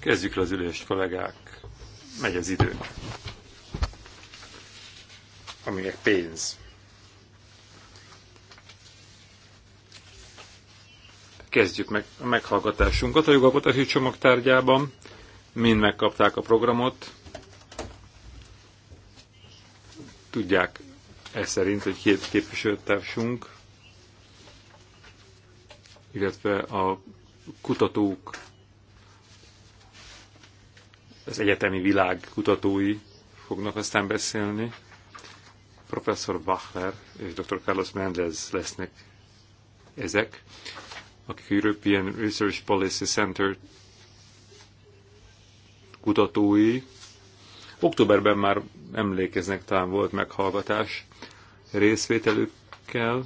Kezdjük le az ülést, kollégák. Megy az idő. Aminek pénz. Kezdjük meg a meghallgatásunkat a jogalkotási csomag tárgyában. Mind megkapták a programot. Tudják, ez szerint, hogy két képviselőtársunk illetve a kutatók, az egyetemi világ kutatói fognak aztán beszélni. Professor Bachler és dr. Carlos Mendez lesznek ezek, akik European Research Policy Center kutatói. Októberben már emlékeznek, talán volt meghallgatás részvételükkel.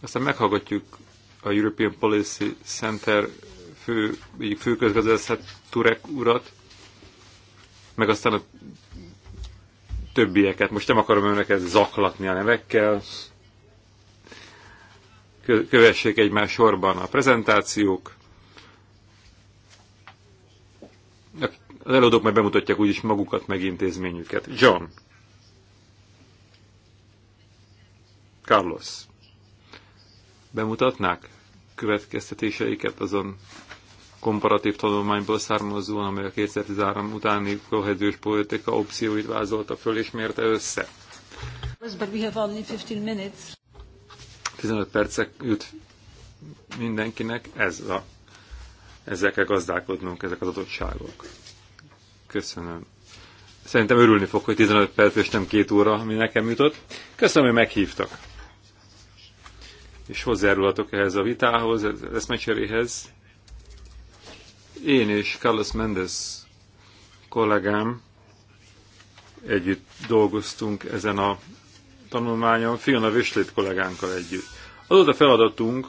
Aztán meghallgatjuk a European Policy Center fő, egyik főközgazdászát Turek urat, meg aztán a többieket. Most nem akarom önöket zaklatni a nevekkel. Kövessék egymás sorban a prezentációk. Az előadók majd bemutatják úgyis magukat, meg intézményüket. John. Carlos. Bemutatnák következtetéseiket azon komparatív tanulmányból származóan, amely a 2013 utáni kohezős politika opcióit vázolta föl és mérte össze. 15 percek jut mindenkinek, ez a, ezzel kell gazdálkodnunk, ezek az adottságok. Köszönöm. Szerintem örülni fog, hogy 15 perc és nem két óra, ami nekem jutott. Köszönöm, hogy meghívtak és hozzájárulhatok ehhez a vitához, mecseréhez. Én és Carlos Mendes kollégám együtt dolgoztunk ezen a tanulmányon, Fiona Vislét kollégánkkal együtt. Az volt a feladatunk,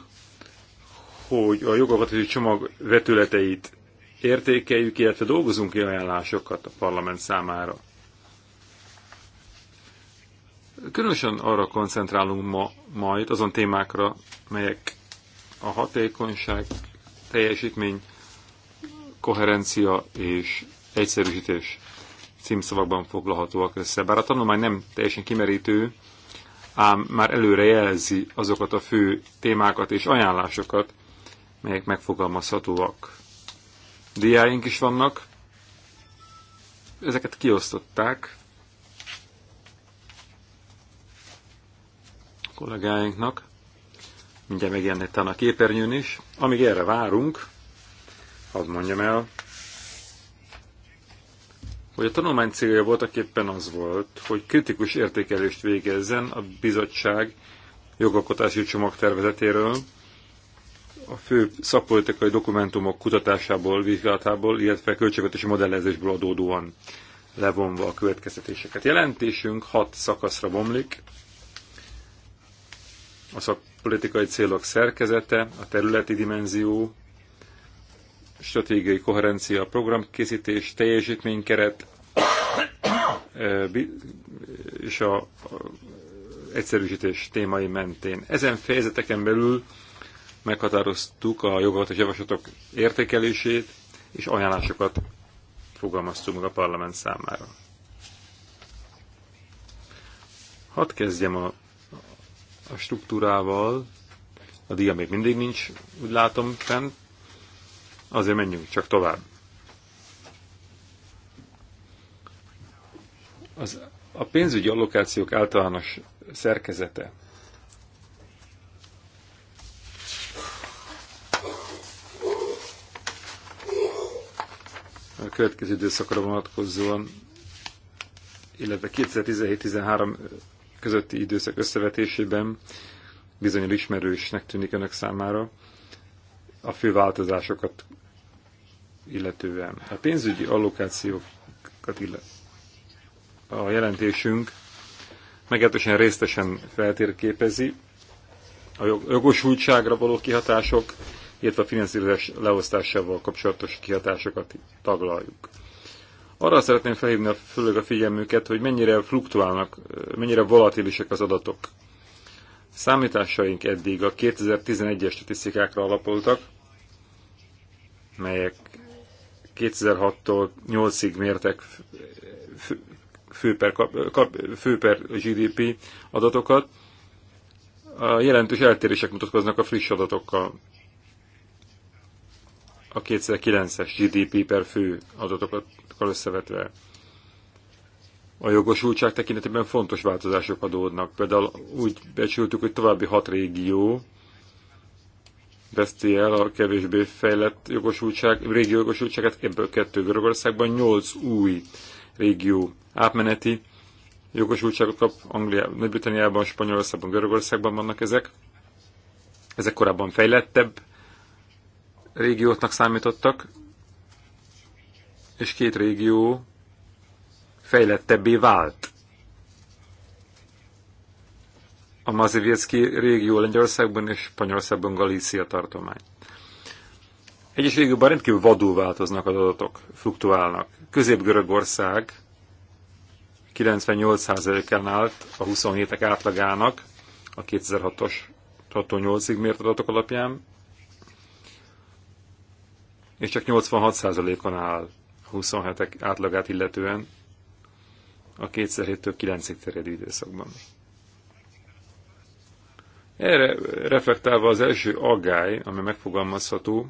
hogy a jogalkotási csomag vetületeit értékeljük, illetve dolgozunk ki ajánlásokat a parlament számára. Különösen arra koncentrálunk ma majd azon témákra, melyek a hatékonyság, teljesítmény, koherencia és egyszerűsítés címszavakban foglalhatóak össze. Bár a tanulmány nem teljesen kimerítő, ám már előre jelzi azokat a fő témákat és ajánlásokat, melyek megfogalmazhatóak. Diáink is vannak, ezeket kiosztották, kollégáinknak. Mindjárt megjelenik talán a képernyőn is. Amíg erre várunk, az mondjam el, hogy a tanulmány célja voltak éppen az volt, hogy kritikus értékelést végezzen a bizottság jogalkotási csomagtervezetéről, a fő szakpolitikai dokumentumok kutatásából, vizsgálatából, illetve költségvetési modellezésből adódóan levonva a következtetéseket. Jelentésünk hat szakaszra bomlik, a szakpolitikai célok szerkezete, a területi dimenzió, stratégiai koherencia, programkészítés, teljesítménykeret és a egyszerűsítés témai mentén. Ezen fejezeteken belül meghatároztuk a jogalkotás javaslatok értékelését, és ajánlásokat fogalmaztunk meg a parlament számára. Hadd kezdjem a a struktúrával, a díja még mindig nincs, úgy látom fent, azért menjünk csak tovább. Az, a pénzügyi allokációk általános szerkezete a következő időszakra vonatkozóan, illetve 2017-13 közötti időszak összevetésében bizonyos ismerősnek tűnik önök számára a fő változásokat illetően. A pénzügyi allokációkat illet, a jelentésünk meglehetősen résztesen feltérképezi a jogosultságra való kihatások, illetve a finanszírozás leosztásával kapcsolatos kihatásokat taglaljuk. Arra szeretném felhívni a, főleg a figyelmüket, hogy mennyire fluktuálnak, mennyire volatilisek az adatok. Számításaink eddig a 2011-es statisztikákra alapultak, melyek 2006-tól 8-ig mértek fő per, kap, fő per GDP adatokat. A jelentős eltérések mutatkoznak a friss adatokkal. A 2009-es GDP per fő adatokat javaslatokkal összevetve. A jogosultság tekintetében fontos változások adódnak. Például úgy becsültük, hogy további hat régió veszti el a kevésbé fejlett jogosultság, régió jogosultságát, ebből kettő Görögországban, nyolc új régió átmeneti jogosultságot kap, Angliában, Nagy-Britanniában, Spanyolországban, Görögországban vannak ezek. Ezek korábban fejlettebb régióknak számítottak, és két régió fejlettebbé vált. A Mazeviecki régió Lengyelországban és Spanyolországban Galícia tartomány. Egyes régióban rendkívül vadul változnak az adatok, fluktuálnak. Közép-Görögország 98 en állt a 27-ek átlagának a 2006-os 68-ig mért adatok alapján, és csak 86%-on áll 27 átlagát illetően a 2007-től 9 terjedő időszakban. Erre reflektálva az első aggály, ami megfogalmazható,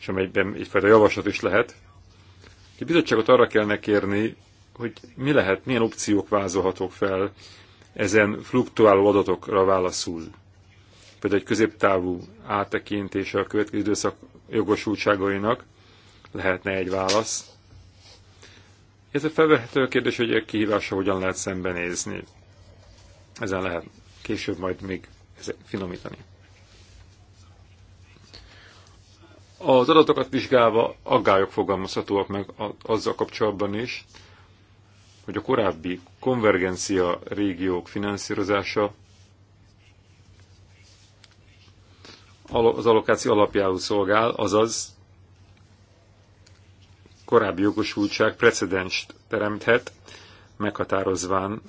és amelyben egyfajta javaslat is lehet, hogy a bizottságot arra kellene kérni, hogy mi lehet, milyen opciók vázolhatók fel ezen fluktuáló adatokra válaszul. Például egy középtávú áttekintése a következő időszak jogosultságainak, lehetne egy válasz. Ez a felvehető a kérdés, hogy a kihívása hogyan lehet szembenézni. Ezen lehet később majd még finomítani. Az adatokat vizsgálva aggályok fogalmazhatóak meg azzal kapcsolatban is, hogy a korábbi konvergencia régiók finanszírozása az allokáció alapjául szolgál, azaz korábbi jogosultság precedenst teremthet, meghatározván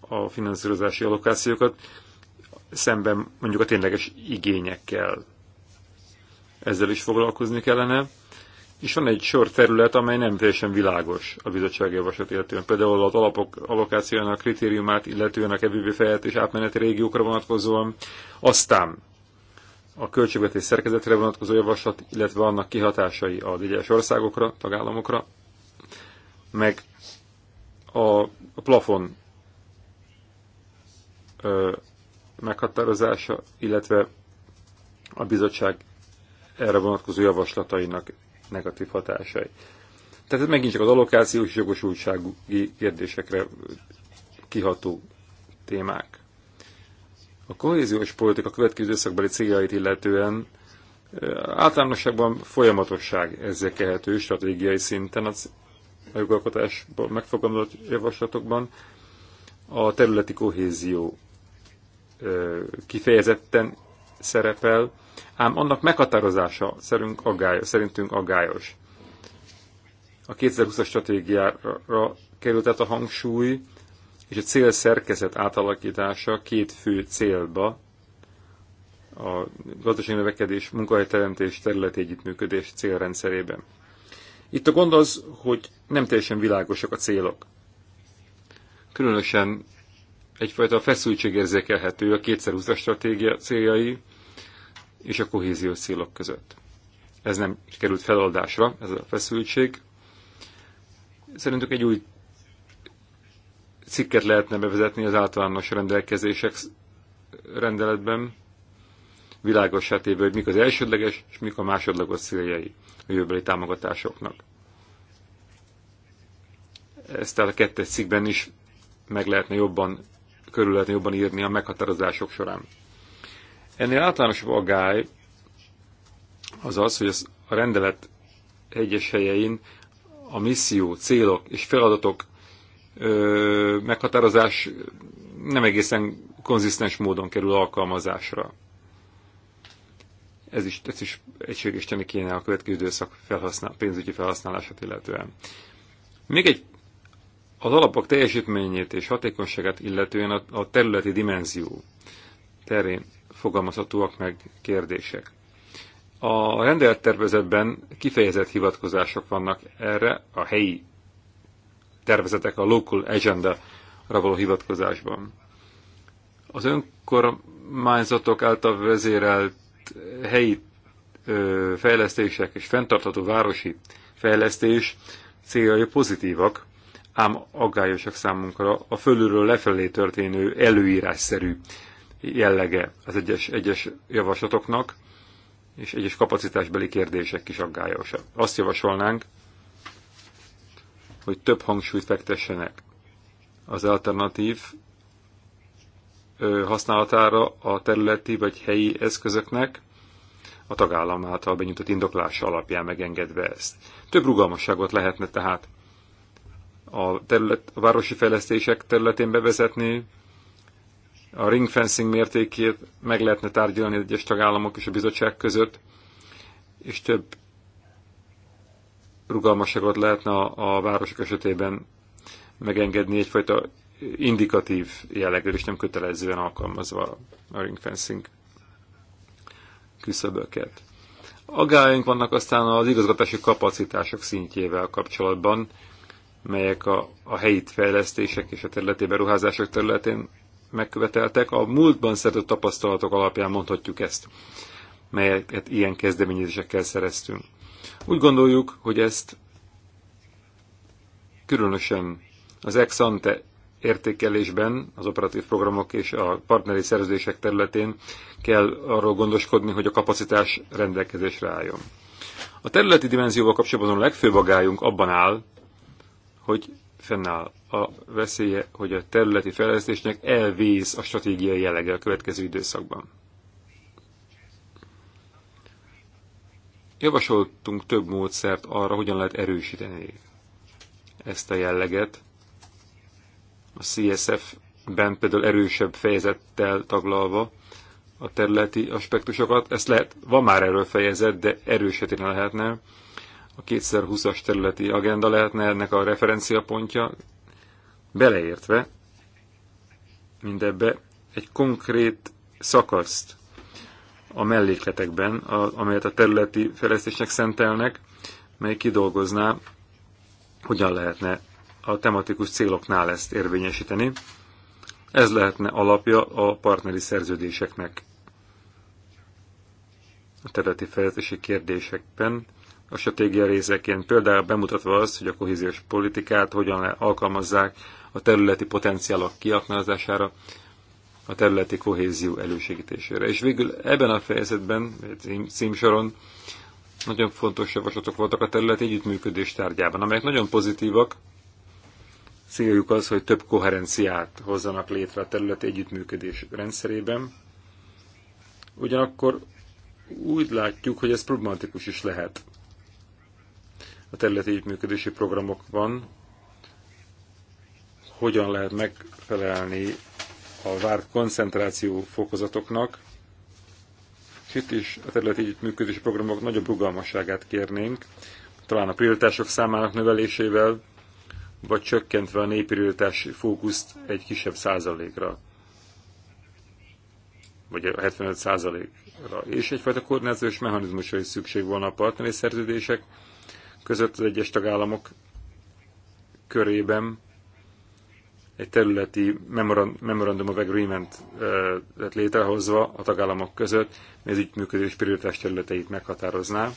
a finanszírozási allokációkat szemben mondjuk a tényleges igényekkel. Ezzel is foglalkozni kellene. És van egy sor terület, amely nem teljesen világos a bizottság javaslat illetően. Például az alapok allokációjának kritériumát illetően a kevésbé fejlett és átmeneti régiókra vonatkozóan. Aztán a költségvetés szerkezetre vonatkozó javaslat, illetve annak kihatásai az egyes országokra, tagállamokra, meg a plafon ö, meghatározása, illetve a bizottság erre vonatkozó javaslatainak negatív hatásai. Tehát ez megint csak az allokációs jogosultsági kérdésekre kiható témák. A kohéziós politika következő időszakbeli céljait illetően általánosságban folyamatosság kehető stratégiai szinten az jogalkotásban megfogalmazott javaslatokban. A területi kohézió kifejezetten szerepel, ám annak meghatározása szerünk agályos. szerintünk agályos. A 2020-as stratégiára került át a hangsúly, és a cél szerkezet átalakítása két fő célba, a gazdasági növekedés, munkahelyteremtés, területi együttműködés célrendszerében. Itt a gond az, hogy nem teljesen világosak a célok. Különösen egyfajta feszültség érzékelhető a 2020-as stratégia céljai és a kohéziós célok között. Ez nem került feloldásra, ez a feszültség. Szerintük egy új cikket lehetne bevezetni az általános rendelkezések rendeletben, világossá hát téve, hogy mik az elsődleges és mik a másodlagos céljai a jövőbeli támogatásoknak. Ezt a kettes cikkben is meg lehetne jobban, körül lehetne jobban írni a meghatározások során. Ennél általánosabb agály az az, hogy az a rendelet egyes helyein a misszió, célok és feladatok ö, meghatározás nem egészen konzisztens módon kerül alkalmazásra. Ez is, ez is egységesíteni kéne a következő időszak felhasznál, pénzügyi felhasználását illetően. Még egy az alapok teljesítményét és hatékonyságát illetően a, a területi dimenzió terén fogalmazhatóak meg kérdések. A rendelettervezetben kifejezett hivatkozások vannak erre a helyi tervezetek a Local Agenda-ra való hivatkozásban. Az önkormányzatok által vezérelt helyi ö, fejlesztések és fenntartható városi fejlesztés céljai pozitívak, ám aggályosak számunkra a fölülről lefelé történő előírásszerű jellege az egyes, egyes javaslatoknak, és egyes kapacitásbeli kérdések is aggályosak. Azt javasolnánk, hogy több hangsúlyt fektessenek az alternatív használatára a területi vagy helyi eszközöknek, a tagállam által benyújtott indoklása alapján megengedve ezt. Több rugalmasságot lehetne tehát a, terület, a városi fejlesztések területén bevezetni, a ringfencing mértékét meg lehetne tárgyalni egyes tagállamok és a bizottság között, és több rugalmasságot lehetne a, a városok esetében megengedni egyfajta indikatív jelleggel, és nem kötelezően alkalmazva a ringfencing küszöböket. Agályunk vannak aztán az igazgatási kapacitások szintjével kapcsolatban, melyek a, a helyi fejlesztések és a területi beruházások területén megköveteltek. A múltban szerzett tapasztalatok alapján mondhatjuk ezt, melyeket ilyen kezdeményezésekkel szereztünk. Úgy gondoljuk, hogy ezt különösen az ex ante értékelésben, az operatív programok és a partneri szerződések területén kell arról gondoskodni, hogy a kapacitás rendelkezésre álljon. A területi dimenzióval kapcsolatban a legfőbb agályunk abban áll, hogy fennáll a veszélye, hogy a területi fejlesztésnek elvész a stratégiai jellege a következő időszakban. Javasoltunk több módszert arra, hogyan lehet erősíteni ezt a jelleget. A CSF-ben például erősebb fejezettel taglalva a területi aspektusokat. Ezt lehet, van már erről fejezet, de erősíteni lehetne. A 2020-as területi agenda lehetne ennek a referenciapontja, beleértve mindebbe egy konkrét szakaszt a mellékletekben, a, amelyet a területi fejlesztésnek szentelnek, mely kidolgozná, hogyan lehetne a tematikus céloknál ezt érvényesíteni. Ez lehetne alapja a partneri szerződéseknek. A területi fejlesztési kérdésekben a stratégia részeként például bemutatva azt, hogy a kohéziós politikát hogyan alkalmazzák a területi potenciálok kiaknázására, a területi kohézió elősegítésére. És végül ebben a fejezetben, címsoron nagyon fontos javaslatok voltak a területi együttműködés tárgyában, amelyek nagyon pozitívak. Céljuk az, hogy több koherenciát hozzanak létre a területi együttműködés rendszerében. Ugyanakkor úgy látjuk, hogy ez problematikus is lehet a területi együttműködési programokban, hogyan lehet megfelelni a várt koncentráció fokozatoknak, és itt is a területi együttműködési programok nagyobb rugalmasságát kérnénk, talán a prioritások számának növelésével, vagy csökkentve a népirőltási fókuszt egy kisebb százalékra, vagy a 75 százalékra. És egyfajta koordinációs mechanizmusra is szükség volna a partneri szerződések között az egyes tagállamok körében, egy területi Memorandum of Agreement lett létrehozva a tagállamok között, mi az ügyműködés prioritás területeit meghatározná,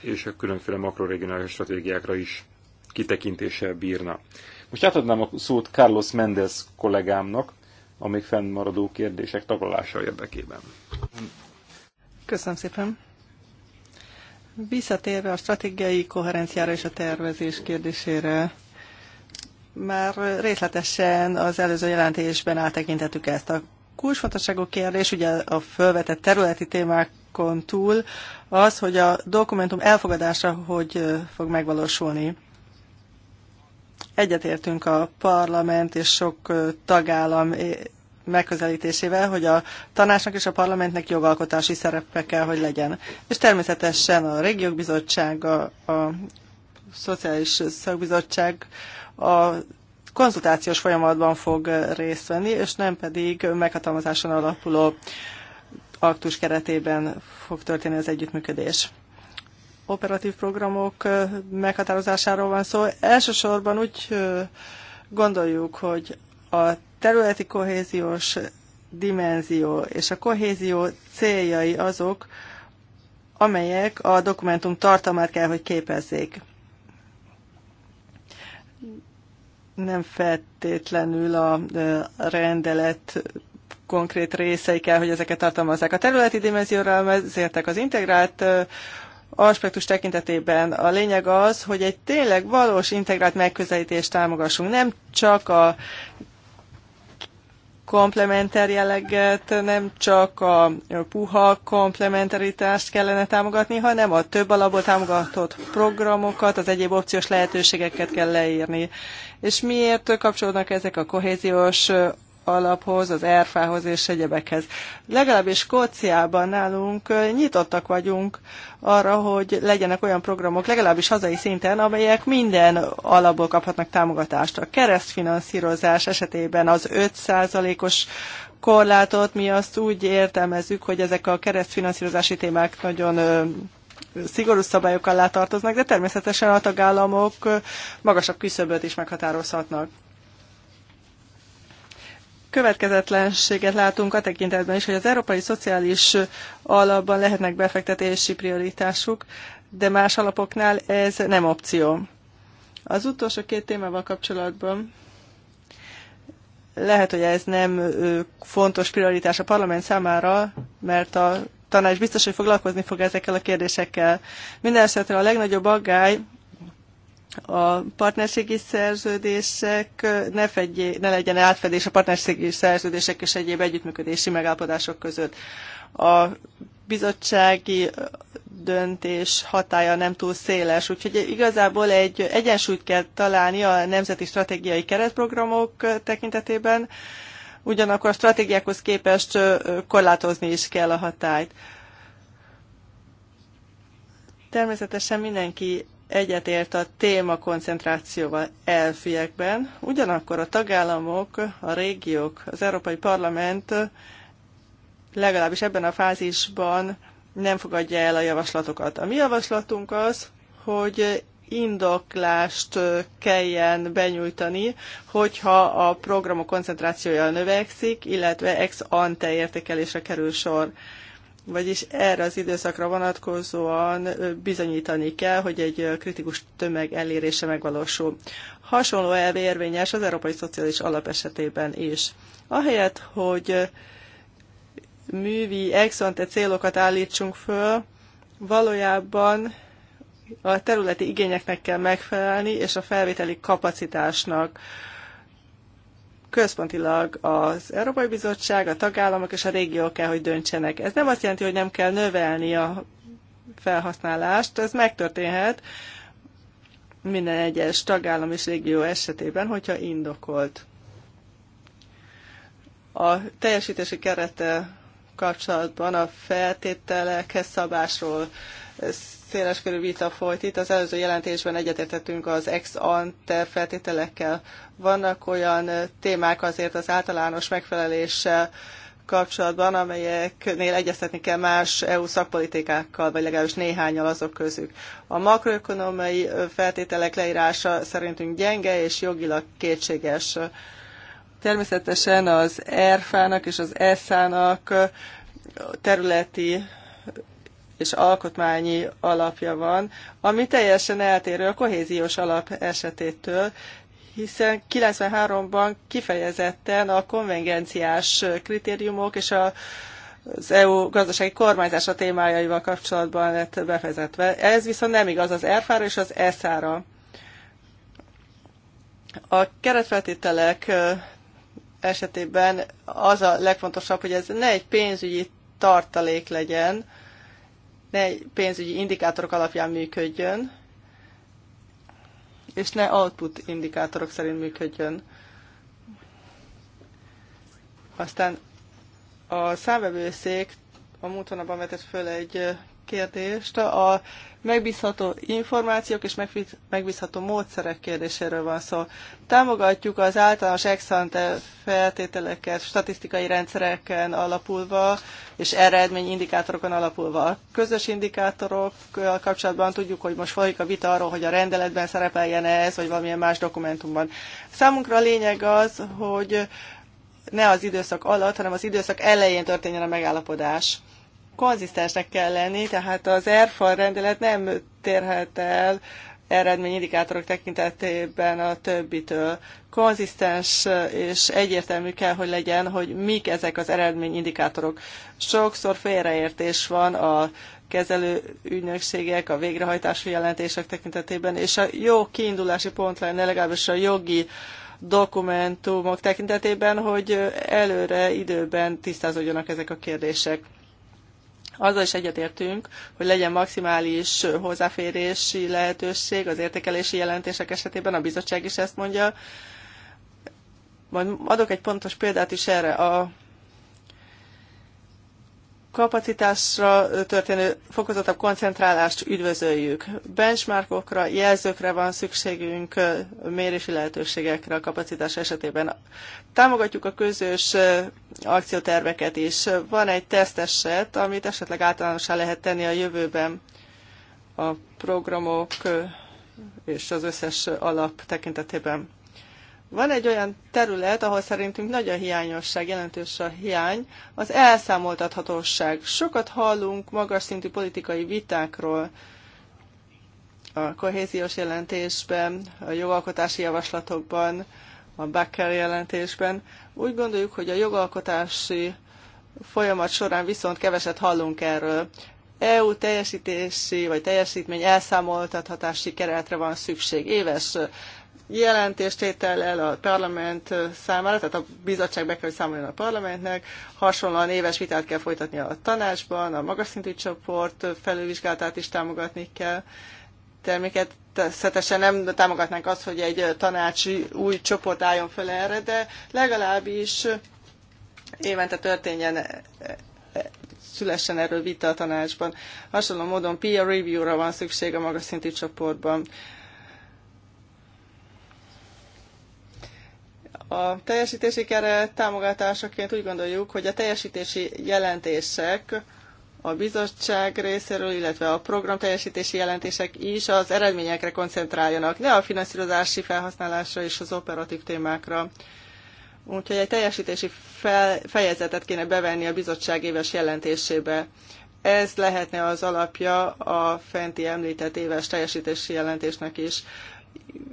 és a különféle makroregionális stratégiákra is kitekintéssel bírna. Most átadnám a szót Carlos Mendez kollégámnak, a még fennmaradó kérdések taglalása érdekében. Köszönöm szépen. Visszatérve a stratégiai koherenciára és a tervezés kérdésére, már részletesen az előző jelentésben áttekintettük ezt a kulcsfontosságú kérdés, ugye a felvetett területi témákon túl az, hogy a dokumentum elfogadása hogy fog megvalósulni. Egyetértünk a parlament és sok tagállam megközelítésével, hogy a tanácsnak és a parlamentnek jogalkotási szerepe kell, hogy legyen. És természetesen a régiók bizottsága, a Szociális Szakbizottság a konzultációs folyamatban fog részt venni, és nem pedig meghatalmazáson alapuló aktus keretében fog történni az együttműködés. Operatív programok meghatározásáról van szó. Elsősorban úgy gondoljuk, hogy a területi kohéziós dimenzió és a kohézió céljai azok, amelyek a dokumentum tartalmát kell, hogy képezzék. nem feltétlenül a rendelet konkrét részei kell, hogy ezeket tartalmazzák. A területi dimenzióra ezértek az integrált aspektus tekintetében. A lényeg az, hogy egy tényleg valós integrált megközelítést támogassunk. Nem csak a komplementer jelleget, nem csak a puha komplementaritást kellene támogatni, hanem a több alapból támogatott programokat, az egyéb opciós lehetőségeket kell leírni. És miért kapcsolódnak ezek a kohéziós alaphoz, az erfához és egyebekhez. Legalábbis Skóciában nálunk nyitottak vagyunk arra, hogy legyenek olyan programok, legalábbis hazai szinten, amelyek minden alapból kaphatnak támogatást. A keresztfinanszírozás esetében az 5%-os korlátot mi azt úgy értelmezzük, hogy ezek a keresztfinanszírozási témák nagyon szigorú szabályok alá tartoznak, de természetesen a tagállamok magasabb küszöböt is meghatározhatnak következetlenséget látunk a tekintetben is, hogy az európai szociális alapban lehetnek befektetési prioritásuk, de más alapoknál ez nem opció. Az utolsó két témával kapcsolatban lehet, hogy ez nem fontos prioritás a parlament számára, mert a tanács biztos, hogy foglalkozni fog ezekkel a kérdésekkel. Mindenesetre a legnagyobb aggály a partnerségi szerződések ne, fedjé, ne legyen átfedés a partnerségi szerződések és egyéb együttműködési megállapodások között. A bizottsági döntés hatája nem túl széles, úgyhogy igazából egy egyensúlyt kell találni a nemzeti stratégiai keretprogramok tekintetében, ugyanakkor a stratégiákhoz képest korlátozni is kell a hatályt. Természetesen mindenki egyetért a téma koncentrációval elfiekben, ugyanakkor a tagállamok, a régiók, az Európai Parlament legalábbis ebben a fázisban nem fogadja el a javaslatokat. A mi javaslatunk az, hogy indoklást kelljen benyújtani, hogyha a programok koncentrációja növekszik, illetve ex ante értékelésre kerül sor. Vagyis erre az időszakra vonatkozóan bizonyítani kell, hogy egy kritikus tömeg elérése megvalósul. Hasonló elv érvényes az Európai Szociális Alap esetében is. Ahelyett, hogy művi exante célokat állítsunk föl, valójában a területi igényeknek kell megfelelni, és a felvételi kapacitásnak központilag az Európai Bizottság, a tagállamok és a régiók kell, hogy döntsenek. Ez nem azt jelenti, hogy nem kell növelni a felhasználást, ez megtörténhet minden egyes tagállam és régió esetében, hogyha indokolt. A teljesítési kerete kapcsolatban a feltételekhez szabásról széles körű vita folyt itt. Az előző jelentésben egyetértettünk az ex ante feltételekkel. Vannak olyan témák azért az általános megfeleléssel kapcsolatban, amelyeknél egyeztetni kell más EU szakpolitikákkal, vagy legalábbis néhányal azok közük. A makroökonomiai feltételek leírása szerintünk gyenge és jogilag kétséges. Természetesen az ERFA-nak és az ESZA-nak területi és alkotmányi alapja van, ami teljesen eltérő a kohéziós alap esetétől, hiszen 93-ban kifejezetten a konvengenciás kritériumok és a az EU gazdasági kormányzása témájaival kapcsolatban lett befezetve. Ez viszont nem igaz az ERFA-ra és az ESZÁ-ra. A keretfeltételek esetében az a legfontosabb, hogy ez ne egy pénzügyi tartalék legyen, ne pénzügyi indikátorok alapján működjön, és ne output indikátorok szerint működjön. Aztán a számvevőszék a múlt hónapban vetett föl egy kérdést. A megbízható információk és megbízható módszerek kérdéséről van szó. Támogatjuk az általános exante feltételeket statisztikai rendszereken alapulva és eredményindikátorokon alapulva. A közös indikátorok kapcsolatban tudjuk, hogy most folyik a vita arról, hogy a rendeletben szerepeljen ez, vagy valamilyen más dokumentumban. Számunkra a lényeg az, hogy ne az időszak alatt, hanem az időszak elején történjen a megállapodás konzisztensnek kell lenni, tehát az ERFA rendelet nem térhet el eredményindikátorok tekintetében a többitől. Konzisztens és egyértelmű kell, hogy legyen, hogy mik ezek az eredményindikátorok. Sokszor félreértés van a kezelő ügynökségek, a végrehajtási jelentések tekintetében, és a jó kiindulási pont lenne legalábbis a jogi dokumentumok tekintetében, hogy előre időben tisztázódjanak ezek a kérdések. Azzal is egyetértünk, hogy legyen maximális hozzáférési lehetőség az értékelési jelentések esetében, a bizottság is ezt mondja. Majd adok egy pontos példát is erre. A kapacitásra történő fokozottabb koncentrálást üdvözöljük. Benchmarkokra, jelzőkre van szükségünk, mérési lehetőségekre a kapacitás esetében. Támogatjuk a közös akcióterveket is. Van egy teszteset, amit esetleg általánosá lehet tenni a jövőben a programok és az összes alap tekintetében. Van egy olyan terület, ahol szerintünk nagy a hiányosság, jelentős a hiány, az elszámoltathatóság. Sokat hallunk magas szintű politikai vitákról a kohéziós jelentésben, a jogalkotási javaslatokban, a Becker jelentésben. Úgy gondoljuk, hogy a jogalkotási folyamat során viszont keveset hallunk erről. EU teljesítési vagy teljesítmény elszámoltathatási keretre van szükség. Éves jelentéstétellel a parlament számára, tehát a bizottság be kell, hogy számoljon a parlamentnek, hasonlóan éves vitát kell folytatni a tanácsban, a magas szintű csoport felülvizsgálatát is támogatni kell. Természetesen nem támogatnánk azt, hogy egy tanácsi új csoport álljon föl erre, de legalábbis évente történjen szülessen erről vita a tanácsban. Hasonló módon peer review-ra van szükség a magas szintű csoportban A teljesítési keret támogatásaként úgy gondoljuk, hogy a teljesítési jelentések a bizottság részéről, illetve a program teljesítési jelentések is az eredményekre koncentráljanak, ne a finanszírozási felhasználásra és az operatív témákra. Úgyhogy egy teljesítési fel, fejezetet kéne bevenni a bizottság éves jelentésébe. Ez lehetne az alapja a fenti említett éves teljesítési jelentésnek is.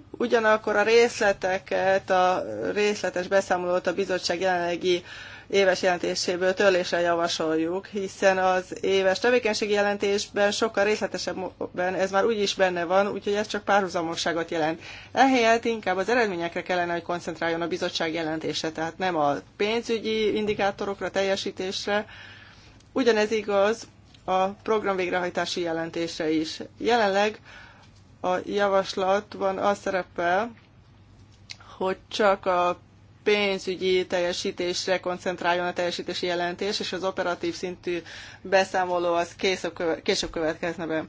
Ugyanakkor a részleteket, a részletes beszámolót a bizottság jelenlegi éves jelentéséből törlésre javasoljuk, hiszen az éves tevékenységi jelentésben sokkal részletesebben ez már úgyis benne van, úgyhogy ez csak párhuzamosságot jelent. Ehelyett inkább az eredményekre kellene, hogy koncentráljon a bizottság jelentése, tehát nem a pénzügyi indikátorokra, teljesítésre. Ugyanez igaz a program végrehajtási jelentésre is. Jelenleg a javaslatban az szerepel, hogy csak a pénzügyi teljesítésre koncentráljon a teljesítési jelentés, és az operatív szintű beszámoló az később következne be.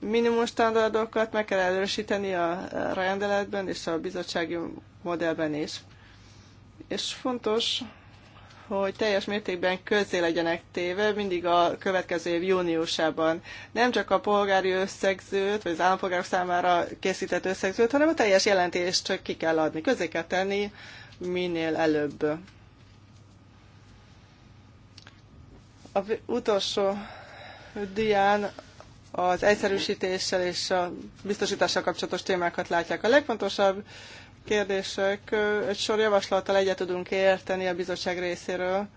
Minimum standardokat meg kell erősíteni a rendeletben és a bizottsági modellben is. És fontos, hogy teljes mértékben közzé legyenek téve mindig a következő év júniusában. Nem csak a polgári összegzőt, vagy az állampolgárok számára készített összegzőt, hanem a teljes jelentést csak ki kell adni, közzé kell tenni minél előbb. A utolsó dián az egyszerűsítéssel és a biztosítással kapcsolatos témákat látják. A legfontosabb kérdések, egy sor javaslattal egyet tudunk érteni a bizottság részéről.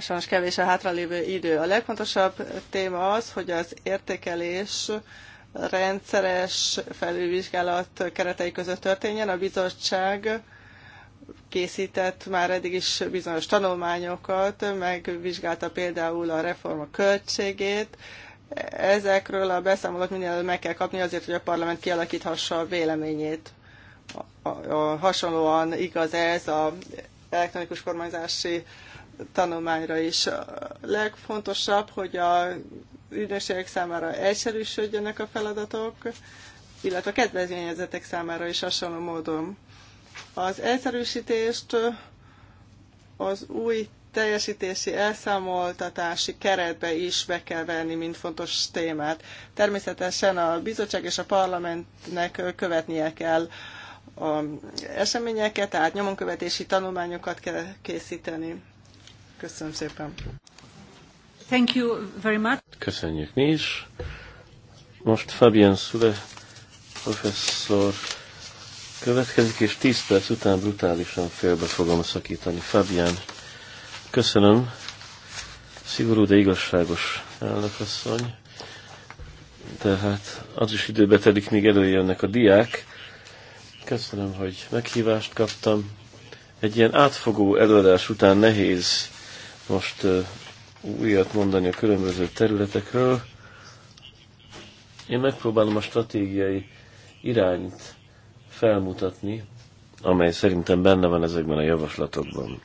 Sajnos kevés a hátralévő idő. A legfontosabb téma az, hogy az értékelés rendszeres felülvizsgálat keretei között történjen. A bizottság készített már eddig is bizonyos tanulmányokat, megvizsgálta például a reforma költségét, Ezekről a beszámolók minél meg kell kapni azért, hogy a parlament kialakíthassa a véleményét. A, a, a, hasonlóan igaz ez a elektronikus kormányzási tanulmányra is. A legfontosabb, hogy a ügynökségek számára egyszerűsödjenek a feladatok, illetve a kedvezményezetek számára is hasonló módon. Az egyszerűsítést az új teljesítési, elszámoltatási keretbe is be kell venni, mint fontos témát. Természetesen a bizottság és a parlamentnek követnie kell a um, eseményeket, tehát nyomonkövetési tanulmányokat kell készíteni. Köszönöm szépen. Thank you very much. Köszönjük mi is. Most Fabian Szule professzor következik, és 10 perc után brutálisan félbe fogom szakítani. Fabian, Köszönöm. Szigorú, de igazságos elnökasszony. Tehát az is időbe telik, míg előjönnek a diák. Köszönöm, hogy meghívást kaptam. Egy ilyen átfogó előadás után nehéz most újat mondani a különböző területekről. Én megpróbálom a stratégiai irányt felmutatni, amely szerintem benne van ezekben a javaslatokban.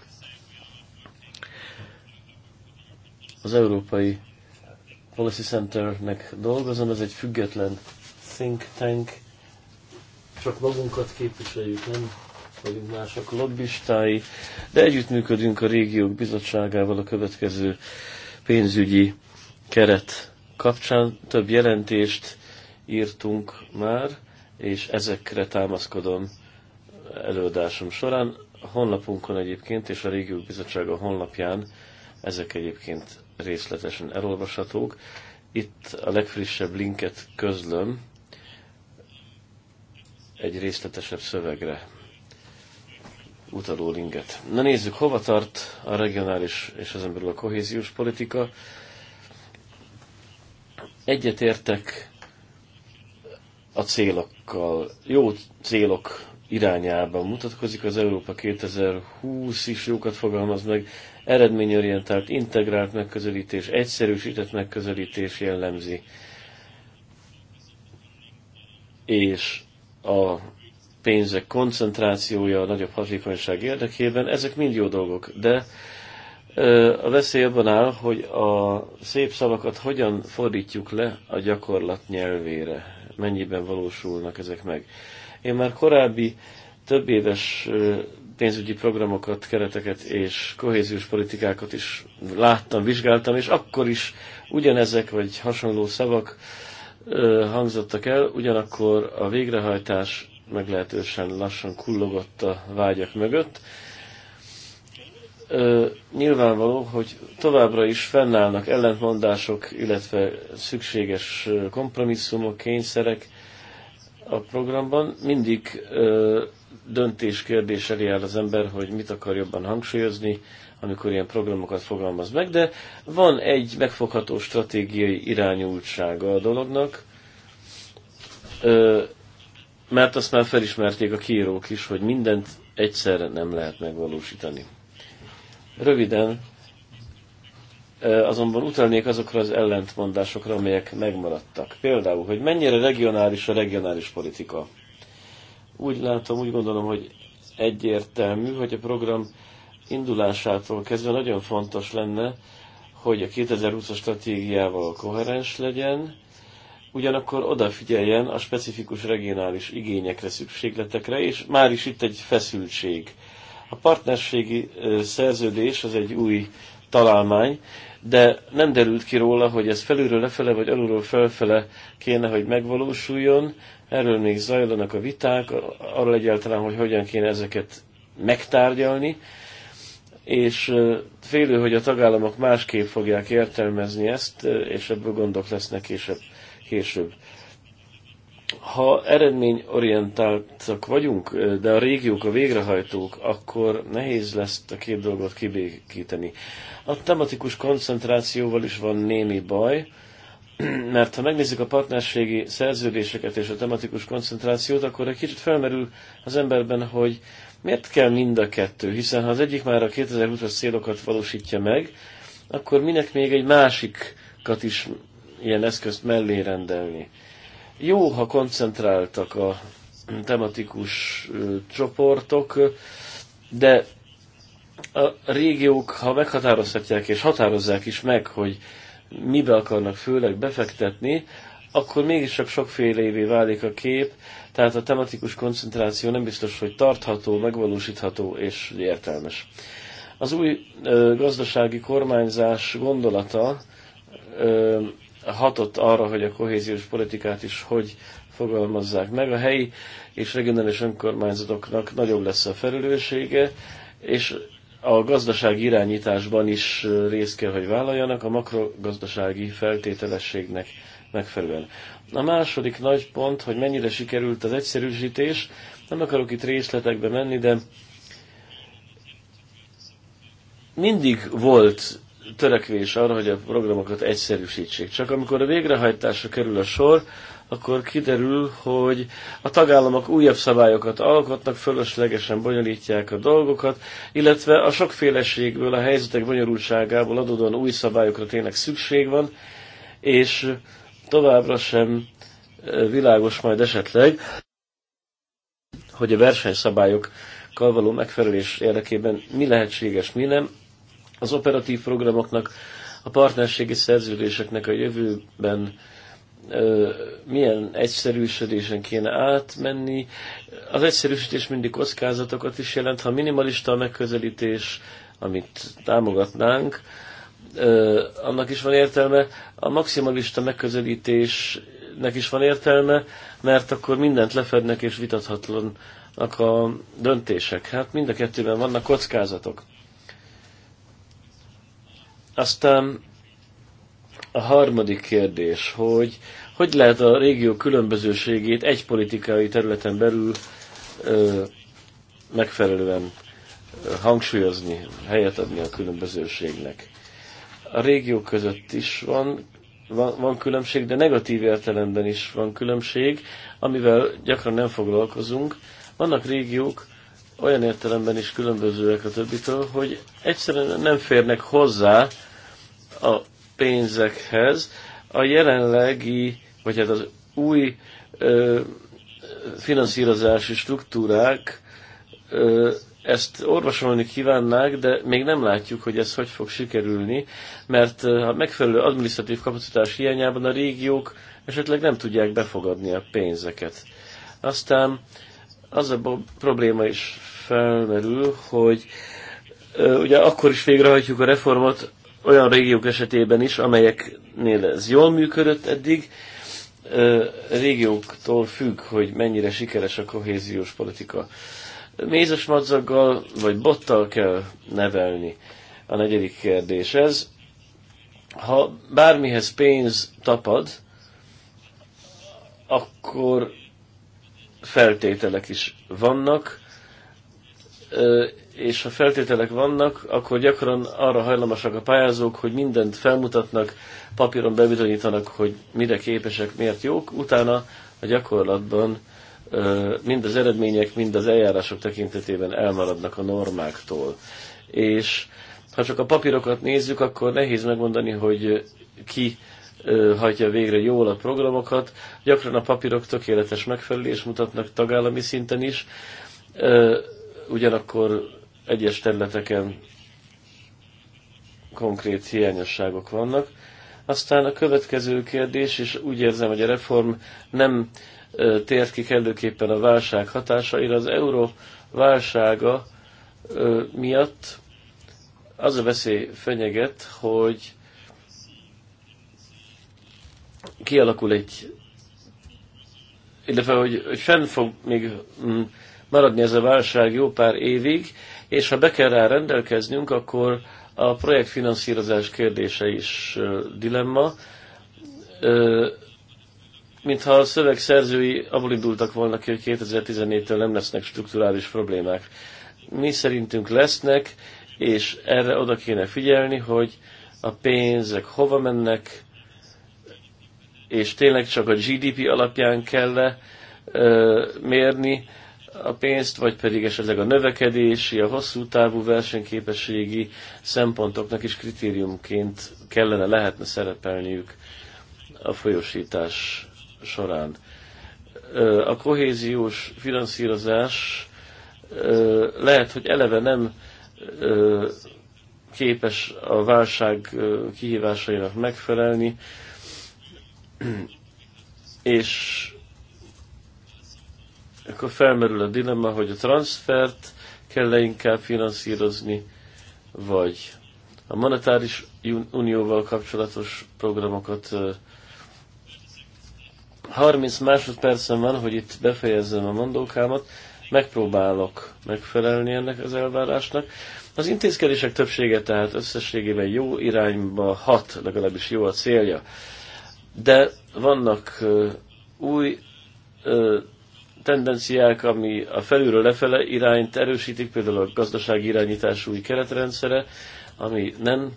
az Európai Policy Centernek dolgozom, ez egy független think tank, csak magunkat képviseljük, nem vagyunk mások lobbistái, de együttműködünk a régiók bizottságával a következő pénzügyi keret kapcsán. Több jelentést írtunk már, és ezekre támaszkodom előadásom során. A honlapunkon egyébként, és a régiók bizottsága honlapján ezek egyébként részletesen elolvashatók. Itt a legfrissebb linket közlöm egy részletesebb szövegre utaló linket. Na nézzük, hova tart a regionális és ezen belül a kohéziós politika. Egyetértek a célokkal, jó célok irányában mutatkozik, az Európa 2020 is jókat fogalmaz meg, eredményorientált, integrált megközelítés, egyszerűsített megközelítés jellemzi, és a pénzek koncentrációja a nagyobb hatékonyság érdekében, ezek mind jó dolgok, de a veszély abban áll, hogy a szép szavakat hogyan fordítjuk le a gyakorlat nyelvére, mennyiben valósulnak ezek meg. Én már korábbi több éves pénzügyi programokat, kereteket és kohéziós politikákat is láttam, vizsgáltam, és akkor is ugyanezek vagy hasonló szavak ö, hangzottak el, ugyanakkor a végrehajtás meglehetősen lassan kullogott a vágyak mögött. Ö, nyilvánvaló, hogy továbbra is fennállnak ellentmondások, illetve szükséges kompromisszumok, kényszerek a programban. Mindig ö, döntés kérdés elé áll az ember, hogy mit akar jobban hangsúlyozni, amikor ilyen programokat fogalmaz meg, de van egy megfogható stratégiai irányultsága a dolognak, mert azt már felismerték a kiírók is, hogy mindent egyszerre nem lehet megvalósítani. Röviden azonban utalnék azokra az ellentmondásokra, amelyek megmaradtak. Például, hogy mennyire regionális a regionális politika úgy látom, úgy gondolom, hogy egyértelmű, hogy a program indulásától kezdve nagyon fontos lenne, hogy a 2020-as stratégiával koherens legyen, ugyanakkor odafigyeljen a specifikus regionális igényekre, szükségletekre, és már is itt egy feszültség. A partnerségi szerződés az egy új találmány, de nem derült ki róla, hogy ez felülről lefele vagy alulról felfele kéne, hogy megvalósuljon. Erről még zajlanak a viták, arról egyáltalán, hogy hogyan kéne ezeket megtárgyalni, és félő, hogy a tagállamok másképp fogják értelmezni ezt, és ebből gondok lesznek később. később. Ha eredményorientáltak vagyunk, de a régiók a végrehajtók, akkor nehéz lesz a két dolgot kibékíteni. A tematikus koncentrációval is van némi baj, mert ha megnézzük a partnerségi szerződéseket és a tematikus koncentrációt, akkor egy kicsit felmerül az emberben, hogy miért kell mind a kettő, hiszen ha az egyik már a 2020-as célokat valósítja meg, akkor minek még egy másikat is ilyen eszközt mellé rendelni. Jó, ha koncentráltak a tematikus csoportok, de a régiók, ha meghatározhatják és határozzák is meg, hogy mibe akarnak főleg befektetni, akkor mégis csak sokféle évé válik a kép, tehát a tematikus koncentráció nem biztos, hogy tartható, megvalósítható és értelmes. Az új ö, gazdasági kormányzás gondolata ö, hatott arra, hogy a kohéziós politikát is hogy fogalmazzák meg. A helyi és regionális önkormányzatoknak nagyobb lesz a felelőssége, és a gazdaság irányításban is részt kell, hogy vállaljanak a makrogazdasági feltételességnek megfelelően. A második nagy pont, hogy mennyire sikerült az egyszerűsítés, nem akarok itt részletekbe menni, de mindig volt törekvés arra, hogy a programokat egyszerűsítsék. Csak amikor a végrehajtásra kerül a sor, akkor kiderül, hogy a tagállamok újabb szabályokat alkotnak, fölöslegesen bonyolítják a dolgokat, illetve a sokféleségből, a helyzetek bonyolultságából adódóan új szabályokra tényleg szükség van, és továbbra sem e, világos majd esetleg, hogy a versenyszabályokkal való megfelelés érdekében mi lehetséges, mi nem, az operatív programoknak, a partnerségi szerződéseknek a jövőben milyen egyszerűsödésen kéne átmenni. Az egyszerűsítés mindig kockázatokat is jelent. Ha minimalista a megközelítés, amit támogatnánk, annak is van értelme. A maximalista megközelítésnek is van értelme, mert akkor mindent lefednek és vitathatlanak a döntések. Hát mind a kettőben vannak kockázatok. Aztán a harmadik kérdés, hogy hogy lehet a régió különbözőségét egy politikai területen belül ö, megfelelően hangsúlyozni, helyet adni a különbözőségnek. A régiók között is van, van, van különbség, de negatív értelemben is van különbség, amivel gyakran nem foglalkozunk. Vannak régiók olyan értelemben is különbözőek a többitől, hogy egyszerűen nem férnek hozzá a pénzekhez. A jelenlegi, vagy hát az új ö, finanszírozási struktúrák ö, ezt orvosolni kívánnák, de még nem látjuk, hogy ez hogy fog sikerülni, mert a megfelelő administratív kapacitás hiányában a régiók esetleg nem tudják befogadni a pénzeket. Aztán az a probléma is felmerül, hogy ugye akkor is végrehajtjuk a reformot, olyan régiók esetében is, amelyeknél ez jól működött eddig, régióktól függ, hogy mennyire sikeres a kohéziós politika. Mézes madzaggal vagy bottal kell nevelni. A negyedik kérdés ez. Ha bármihez pénz tapad, akkor feltételek is vannak, és ha feltételek vannak, akkor gyakran arra hajlamosak a pályázók, hogy mindent felmutatnak, papíron bebizonyítanak, hogy mire képesek, miért jók, utána a gyakorlatban mind az eredmények, mind az eljárások tekintetében elmaradnak a normáktól. És ha csak a papírokat nézzük, akkor nehéz megmondani, hogy ki hajtja végre jól a programokat. Gyakran a papírok tökéletes megfelelés mutatnak tagállami szinten is, ugyanakkor egyes területeken konkrét hiányosságok vannak. Aztán a következő kérdés, és úgy érzem, hogy a reform nem tért ki kellőképpen a válság hatásaira, az euró válsága miatt az a veszély fenyeget, hogy kialakul egy, illetve hogy, hogy fenn fog még mm, maradni ez a válság jó pár évig, és ha be kell rá rendelkeznünk, akkor a projektfinanszírozás kérdése is dilemma, mintha a szöveg szerzői abból indultak volna ki, hogy 2014-től nem lesznek strukturális problémák. Mi szerintünk lesznek, és erre oda kéne figyelni, hogy a pénzek hova mennek, és tényleg csak a GDP alapján kell -e, Uh, mérni, a pénzt, vagy pedig esetleg a növekedési, a hosszú távú versenyképességi szempontoknak is kritériumként kellene, lehetne szerepelniük a folyosítás során. A kohéziós finanszírozás lehet, hogy eleve nem képes a válság kihívásainak megfelelni, és akkor felmerül a dilemma, hogy a transfert kell-e inkább finanszírozni, vagy a monetáris unióval kapcsolatos programokat. 30 másodpercen van, hogy itt befejezzem a mondókámat, megpróbálok megfelelni ennek az elvárásnak. Az intézkedések többsége tehát összességében jó irányba hat, legalábbis jó a célja. De vannak új tendenciák, ami a felülről lefele irányt erősítik, például a gazdasági irányítás új keretrendszere, ami nem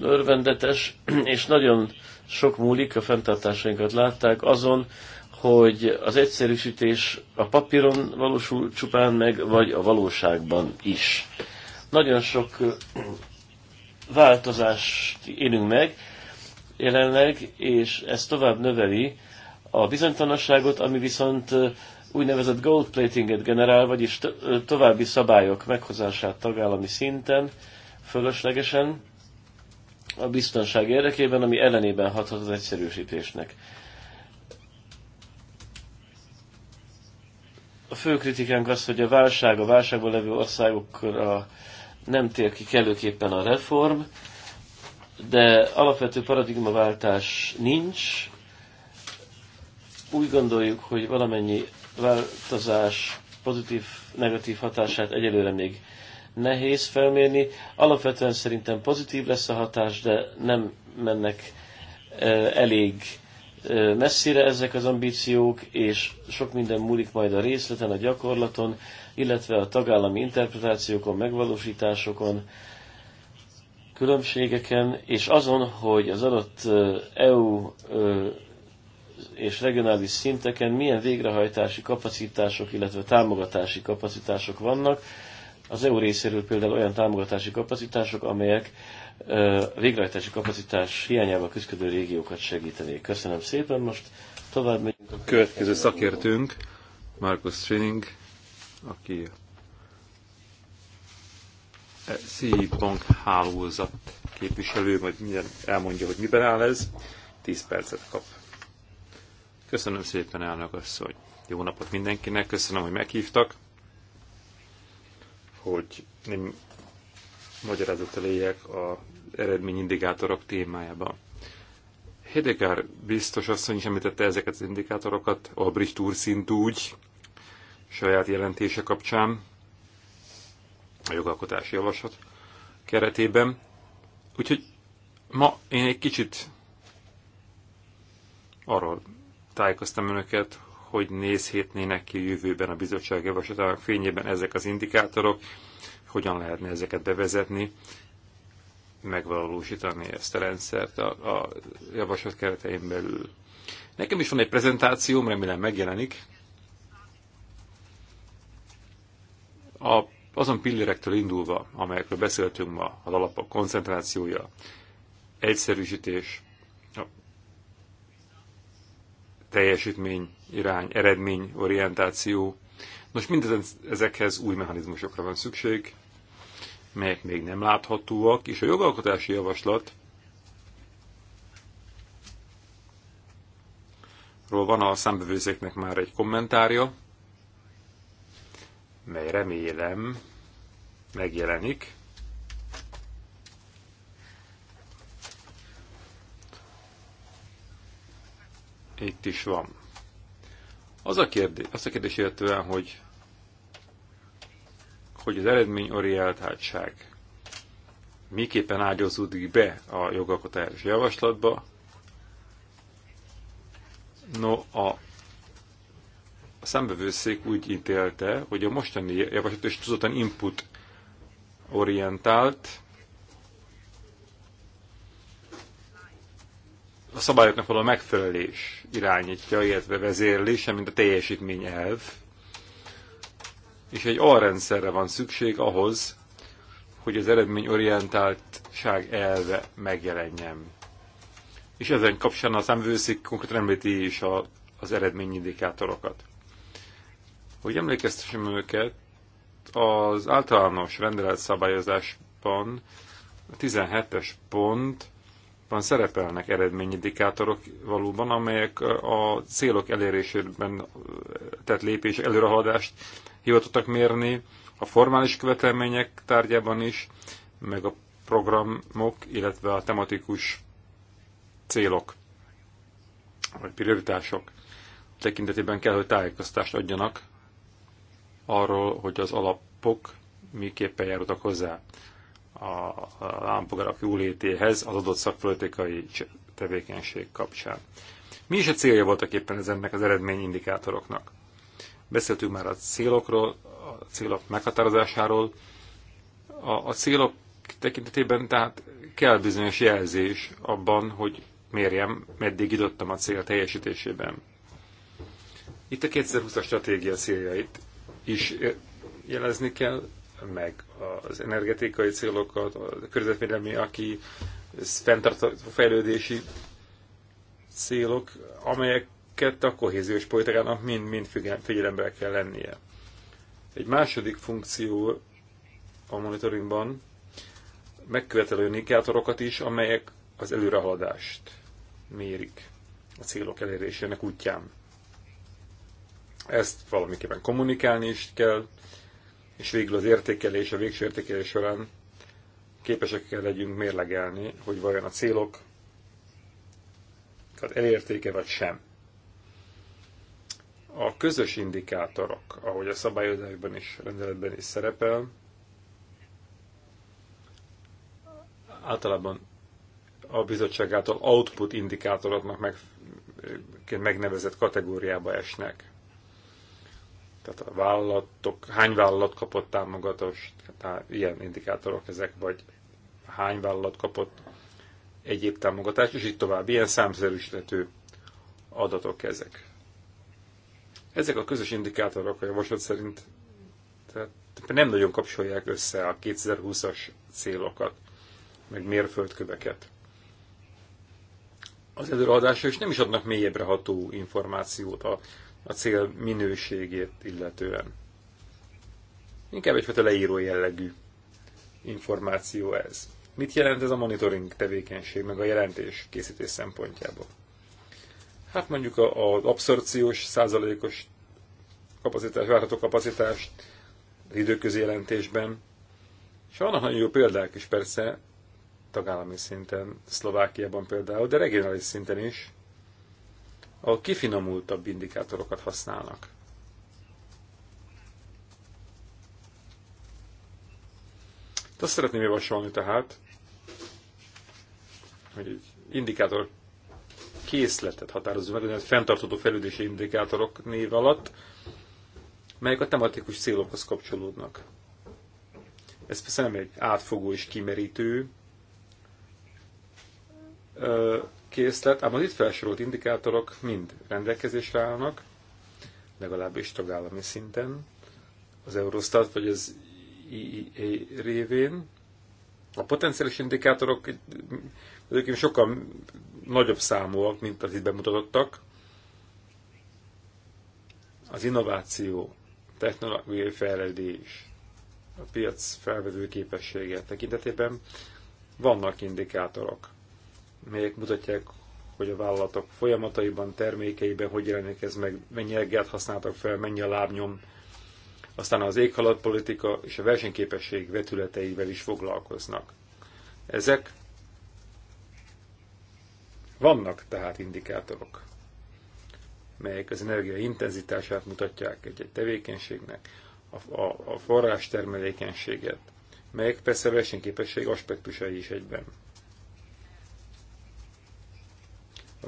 örvendetes, és nagyon sok múlik, a fenntartásainkat látták azon, hogy az egyszerűsítés a papíron valósul csupán meg, vagy a valóságban is. Nagyon sok változást élünk meg jelenleg, és ez tovább növeli a bizonytalanságot, ami viszont úgynevezett gold platinget generál, vagyis további szabályok meghozását tagállami szinten, fölöslegesen, a biztonság érdekében, ami ellenében hathat az egyszerűsítésnek. A fő kritikánk az, hogy a válság a válságban levő országokra nem tér ki kellőképpen a reform, de alapvető paradigmaváltás nincs. Úgy gondoljuk, hogy valamennyi változás pozitív, negatív hatását egyelőre még nehéz felmérni. Alapvetően szerintem pozitív lesz a hatás, de nem mennek elég messzire ezek az ambíciók, és sok minden múlik majd a részleten, a gyakorlaton, illetve a tagállami interpretációkon, megvalósításokon, különbségeken, és azon, hogy az adott EU és regionális szinteken milyen végrehajtási kapacitások, illetve támogatási kapacitások vannak. Az EU részéről például olyan támogatási kapacitások, amelyek végrehajtási kapacitás hiányával küzdő régiókat segítenék. Köszönöm szépen, most tovább megyünk. A következő szakértőnk, Markus Schilling, aki e CI Bank hálózat képviselő, majd mindjárt elmondja, hogy miben áll ez, 10 percet kap. Köszönöm szépen, elnök asszony. Jó napot mindenkinek, köszönöm, hogy meghívtak, hogy nem magyarázattal éljek az eredményindikátorok témájában. Hedegár biztos asszony is említette ezeket az indikátorokat, a brit úr szint úgy, saját jelentése kapcsán, a jogalkotási javaslat keretében. Úgyhogy ma én egy kicsit arról tájékoztam önöket, hogy nézhetnének ki jövőben a bizottság javaslatának fényében ezek az indikátorok, hogyan lehetne ezeket bevezetni, megvalósítani ezt a rendszert a, a javaslat keretein belül. Nekem is van egy prezentációm, remélem megjelenik. A, azon pillérektől indulva, amelyekről beszéltünk ma, az alapok koncentrációja, egyszerűsítés, a teljesítmény, irány, eredmény, orientáció. Nos, mindezekhez új mechanizmusokra van szükség, melyek még nem láthatóak, és a jogalkotási javaslat ról van a számbevőzéknek már egy kommentárja, mely remélem megjelenik itt is van. Az a kérdés, az a kérdés illetően, hogy, hogy az eredményorientáltság miképpen ágyazódik be a jogalkotási javaslatba, no a a szembevőszék úgy ítélte, hogy a mostani javaslat is tudottan input orientált, a szabályoknak való megfelelés irányítja, illetve vezérlése, mint a teljesítmény elv. És egy alrendszerre van szükség ahhoz, hogy az eredményorientáltság elve megjelenjen. És ezen kapcsán a számvőszik konkrétan említi is a, az eredményindikátorokat. Hogy emlékeztessem őket, az általános rendelet szabályozásban a 17-es pont van szerepelnek eredményindikátorok valóban, amelyek a célok elérésében tett lépés előrehaladást hivatottak mérni, a formális követelmények tárgyában is, meg a programok, illetve a tematikus célok, vagy prioritások tekintetében kell, hogy tájékoztást adjanak arról, hogy az alapok miképpen járultak hozzá a állampolgárok jólétéhez az adott szakpolitikai tevékenység kapcsán. Mi is a célja voltak éppen ezeknek az eredményindikátoroknak? Beszéltünk már a célokról, a célok meghatározásáról. A, a célok tekintetében tehát kell bizonyos jelzés abban, hogy mérjem, meddig jutottam a cél teljesítésében. Itt a 2020-as stratégia céljait is jelezni kell, meg az energetikai célokat, a környezetvédelmi, aki fenntartó fejlődési célok, amelyeket a kohéziós politikának mind-mind figyelembe kell lennie. Egy második funkció a monitoringban megkövetelő indikátorokat is, amelyek az előrehaladást mérik a célok elérésének útján. Ezt valamiképpen kommunikálni is kell, és végül az értékelés, a végső értékelés során képesek kell legyünk mérlegelni, hogy vajon a célok elértéke vagy sem. A közös indikátorok, ahogy a szabályozásban is, rendeletben is szerepel, általában a bizottság által output indikátoroknak meg, megnevezett kategóriába esnek. Tehát a vállalatok, hány vállalat kapott támogatást, tehát ilyen indikátorok ezek, vagy hány vállalat kapott egyéb támogatást, és így tovább. Ilyen számszerűsítető adatok ezek. Ezek a közös indikátorok a javaslat szerint tehát nem nagyon kapcsolják össze a 2020-as célokat, meg mérföldköveket. Az előadásra is nem is adnak mélyebbre ható információt a a cél minőségét illetően. Inkább egyfajta leíró jellegű információ ez. Mit jelent ez a monitoring tevékenység, meg a jelentés készítés szempontjából? Hát mondjuk az abszorciós százalékos kapacitás, várható kapacitást az időközi jelentésben, és vannak nagyon jó példák is persze, tagállami szinten, Szlovákiában például, de regionális szinten is, ahol kifinomultabb indikátorokat használnak. De azt szeretném javasolni tehát, hogy egy indikátor készletet határozunk meg, hogy fenntartható fejlődési indikátorok név alatt, melyek a tematikus célokhoz kapcsolódnak. Ez persze nem egy átfogó és kimerítő készlet, ám az itt felsorolt indikátorok mind rendelkezésre állnak, legalábbis tagállami szinten, az Eurostat vagy az IEA révén. A potenciális indikátorok egyébként sokkal nagyobb számúak, mint az itt bemutatottak. Az innováció, technológiai fejlődés, a piac felvevő képessége tekintetében vannak indikátorok melyek mutatják, hogy a vállalatok folyamataiban, termékeiben hogy jelenik ez meg, mennyi energiát használtak fel, mennyi a lábnyom. Aztán az éghajlatpolitika és a versenyképesség vetületeivel is foglalkoznak. Ezek vannak tehát indikátorok, melyek az energia intenzitását mutatják egy-egy tevékenységnek, a, a, a forrás termelékenységet, melyek persze a versenyképesség aspektusai is egyben.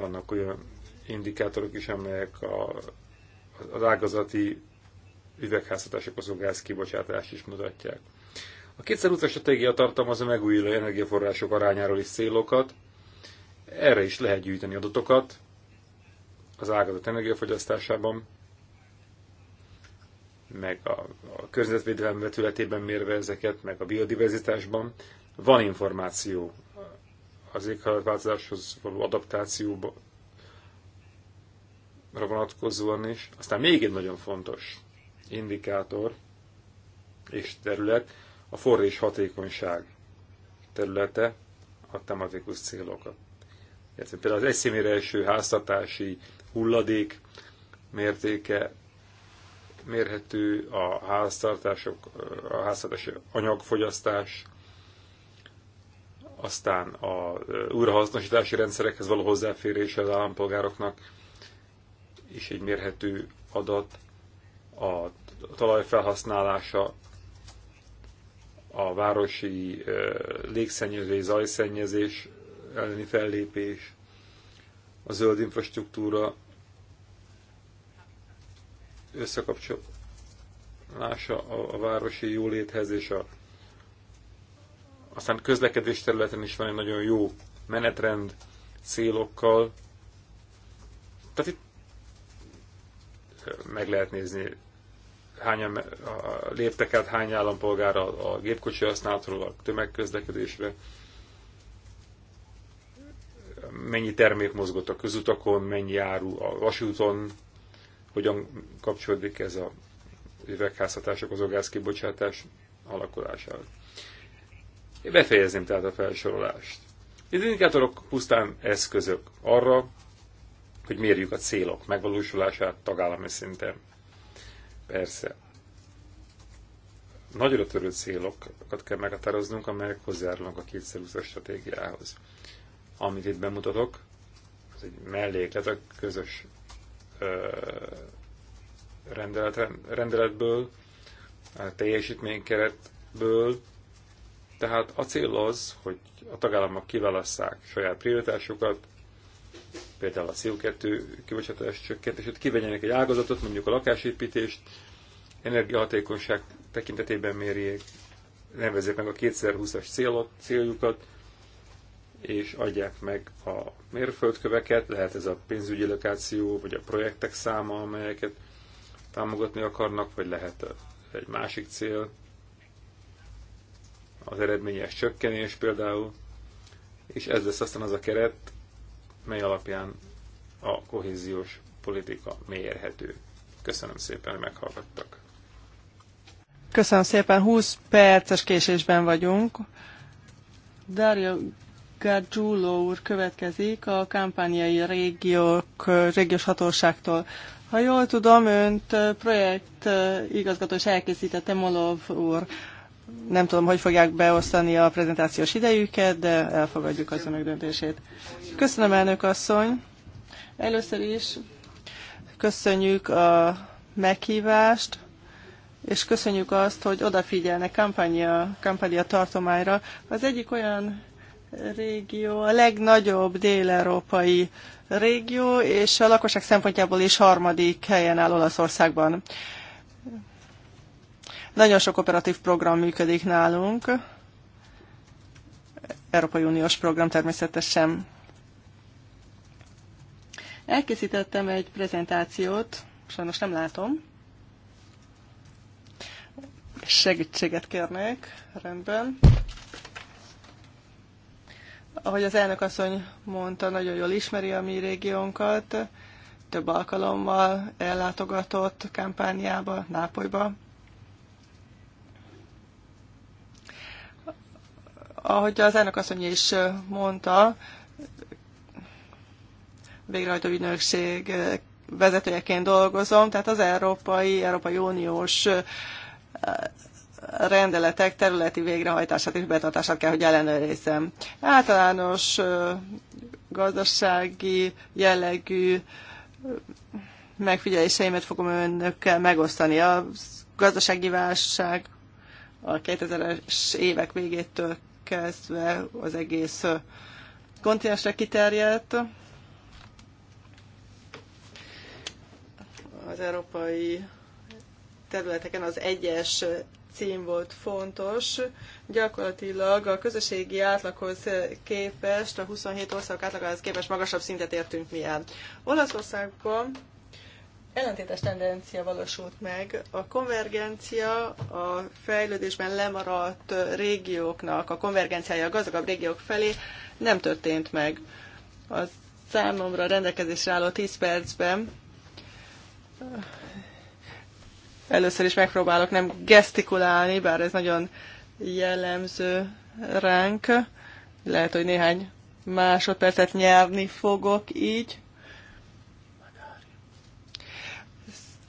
Vannak olyan indikátorok is, amelyek a, az ágazati üvegházhatások a gáz is mutatják. A kétszer utas stratégia tartalmazza megújuló energiaforrások arányáról is célokat, erre is lehet gyűjteni adatokat az ágazat energiafogyasztásában, meg a, a környezetvédelem vetületében mérve ezeket, meg a biodiverzitásban. Van információ az éghajlatváltozáshoz való adaptációra vonatkozóan is. Aztán még egy nagyon fontos indikátor és terület a forrás hatékonyság területe a tematikus célokat. Értem, például az eszémére első háztatási hulladék mértéke mérhető, a háztartások, a háztartási anyagfogyasztás aztán a újrahasznosítási rendszerekhez való hozzáférése az állampolgároknak is egy mérhető adat, a talaj felhasználása, a városi légszennyezés, zajszennyezés elleni fellépés, a zöld infrastruktúra összekapcsolása a városi jóléthez és a aztán közlekedés területen is van egy nagyon jó menetrend célokkal. Tehát itt meg lehet nézni, hányan léptek át hány állampolgár a, a gépkocsi használatról a tömegközlekedésre, mennyi termék mozgott a közutakon, mennyi áru a vasúton, hogyan kapcsolódik ez a üvegházhatások, az kibocsátás alakulására. Én befejezném tehát a felsorolást. Az indikátorok pusztán eszközök arra, hogy mérjük a célok megvalósulását tagállami szinten. Persze. Nagyra törő célokat kell meghatároznunk, amelyek hozzájárulnak a 2020-as stratégiához. Amit itt bemutatok, az egy melléklet a közös ö, rendeletből, a teljesítménykeretből, tehát a cél az, hogy a tagállamok kiválasszák saját prioritásokat, például a CO2 kibocsátás csökkentését, kivegyenek egy ágazatot, mondjuk a lakásépítést, energiahatékonyság tekintetében mérjék, nevezzék meg a 2020-as célot, céljukat, és adják meg a mérföldköveket, lehet ez a pénzügyi lokáció, vagy a projektek száma, amelyeket támogatni akarnak, vagy lehet egy másik cél, az eredményes csökkenés például, és ez lesz aztán az a keret, mely alapján a kohéziós politika mérhető. Köszönöm szépen, hogy meghallgattak. Köszönöm szépen, 20 perces késésben vagyunk. Dario Gargiulo úr következik a kampányai régiók, régiós hatóságtól. Ha jól tudom, önt projekt eh, igazgató is elkészítette Molov úr nem tudom, hogy fogják beosztani a prezentációs idejüket, de elfogadjuk az önök döntését. Köszönöm, elnök asszony! Először is köszönjük a meghívást, és köszönjük azt, hogy odafigyelnek kampánya, kampánya tartományra. Az egyik olyan régió, a legnagyobb dél-európai régió, és a lakosság szempontjából is harmadik helyen áll Olaszországban. Nagyon sok operatív program működik nálunk, Európai Uniós program természetesen. Elkészítettem egy prezentációt, sajnos nem látom. Segítséget kérnék, rendben. Ahogy az elnök asszony mondta, nagyon jól ismeri a mi régiónkat. Több alkalommal ellátogatott kampányába, Nápolyba. Ahogy az elnök asszony is mondta, végrehajtó ügynökség vezetőjeként dolgozom, tehát az Európai, Európai Uniós rendeletek területi végrehajtását és betartását kell, hogy ellenőrizzem. Általános gazdasági jellegű megfigyeléseimet fogom önökkel megosztani. A gazdasági válság a 2000-es évek végétől kezdve az egész kontinensre kiterjedt. Az európai területeken az egyes cím volt fontos. Gyakorlatilag a közösségi átlaghoz képest, a 27 ország átlaghoz képest magasabb szintet értünk mi el. Olaszországban ellentétes tendencia valósult meg. A konvergencia a fejlődésben lemaradt régióknak, a konvergenciája a gazdagabb régiók felé nem történt meg. A számomra rendelkezésre álló 10 percben eh, először is megpróbálok nem gesztikulálni, bár ez nagyon jellemző ránk. Lehet, hogy néhány másodpercet nyerni fogok így.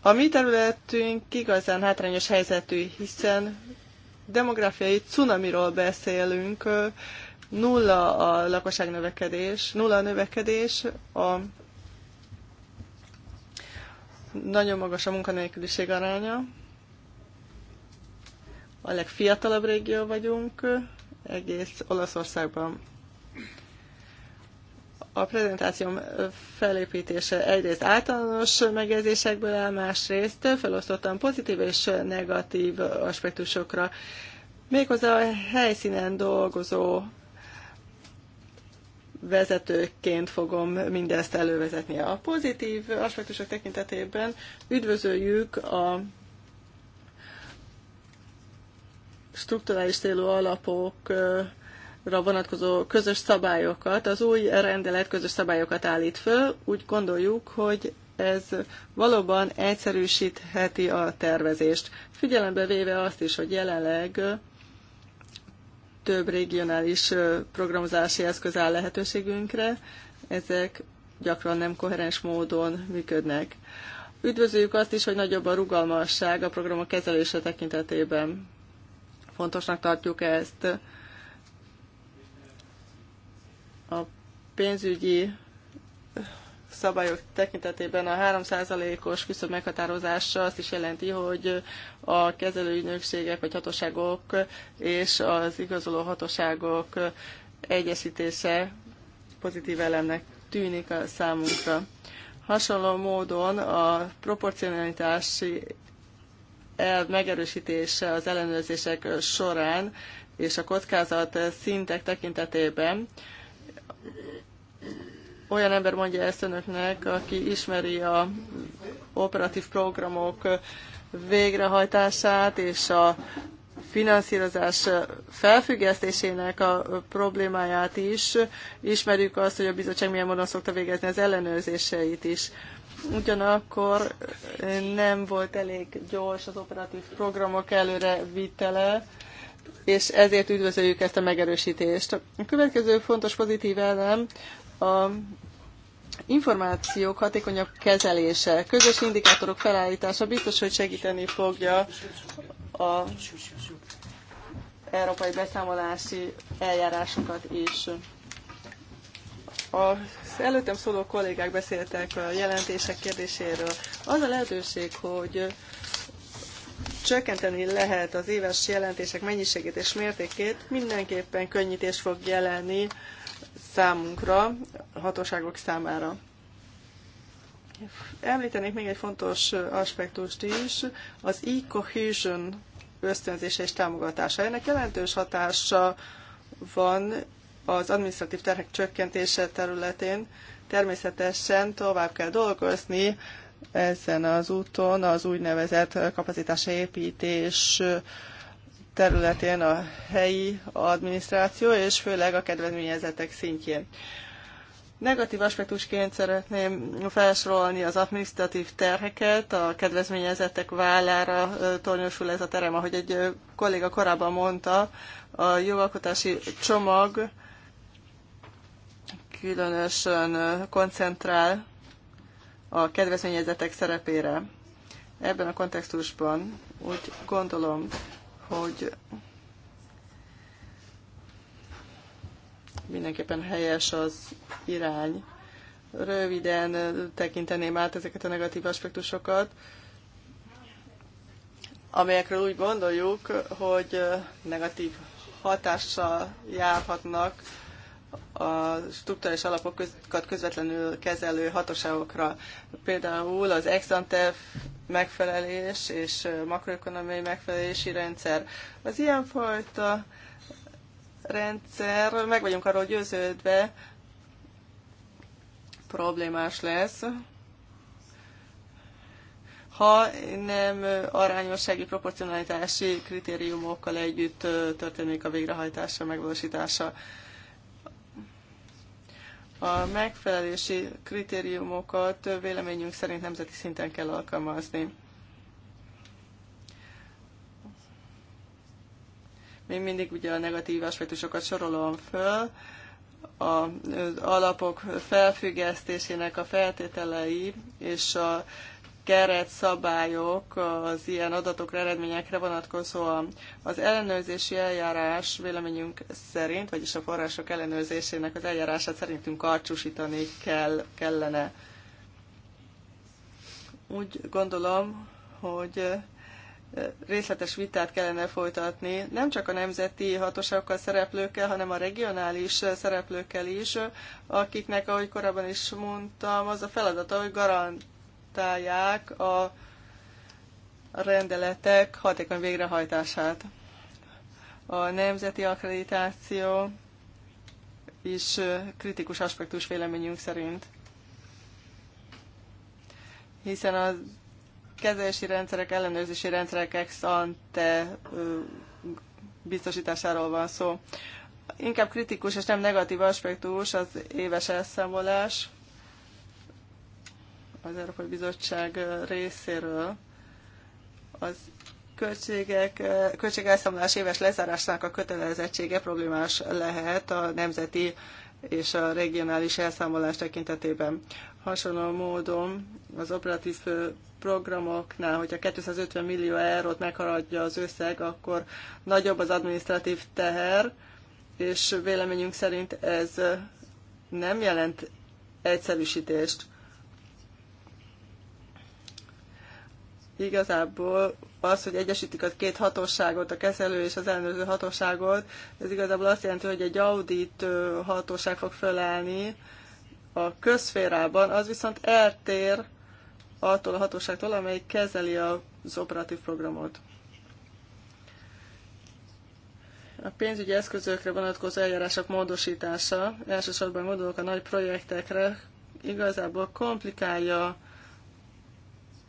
A mi területünk igazán hátrányos helyzetű, hiszen demográfiai cunamiról beszélünk, nulla a lakosság növekedés, nulla a növekedés, a nagyon magas a munkanélküliség aránya, a legfiatalabb régió vagyunk egész Olaszországban a prezentációm felépítése egyrészt általános megjegyzésekből áll, másrészt felosztottam pozitív és negatív aspektusokra. Méghozzá a helyszínen dolgozó vezetőként fogom mindezt elővezetni. A pozitív aspektusok tekintetében üdvözöljük a strukturális célú alapok vonatkozó közös szabályokat, az új rendelet közös szabályokat állít föl. Úgy gondoljuk, hogy ez valóban egyszerűsítheti a tervezést. Figyelembe véve azt is, hogy jelenleg több regionális programozási eszköz áll lehetőségünkre, ezek gyakran nem koherens módon működnek. Üdvözöljük azt is, hogy nagyobb a rugalmasság a programok kezelése tekintetében. Fontosnak tartjuk ezt. pénzügyi eh, szabályok tekintetében a 3%-os küszöb meghatározása azt is jelenti, hogy a kezelőügynökségek vagy hatóságok és az igazoló hatóságok egyesítése pozitív elemnek tűnik a számunkra. Hasonló módon a proporcionalitási elv megerősítése az ellenőrzések során és a kockázat szintek tekintetében olyan ember mondja ezt önöknek, aki ismeri a operatív programok végrehajtását és a finanszírozás felfüggesztésének a problémáját is. Ismerjük azt, hogy a bizottság milyen módon szokta végezni az ellenőrzéseit is. Ugyanakkor nem volt elég gyors az operatív programok előre vitele, és ezért üdvözöljük ezt a megerősítést. A következő fontos pozitív elem a információk hatékonyabb kezelése, közös indikátorok felállítása biztos, hogy segíteni fogja a európai beszámolási eljárásokat is. Az előttem szóló kollégák beszéltek a jelentések kérdéséről. Az a lehetőség, hogy csökkenteni lehet az éves jelentések mennyiségét és mértékét, mindenképpen könnyítés fog jelenni számunkra, hatóságok számára. Említenék még egy fontos aspektust is, az e-cohesion ösztönzése és támogatása. Ennek jelentős hatása van az administratív terhek csökkentése területén. Természetesen tovább kell dolgozni ezen az úton az úgynevezett kapacitásépítés területén a helyi adminisztráció, és főleg a kedvezményezetek szintjén. Negatív aspektusként szeretném felsorolni az administratív terheket, a kedvezményezettek vállára tornyosul ez a terem. Ahogy egy kolléga korábban mondta, a jogalkotási csomag különösen koncentrál a kedvezményezetek szerepére. Ebben a kontextusban úgy gondolom, hogy mindenképpen helyes az irány. Röviden tekinteném át ezeket a negatív aspektusokat, amelyekről úgy gondoljuk, hogy negatív hatással járhatnak a struktúrális alapokat közvetlenül kezelő hatóságokra. Például az Exantef megfelelés és makroekonomiai megfelelési rendszer. Az ilyenfajta rendszer, meg vagyunk arról győződve, problémás lesz, ha nem arányossági, proporcionalitási kritériumokkal együtt történik a végrehajtása, megvalósítása. A megfelelési kritériumokat véleményünk szerint nemzeti szinten kell alkalmazni. Még mindig ugye a negatív aspektusokat sorolom föl, az alapok felfüggesztésének a feltételei és a keret szabályok az ilyen adatokra, eredményekre vonatkozóan. Az ellenőrzési eljárás véleményünk szerint, vagyis a források ellenőrzésének az eljárását szerintünk karcsúsítani kell, kellene. Úgy gondolom, hogy eh, részletes vitát kellene folytatni, nem csak a nemzeti hatóságokkal, szereplőkkel, hanem a regionális szereplőkkel is, akiknek, ahogy korábban is mondtam, az a feladata, hogy garant garantálják a rendeletek hatékony végrehajtását. A nemzeti akkreditáció is kritikus aspektus véleményünk szerint. Hiszen a kezelési rendszerek, ellenőrzési rendszerek ex ante biztosításáról van szó. Inkább kritikus és nem negatív aspektus az éves elszámolás az Európai Bizottság részéről az költségek, költségelszámolás éves lezárásának a kötelezettsége problémás lehet a nemzeti és a regionális elszámolás tekintetében. Hasonló módon az operatív programoknál, hogyha 250 millió eurót meghaladja az összeg, akkor nagyobb az administratív teher, és véleményünk szerint ez nem jelent egyszerűsítést. Igazából az, hogy egyesítik a két hatóságot, a kezelő és az ellenőrző hatóságot, ez igazából azt jelenti, hogy egy audit hatóság fog fölállni a közférában, az viszont eltér attól a hatóságtól, amelyik kezeli az operatív programot. A pénzügyi eszközökre vonatkozó eljárások módosítása, elsősorban gondolok a nagy projektekre, igazából komplikálja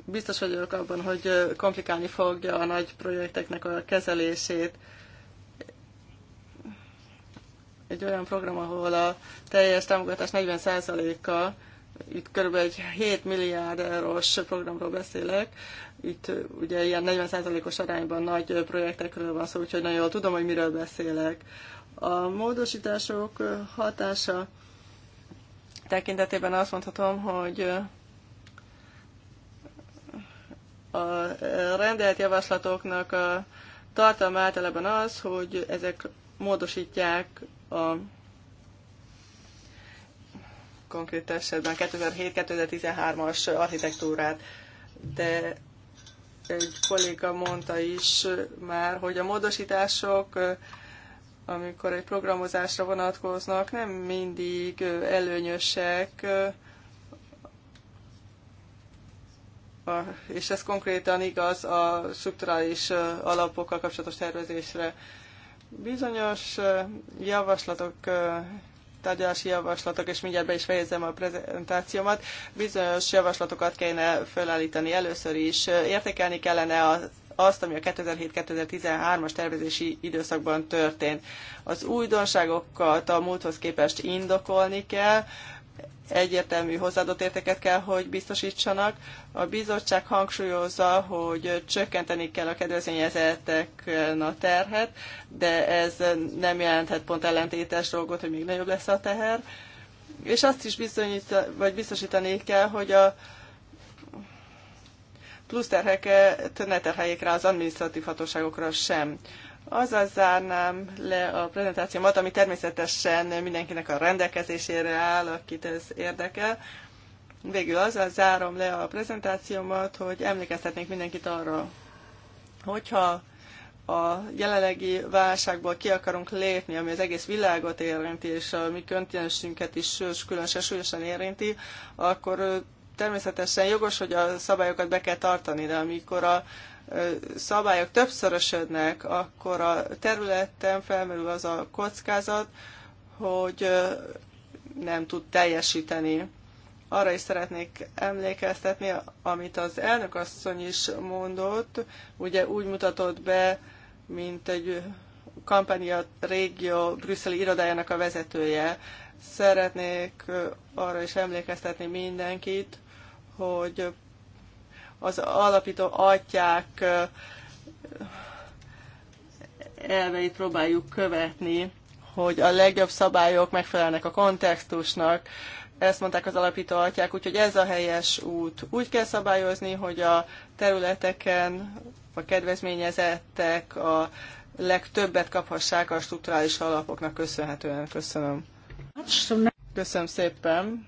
biztos vagyok abban, hogy komplikálni fogja a nagy projekteknek a kezelését. Egy olyan program, ahol a teljes támogatás 40%-a, itt kb. egy 7 milliárd eurós programról beszélek, itt ugye ilyen 40%-os arányban nagy projektekről van szó, úgyhogy nagyon jól tudom, hogy miről beszélek. A módosítások hatása tekintetében azt mondhatom, hogy a rendelt javaslatoknak a tartalma általában az, hogy ezek módosítják a konkrét esetben 2007-2013-as architektúrát, de egy kolléga mondta is már, hogy a módosítások, amikor egy programozásra vonatkoznak, nem mindig előnyösek, a, és ez konkrétan igaz a strukturális alapokkal kapcsolatos tervezésre. Bizonyos javaslatok, tárgyalási javaslatok, és mindjárt be is fejezem a prezentációmat, bizonyos javaslatokat kéne felállítani először is. Értékelni kellene az azt, ami a 2007-2013-as tervezési időszakban történt. Az újdonságokat a múlthoz képest indokolni kell, egyértelmű hozzáadott értéket kell, hogy biztosítsanak. A bizottság hangsúlyozza, hogy csökkenteni kell a kedvezményezettek a terhet, de ez nem jelenthet pont ellentétes dolgot, hogy még nagyobb lesz a teher. És azt is bizonyít, vagy biztosítani kell, hogy a plusz terheket ne terheljék rá az adminisztratív hatóságokra sem. Azzal zárnám le a prezentációmat, ami természetesen mindenkinek a rendelkezésére áll, akit ez érdekel. Végül azzal zárom le a prezentációmat, hogy emlékeztetnék mindenkit arra, hogyha a jelenlegi válságból ki akarunk lépni, ami az egész világot érinti, és a mi kontinensünket is különösen súlyosan érinti, akkor természetesen jogos, hogy a szabályokat be kell tartani, de amikor a szabályok többszörösödnek, akkor a területen felmerül az a kockázat, hogy nem tud teljesíteni. Arra is szeretnék emlékeztetni, amit az elnök asszony is mondott, ugye úgy mutatott be, mint egy kampánya régió brüsszeli irodájának a vezetője. Szeretnék arra is emlékeztetni mindenkit, hogy az alapító atyák elveit próbáljuk követni, hogy a legjobb szabályok megfelelnek a kontextusnak. Ezt mondták az alapító atyák, úgyhogy ez a helyes út. Úgy kell szabályozni, hogy a területeken a kedvezményezettek a legtöbbet kaphassák a strukturális alapoknak köszönhetően. Köszönöm. Köszönöm szépen.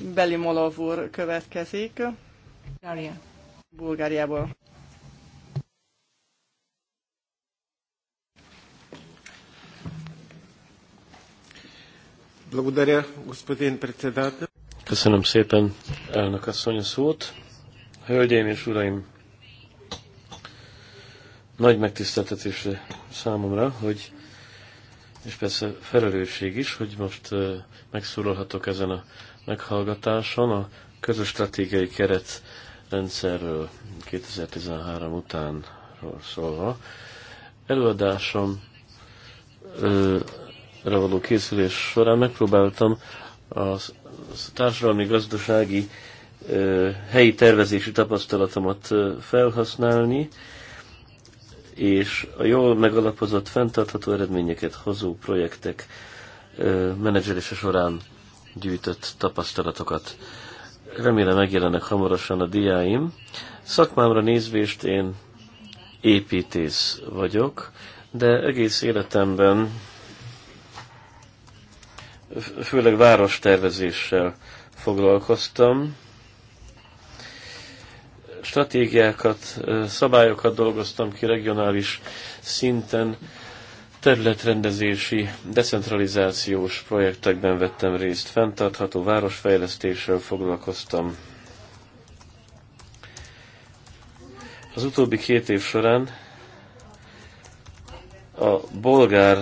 Belimolov úr következik. Bulgária. Bulgáriából. Köszönöm szépen, elnök asszony a szót. Hölgyeim és uraim, nagy megtiszteltetés számomra, hogy és persze felelősség is, hogy most eh, megszólalhatok ezen a meghallgatáson a közös stratégiai keret rendszerről 2013 utánról szólva. Előadásom való készülés során megpróbáltam a társadalmi gazdasági helyi tervezési tapasztalatomat felhasználni, és a jól megalapozott, fenntartható eredményeket hozó projektek menedzselése során gyűjtött tapasztalatokat remélem megjelennek hamarosan a diáim. Szakmámra nézvést én építész vagyok, de egész életemben főleg várostervezéssel foglalkoztam. Stratégiákat, eh, szabályokat dolgoztam ki regionális szinten, területrendezési, decentralizációs projektekben vettem részt, fenntartható városfejlesztéssel foglalkoztam. Az utóbbi két év során a bolgár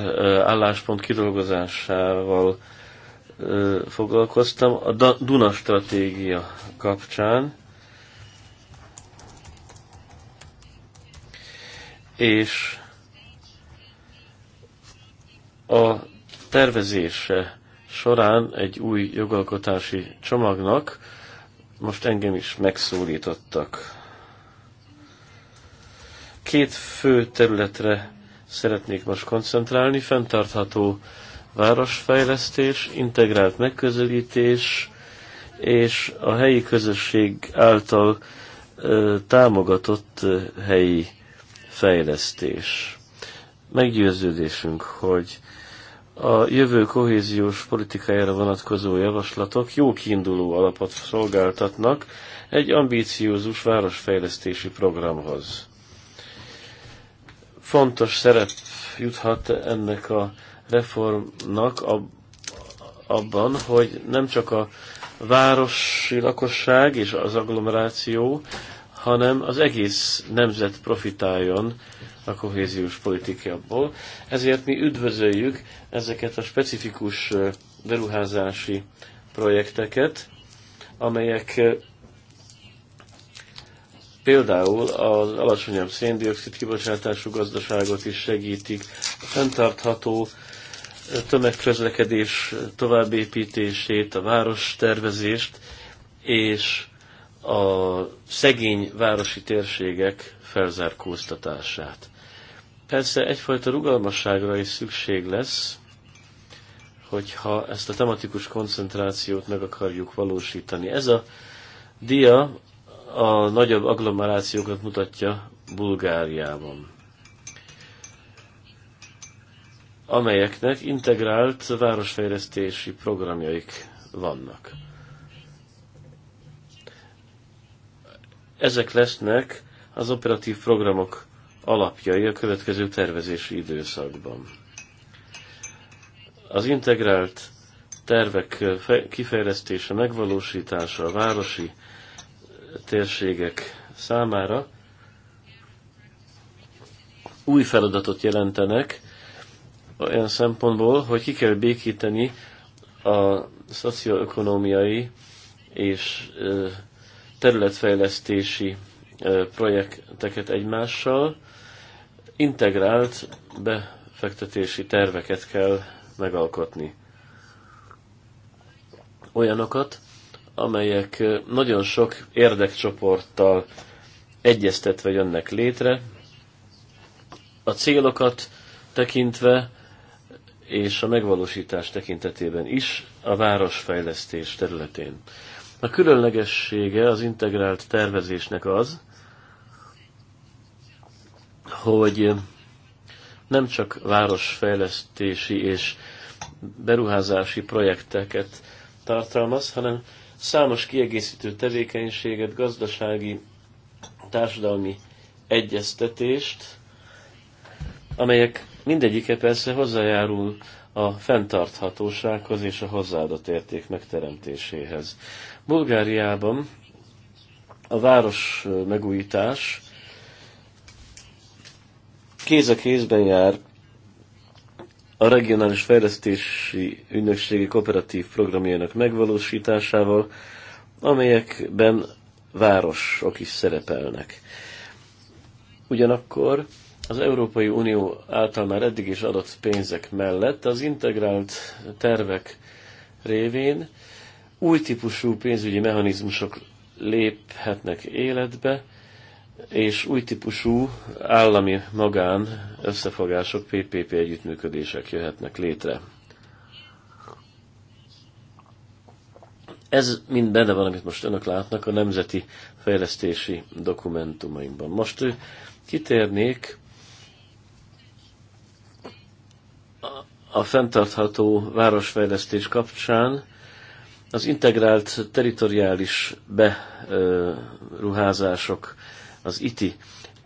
álláspont kidolgozásával foglalkoztam a Duna stratégia kapcsán, és a tervezése során egy új jogalkotási csomagnak most engem is megszólítottak. Két fő területre szeretnék most koncentrálni, fenntartható városfejlesztés, integrált megközelítés és a helyi közösség által ö, támogatott ö, helyi fejlesztés. Meggyőződésünk, hogy a jövő kohéziós politikájára vonatkozó javaslatok jó kiinduló alapot szolgáltatnak egy ambíciózus városfejlesztési programhoz. Fontos szerep juthat ennek a reformnak abban, hogy nem csak a városi lakosság és az agglomeráció, hanem az egész nemzet profitáljon a kohéziós politikából. Ezért mi üdvözöljük ezeket a specifikus beruházási projekteket, amelyek például az alacsonyabb széndiokszid kibocsátású gazdaságot is segítik, a fenntartható tömegközlekedés továbbépítését, a város tervezést és a szegény városi térségek felzárkóztatását. Persze egyfajta rugalmasságra is szükség lesz, hogyha ezt a tematikus koncentrációt meg akarjuk valósítani. Ez a dia a nagyobb agglomerációkat mutatja Bulgáriában, amelyeknek integrált városfejlesztési programjaik vannak. Ezek lesznek az operatív programok alapjai a következő tervezési időszakban. Az integrált tervek kifejlesztése, megvalósítása a városi eh, térségek számára új feladatot jelentenek olyan szempontból, hogy ki kell békíteni a szocioökonomiai és eh, területfejlesztési eh, projekteket egymással, integrált befektetési terveket kell megalkotni. Olyanokat, amelyek nagyon sok érdekcsoporttal egyeztetve jönnek létre, a célokat tekintve és a megvalósítás tekintetében is a városfejlesztés területén. A különlegessége az integrált tervezésnek az, hogy nem csak városfejlesztési és beruházási projekteket tartalmaz, hanem számos kiegészítő tevékenységet, gazdasági, társadalmi egyeztetést, amelyek mindegyike persze hozzájárul a fenntarthatósághoz és a hozzáadott érték megteremtéséhez. Bulgáriában a város megújítás kéz a kézben jár a regionális fejlesztési ügynökségi kooperatív programjának megvalósításával, amelyekben városok is szerepelnek. Ugyanakkor az Európai Unió által már eddig is adott pénzek mellett az integrált tervek révén új típusú pénzügyi mechanizmusok léphetnek életbe, és új típusú állami magán összefogások, PPP együttműködések jöhetnek létre. Ez mind benne van, amit most önök látnak a nemzeti fejlesztési dokumentumainkban. Most kitérnék a fenntartható városfejlesztés kapcsán az integrált teritoriális beruházások az ITI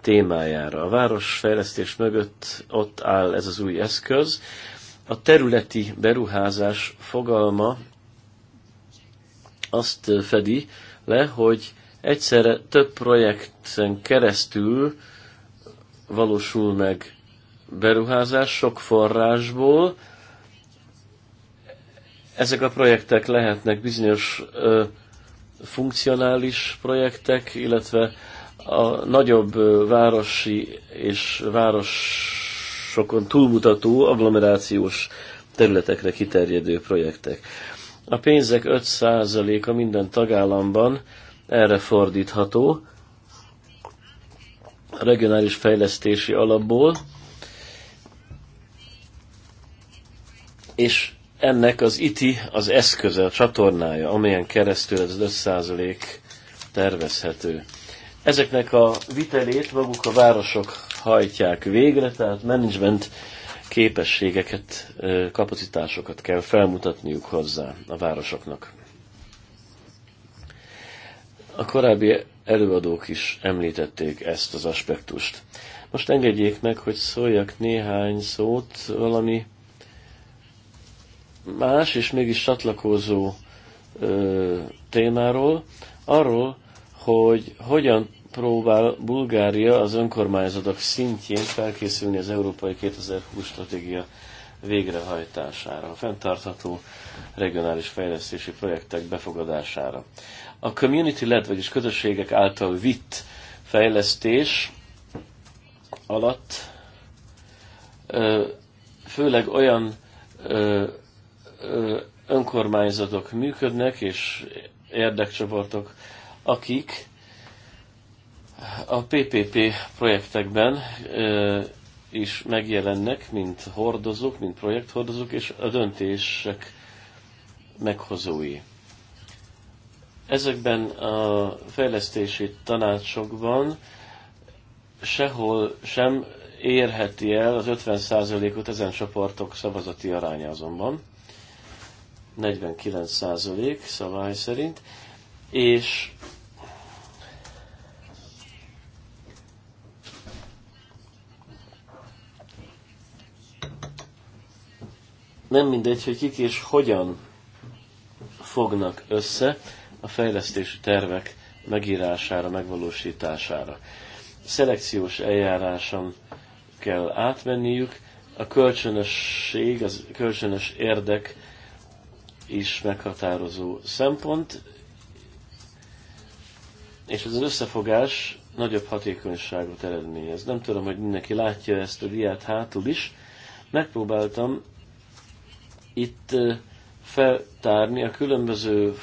témájára. A városfejlesztés mögött ott áll ez az új eszköz. A területi beruházás fogalma azt fedi le, hogy egyszerre több projekten keresztül valósul meg beruházás sok forrásból. Ezek a projektek lehetnek bizonyos ö, funkcionális projektek, illetve a nagyobb városi és városokon túlmutató agglomerációs területekre kiterjedő projektek. A pénzek 5%-a minden tagállamban erre fordítható, a regionális fejlesztési alapból, és ennek az ITI az eszköze, a csatornája, amelyen keresztül ez 5% tervezhető. Ezeknek a vitelét maguk a városok hajtják végre, tehát menedzsment képességeket, kapacitásokat kell felmutatniuk hozzá a városoknak. A korábbi előadók is említették ezt az aspektust. Most engedjék meg, hogy szóljak néhány szót valami más és mégis csatlakozó témáról, arról, hogy hogyan próbál Bulgária az önkormányzatok szintjén felkészülni az Európai 2020 stratégia végrehajtására, a fenntartható regionális fejlesztési projektek befogadására. A community-led, vagyis közösségek által vitt fejlesztés alatt főleg olyan önkormányzatok működnek, és érdekcsoportok, akik a PPP projektekben is megjelennek, mint hordozók, mint projekthordozók, és a döntések meghozói. Ezekben a fejlesztési tanácsokban sehol sem érheti el az 50%-ot ezen csoportok szavazati aránya azonban, 49% szabály szerint, és nem mindegy, hogy kik és hogyan fognak össze a fejlesztési tervek megírására, megvalósítására. Szelekciós eljáráson kell átmenniük, a kölcsönösség, az kölcsönös érdek is meghatározó szempont, és ez az összefogás nagyobb hatékonyságot eredményez. Nem tudom, hogy mindenki látja ezt a diát hátul is. Megpróbáltam itt feltárni a különböző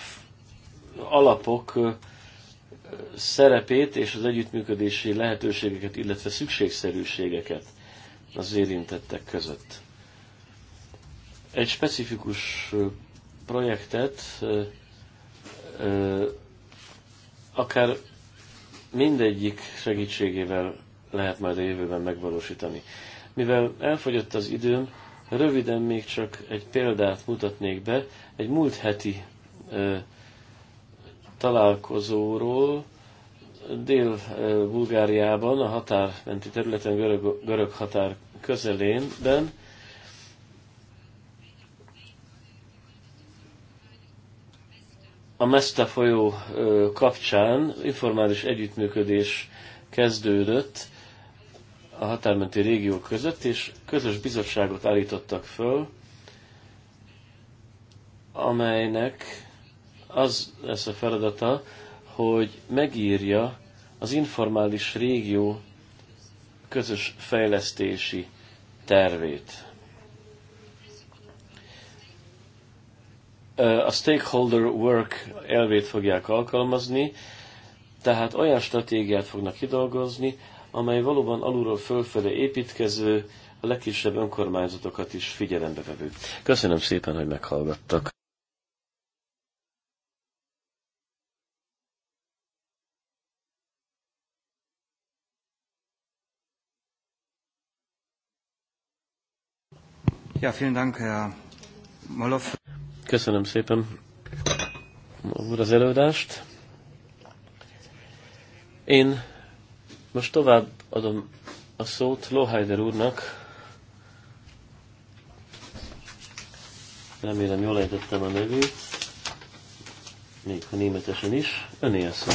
alapok szerepét és az együttműködési lehetőségeket, illetve szükségszerűségeket az érintettek között. Egy specifikus projektet akár mindegyik segítségével lehet majd a jövőben megvalósítani. Mivel elfogyott az időm, Röviden még csak egy példát mutatnék be. Egy múlt heti ö, találkozóról Dél-Bulgáriában, a határmenti területen, görög, görög határ közelénben, a Mesta folyó kapcsán informális együttműködés kezdődött a határmenti régiók között, és közös bizottságot állítottak föl, amelynek az lesz a feladata, hogy megírja az informális régió közös fejlesztési tervét. A stakeholder work elvét fogják alkalmazni, tehát olyan stratégiát fognak kidolgozni, amely valóban alulról fölfelé építkező, a legkisebb önkormányzatokat is figyelembe vevő. Köszönöm szépen, hogy meghallgattak. Ja, vielen Dank, Herr Moloff. Köszönöm szépen az előadást. Én most tovább adom a szót Lohajder úrnak. Remélem jól ejtettem a nevét, még ha németesen is. Öné a szó.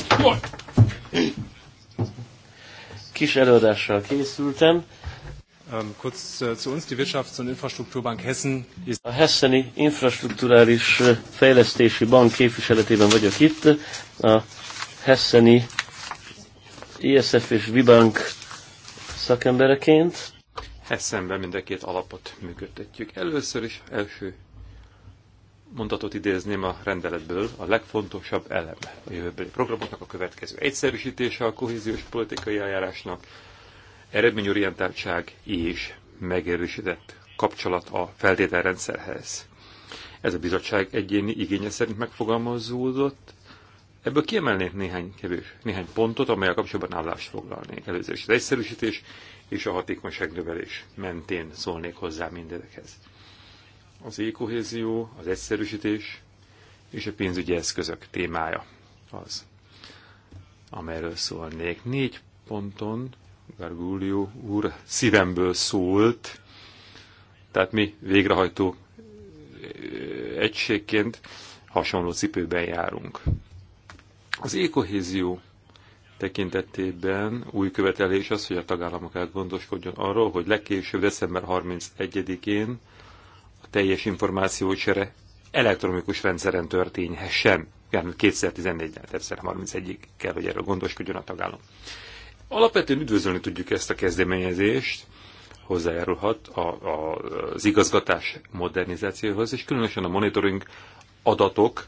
Kis előadással készültem. Um, kurz uh, zu uns, die Wirtschafts- und Infrastrukturbank Hessen ist... A Hesseni Infrastrukturális äh, Fejlesztési Bank képviseletében vagyok itt. A Hesseni ISF és Vibank szakembereként. Eszembe mind a két alapot működtetjük. Először is első mondatot idézném a rendeletből, a legfontosabb elem a jövőbeli programoknak a következő egyszerűsítése a kohéziós politikai eljárásnak, eredményorientáltság és megerősített kapcsolat a feltételrendszerhez. Ez a bizottság egyéni igénye szerint megfogalmazódott, Ebből kiemelnék néhány, kevés, néhány pontot, amelyek kapcsolatban állást foglalnék. Először is az egyszerűsítés és a hatékonyság növelés mentén szólnék hozzá mindenekhez. Az ékohézió, az egyszerűsítés és a pénzügyi eszközök témája az, amelyről szólnék. Négy ponton Gargulio úr szívemből szólt, tehát mi végrehajtó egységként hasonló cipőben járunk. Az ékohézió tekintetében új követelés az, hogy a tagállamok elgondoskodjon arról, hogy legkésőbb december 31-én a teljes információcsere elektronikus rendszeren történhessen. 2014-ben, december 31-ig kell, hogy erről gondoskodjon a tagállam. Alapvetően üdvözölni tudjuk ezt a kezdeményezést, hozzájárulhat a, a, az igazgatás modernizációhoz, és különösen a monitoring adatok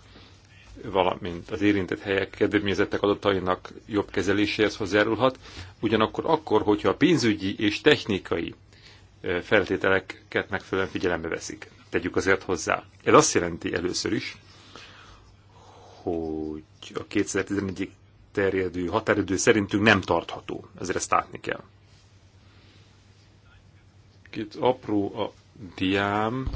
valamint az érintett helyek kedvezményezettek adatainak jobb kezeléséhez hozzájárulhat, ugyanakkor akkor, hogyha a pénzügyi és technikai feltételeket megfelelően figyelembe veszik. Tegyük azért hozzá. Ez azt jelenti először is, hogy a 2011 terjedő határidő szerintünk nem tartható, ezért ezt látni kell. Itt apró a diám,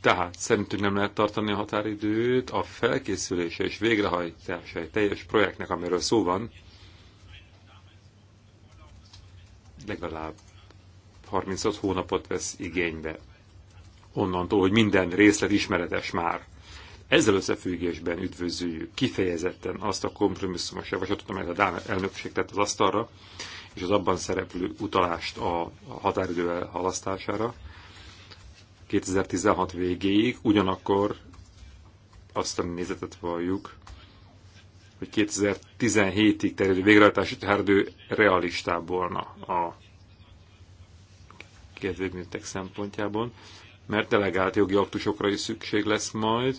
tehát szerintünk nem lehet tartani a határidőt, a felkészülése és végrehajtása egy teljes projektnek, amiről szó van, legalább 36 hónapot vesz igénybe. Onnantól, hogy minden részlet ismeretes már. Ezzel összefüggésben üdvözöljük kifejezetten azt a kompromisszumos javaslatot, amelyet a Dán elnökség tett az asztalra, és az abban szereplő utalást a határidő halasztására. 2016 végéig, ugyanakkor azt a nézetet valljuk, hogy 2017-ig terjedő végrehajtási határidő realistább volna a kedvények szempontjából, mert delegált jogi aktusokra is szükség lesz majd,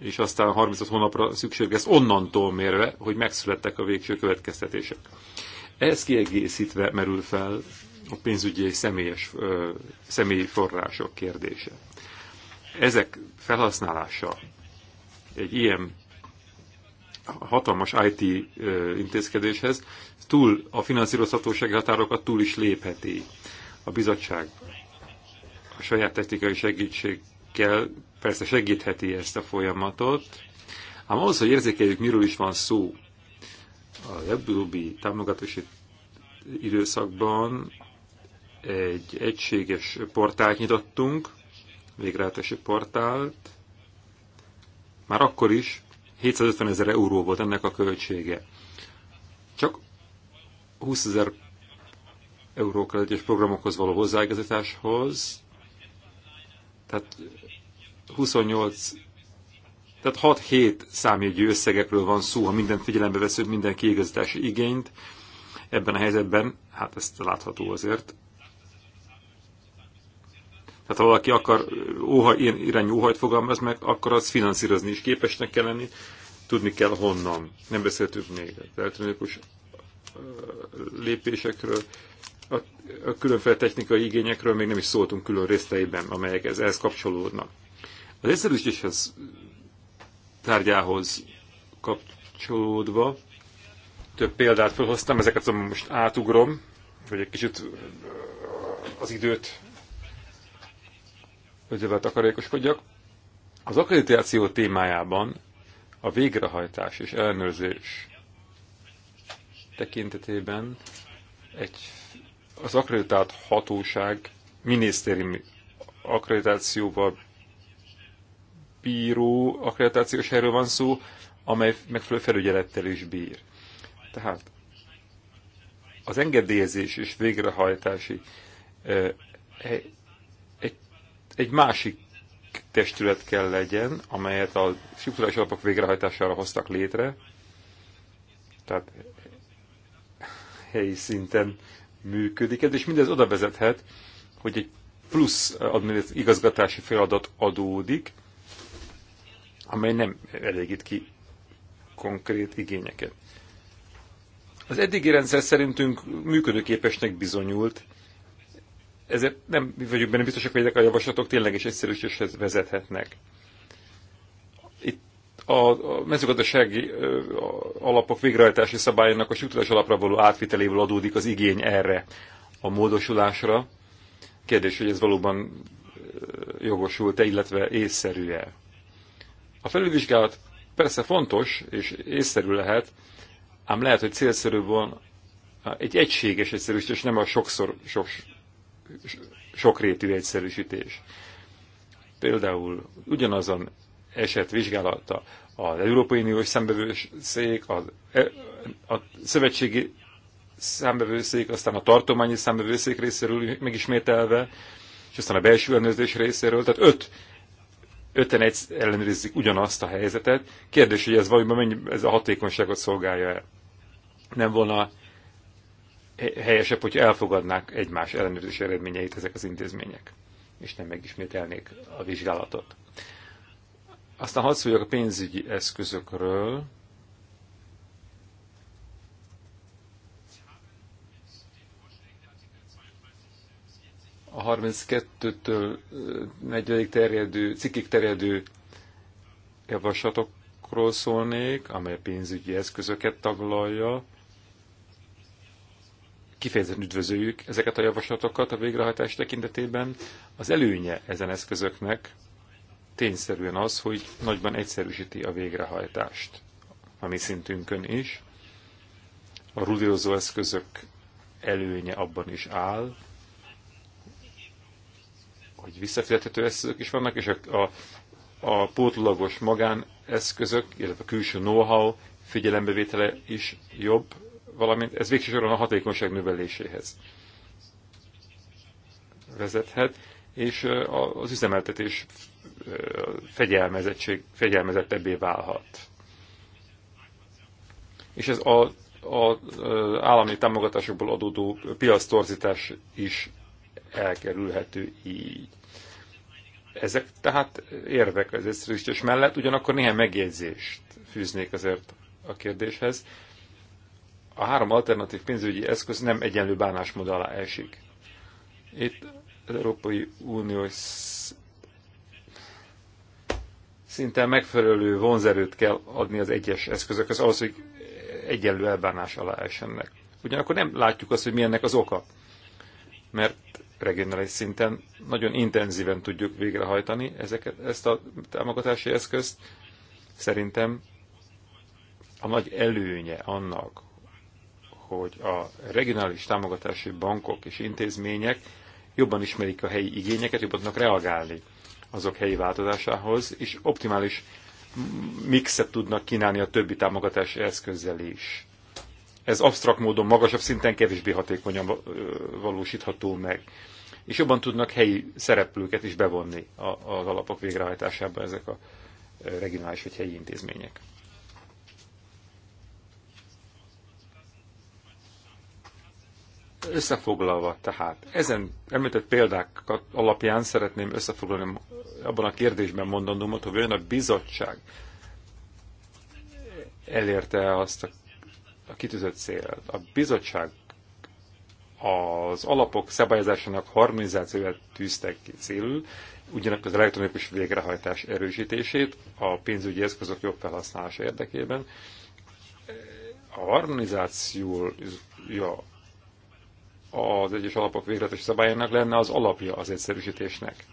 és aztán 35 hónapra szükség lesz onnantól mérve, hogy megszülettek a végső következtetések. Ez kiegészítve merül fel a pénzügyi és személyes, ö, személyi források kérdése. Ezek felhasználása egy ilyen hatalmas IT ö, intézkedéshez túl a finanszírozhatósági határokat túl is lépheti a bizottság a saját technikai kell persze segítheti ezt a folyamatot, ám ahhoz, hogy érzékeljük, miről is van szó, a legutóbbi támogatási időszakban egy egységes portált nyitottunk, végrehajtási portált. Már akkor is 750 ezer euró volt ennek a költsége. Csak 20 ezer euró és programokhoz való hozzáigazításhoz, tehát 28, tehát 6-7 számjegyű összegekről van szó, ha minden figyelembe veszünk, minden kiigazítási igényt. Ebben a helyzetben, hát ezt látható azért, tehát ha valaki akar óha, ilyen irányú óhajt fogalmaz meg, akkor az finanszírozni is képesnek kell lenni, tudni kell honnan. Nem beszéltünk még az elektronikus lépésekről, a, a különféle technikai igényekről még nem is szóltunk külön részteiben, amelyek ez, ehhez kapcsolódnak. Az egyszerűsítéshez tárgyához kapcsolódva több példát felhoztam, ezeket most átugrom, hogy egy kicsit az időt Ötövel takarékoskodjak. Az akkreditáció témájában a végrehajtás és ellenőrzés tekintetében egy, az akkreditált hatóság minisztériumi akkreditációval bíró akkreditációs helyről van szó, amely megfelelő felügyelettel is bír. Tehát az engedélyezés és végrehajtási eh, egy másik testület kell legyen, amelyet a struktúrás alapok végrehajtására hoztak létre, tehát helyi szinten működik ez, és mindez oda vezethet, hogy egy plusz igazgatási feladat adódik, amely nem elégít ki konkrét igényeket. Az eddigi rendszer szerintünk működőképesnek bizonyult, ezért nem vagyok benne biztosak, hogy ezek a javaslatok tényleg is egyszerűsítéshez vezethetnek. Itt a, a mezőgazdasági alapok végrehajtási szabályának a struktúrás alapra való átviteléből adódik az igény erre a módosulásra. Kérdés, hogy ez valóban jogosult-e, illetve észszerű-e. A felülvizsgálat persze fontos és észszerű lehet, ám lehet, hogy célszerűbb van egy egységes egyszerűsítés, nem a sokszor, sok sokrétű egyszerűsítés. Például ugyanazon eset vizsgálata az Európai Uniós Szembevőszék, a, e, a szövetségi számbevőszék, aztán a tartományi számbevőszék részéről megismételve, és aztán a belső ellenőrzés részéről, tehát öt öten egy ellenőrizik ugyanazt a helyzetet. Kérdés, hogy ez valójában mennyi, ez a hatékonyságot szolgálja e Nem volna helyesebb, hogy elfogadnák egymás ellenőrzés eredményeit ezek az intézmények, és nem megismételnék a vizsgálatot. Aztán hadd szóljak a pénzügyi eszközökről. A 32-től 40 terjedő, cikkig terjedő javaslatokról szólnék, amely pénzügyi eszközöket taglalja kifejezetten üdvözöljük ezeket a javaslatokat a végrehajtás tekintetében. Az előnye ezen eszközöknek tényszerűen az, hogy nagyban egyszerűsíti a végrehajtást a mi szintünkön is. A rudírozó eszközök előnye abban is áll, hogy visszafizethető eszközök is vannak, és a, a, a pótlagos magáneszközök, illetve a külső know-how figyelembevétele is jobb valamint ez végső soron a hatékonyság növeléséhez vezethet, és az üzemeltetés fegyelmezettség, fegyelmezettebbé válhat. És ez a, az állami támogatásokból adódó piasztorzítás is elkerülhető így. Ezek tehát érvek az egyszerűsítés mellett, ugyanakkor néhány megjegyzést fűznék azért a kérdéshez a három alternatív pénzügyi eszköz nem egyenlő bánásmód alá esik. Itt az Európai Unió szinte megfelelő vonzerőt kell adni az egyes eszközökhöz, ahhoz, hogy egyenlő elbánás alá esennek. Ugyanakkor nem látjuk azt, hogy milyennek az oka, mert regionális szinten nagyon intenzíven tudjuk végrehajtani ezeket, ezt a támogatási eszközt. Szerintem a nagy előnye annak, hogy a regionális támogatási bankok és intézmények jobban ismerik a helyi igényeket, jobban tudnak reagálni azok helyi változásához, és optimális mixet tudnak kínálni a többi támogatási eszközzel is. Ez absztrakt módon magasabb szinten kevésbé hatékonyan valósítható meg. És jobban tudnak helyi szereplőket is bevonni az alapok végrehajtásába ezek a regionális vagy helyi intézmények. Összefoglalva tehát, ezen említett példák alapján szeretném összefoglalni abban a kérdésben mondandómat, hogy olyan a bizottság elérte azt a, a kitűzött célt. A bizottság az alapok szabályozásának harmonizációját tűzte ki célul, ugyanakkor az elektronikus végrehajtás erősítését a pénzügyi eszközök jobb felhasználása érdekében. A harmonizáció ja, az egyes alapok végletes szabályának lenne az alapja az egyszerűsítésnek.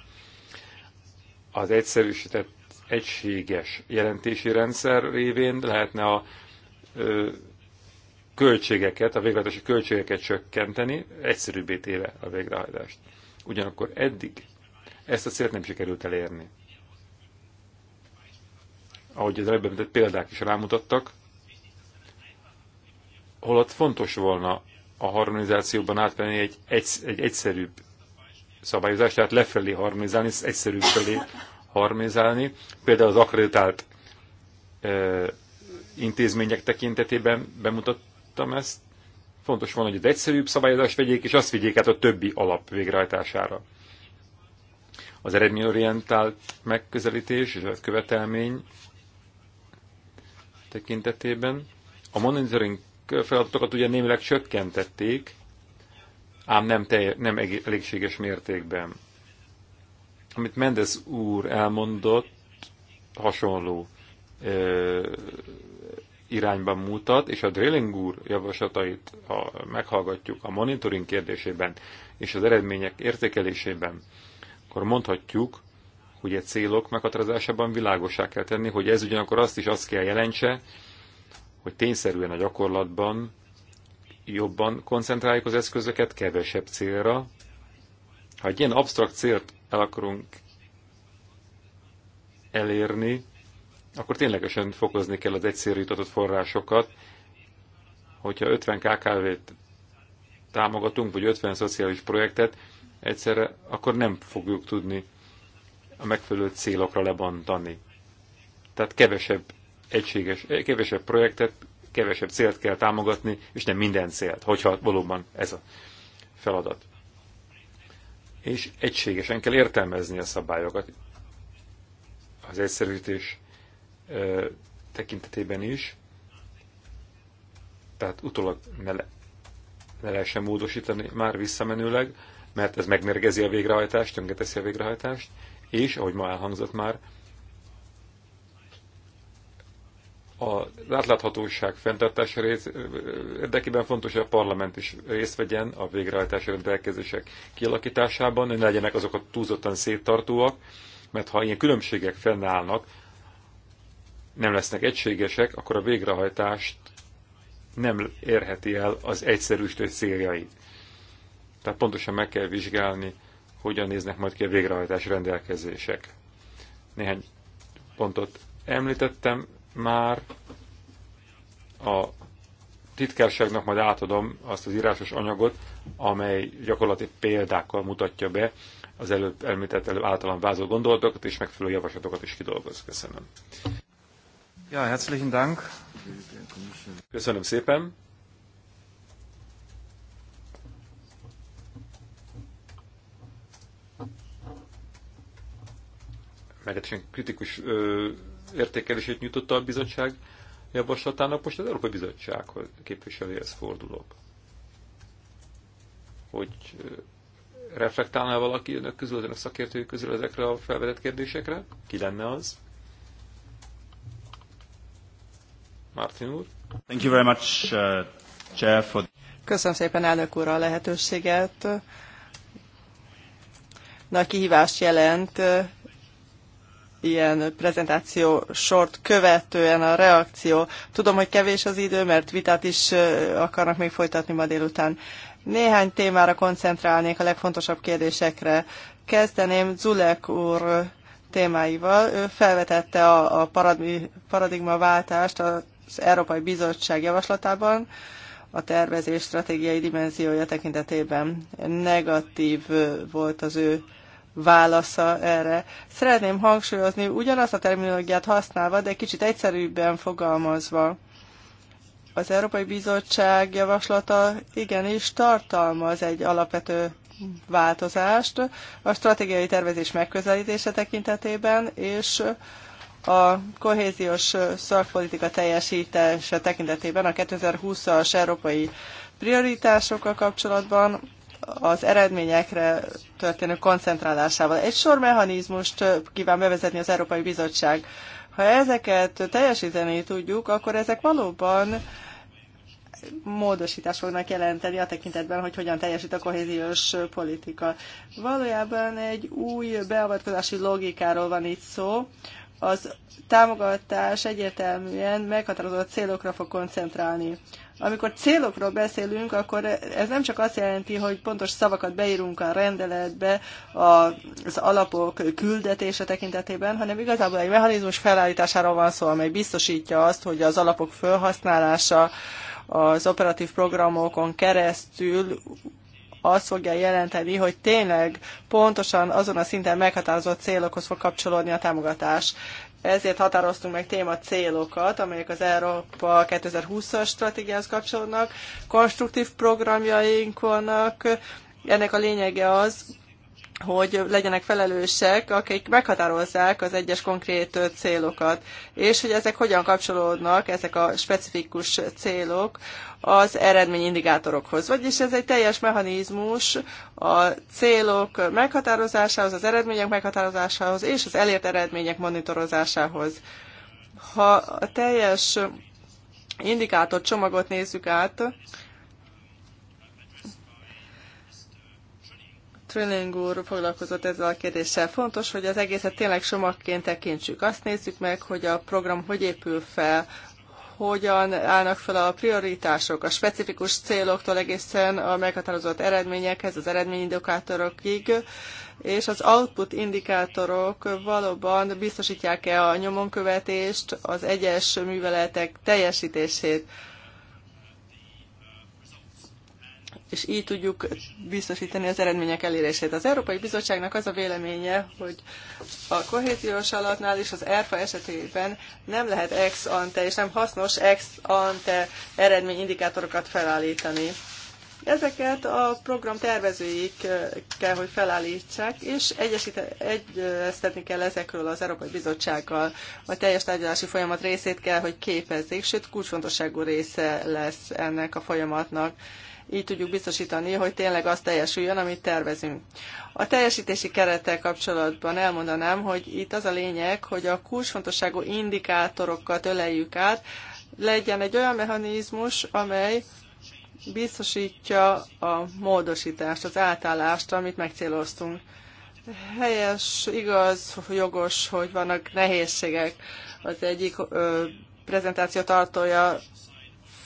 Az egyszerűsített egységes jelentési rendszer révén lehetne a ö, költségeket, a végletesi költségeket csökkenteni, egyszerűbbé téve a végrehajtást. Ugyanakkor eddig ezt a célt nem sikerült elérni. Ahogy az előbb említett példák is rámutattak, holott fontos volna a harmonizációban átvenni egy, egy, egy egyszerűbb szabályozást, tehát lefelé harmonizálni, egyszerűbb felé harmonizálni. Például az akreditált e, intézmények tekintetében bemutattam ezt. Fontos van, hogy egy egyszerűbb szabályozást vegyék, és azt vigyék át a többi alap végrehajtására. Az eredményorientált megközelítés és a követelmény tekintetében a monitoring feladatokat ugye némileg csökkentették, ám nem, telje, nem elégséges mértékben. Amit Mendes úr elmondott, hasonló ö, irányban mutat, és a Drilling úr javaslatait, ha meghallgatjuk a monitoring kérdésében és az eredmények értékelésében, akkor mondhatjuk, hogy a célok meghatározásában világosá kell tenni, hogy ez ugyanakkor azt is azt kell jelentse, hogy tényszerűen a gyakorlatban jobban koncentráljuk az eszközöket kevesebb célra. Ha egy ilyen absztrakt célt el akarunk elérni, akkor ténylegesen fokozni kell az egyszerű jutatott forrásokat. Hogyha 50 KKV-t támogatunk, vagy 50 szociális projektet egyszerre, akkor nem fogjuk tudni a megfelelő célokra lebontani. Tehát kevesebb egységes, kevesebb projektet, kevesebb célt kell támogatni, és nem minden célt, hogyha valóban ez a feladat. És egységesen kell értelmezni a szabályokat. Az egyszerűsítés tekintetében is, tehát utólag ne, le, ne lehessen módosítani már visszamenőleg, mert ez megmérgezi a végrehajtást, tönkreteszi a végrehajtást, és, ahogy ma elhangzott már, a átláthatóság fenntartása rész, érdekében fontos, hogy a parlament is részt vegyen a végrehajtási rendelkezések kialakításában, hogy ne legyenek azok túlzottan széttartóak, mert ha ilyen különbségek fennállnak, nem lesznek egységesek, akkor a végrehajtást nem érheti el az egyszerűsítő céljait. Tehát pontosan meg kell vizsgálni, hogyan néznek majd ki a végrehajtás rendelkezések. Néhány pontot említettem, már a titkárságnak majd átadom azt az írásos anyagot, amely gyakorlati példákkal mutatja be az előbb említett előbb általán vázolt gondolatokat és megfelelő javaslatokat is kidolgoz. Köszönöm. Ja, herzlichen Dank. Köszönöm szépen. Meglehetősen kritikus ö, értékelését nyújtotta a bizottság javaslatának, most az Európai Bizottsághoz képviselőhez fordulok. Hogy reflektálná valaki önök közül, az önök szakértői közül ezekre a felvetett kérdésekre? Ki lenne az? Martin úr? Thank you very much, uh, Chair, for... Köszönöm szépen, elnök úr, a lehetőséget. Nagy kihívást jelent ilyen prezentáció sort követően a reakció. Tudom, hogy kevés az idő, mert vitát is akarnak még folytatni ma délután. Néhány témára koncentrálnék a legfontosabb kérdésekre. Kezdeném Zulek úr témáival. Ő felvetette a, a paradigma paradigmaváltást az Európai Bizottság javaslatában a tervezés stratégiai dimenziója tekintetében. Negatív volt az ő válasza erre. Szeretném hangsúlyozni, ugyanazt a terminológiát használva, de kicsit egyszerűbben fogalmazva. Az Európai Bizottság javaslata igenis tartalmaz egy alapvető változást a stratégiai tervezés megközelítése tekintetében, és a kohéziós szakpolitika teljesítése tekintetében a 2020-as európai prioritásokkal kapcsolatban az eredményekre történő koncentrálásával. Egy sor mechanizmust kíván bevezetni az Európai Bizottság. Ha ezeket teljesíteni tudjuk, akkor ezek valóban módosítás fognak jelenteni a tekintetben, hogy hogyan teljesít a kohéziós politika. Valójában egy új beavatkozási logikáról van itt szó. Az támogatás egyértelműen meghatározott célokra fog koncentrálni. Amikor célokról beszélünk, akkor ez nem csak azt jelenti, hogy pontos szavakat beírunk a rendeletbe az alapok küldetése tekintetében, hanem igazából egy mechanizmus felállításáról van szó, amely biztosítja azt, hogy az alapok felhasználása az operatív programokon keresztül azt fogja jelenteni, hogy tényleg pontosan azon a szinten meghatározott célokhoz fog kapcsolódni a támogatás. Ezért határoztunk meg téma célokat, amelyek az Európa 2020-as stratégiához kapcsolódnak, konstruktív programjaink vannak. Ennek a lényege az, hogy legyenek felelősek, akik meghatározzák az egyes konkrét célokat, és hogy ezek hogyan kapcsolódnak, ezek a specifikus célok az eredményindikátorokhoz. Vagyis ez egy teljes mechanizmus a célok meghatározásához, az eredmények meghatározásához és az elért eredmények monitorozásához. Ha a teljes indikátor csomagot nézzük át, Trilling úr foglalkozott ezzel a kérdéssel. Fontos, hogy az egészet tényleg somakként tekintsük. Azt nézzük meg, hogy a program hogy épül fel, hogyan állnak fel a prioritások, a specifikus céloktól egészen a meghatározott eredményekhez, az eredményindikátorokig, és az output indikátorok valóban biztosítják-e a nyomonkövetést, az egyes műveletek teljesítését és így tudjuk biztosítani az eredmények elérését. Az Európai Bizottságnak az a véleménye, hogy a kohéziós alatnál és az ERFA esetében nem lehet ex ante és nem hasznos ex ante eredményindikátorokat felállítani. Ezeket a program tervezőik eh, kell, hogy felállítsák, és egyeztetni kell ezekről az Európai Bizottsággal. A teljes tárgyalási folyamat részét kell, hogy képezzék, sőt kulcsfontosságú része lesz ennek a folyamatnak így tudjuk biztosítani, hogy tényleg az teljesüljön, amit tervezünk. A teljesítési kerettel kapcsolatban elmondanám, hogy itt az a lényeg, hogy a kulcsfontosságú indikátorokat öleljük át, legyen egy olyan mechanizmus, amely biztosítja a módosítást, az átállást, amit megcéloztunk. Helyes, igaz, jogos, hogy vannak nehézségek. Az egyik ö, prezentáció tartója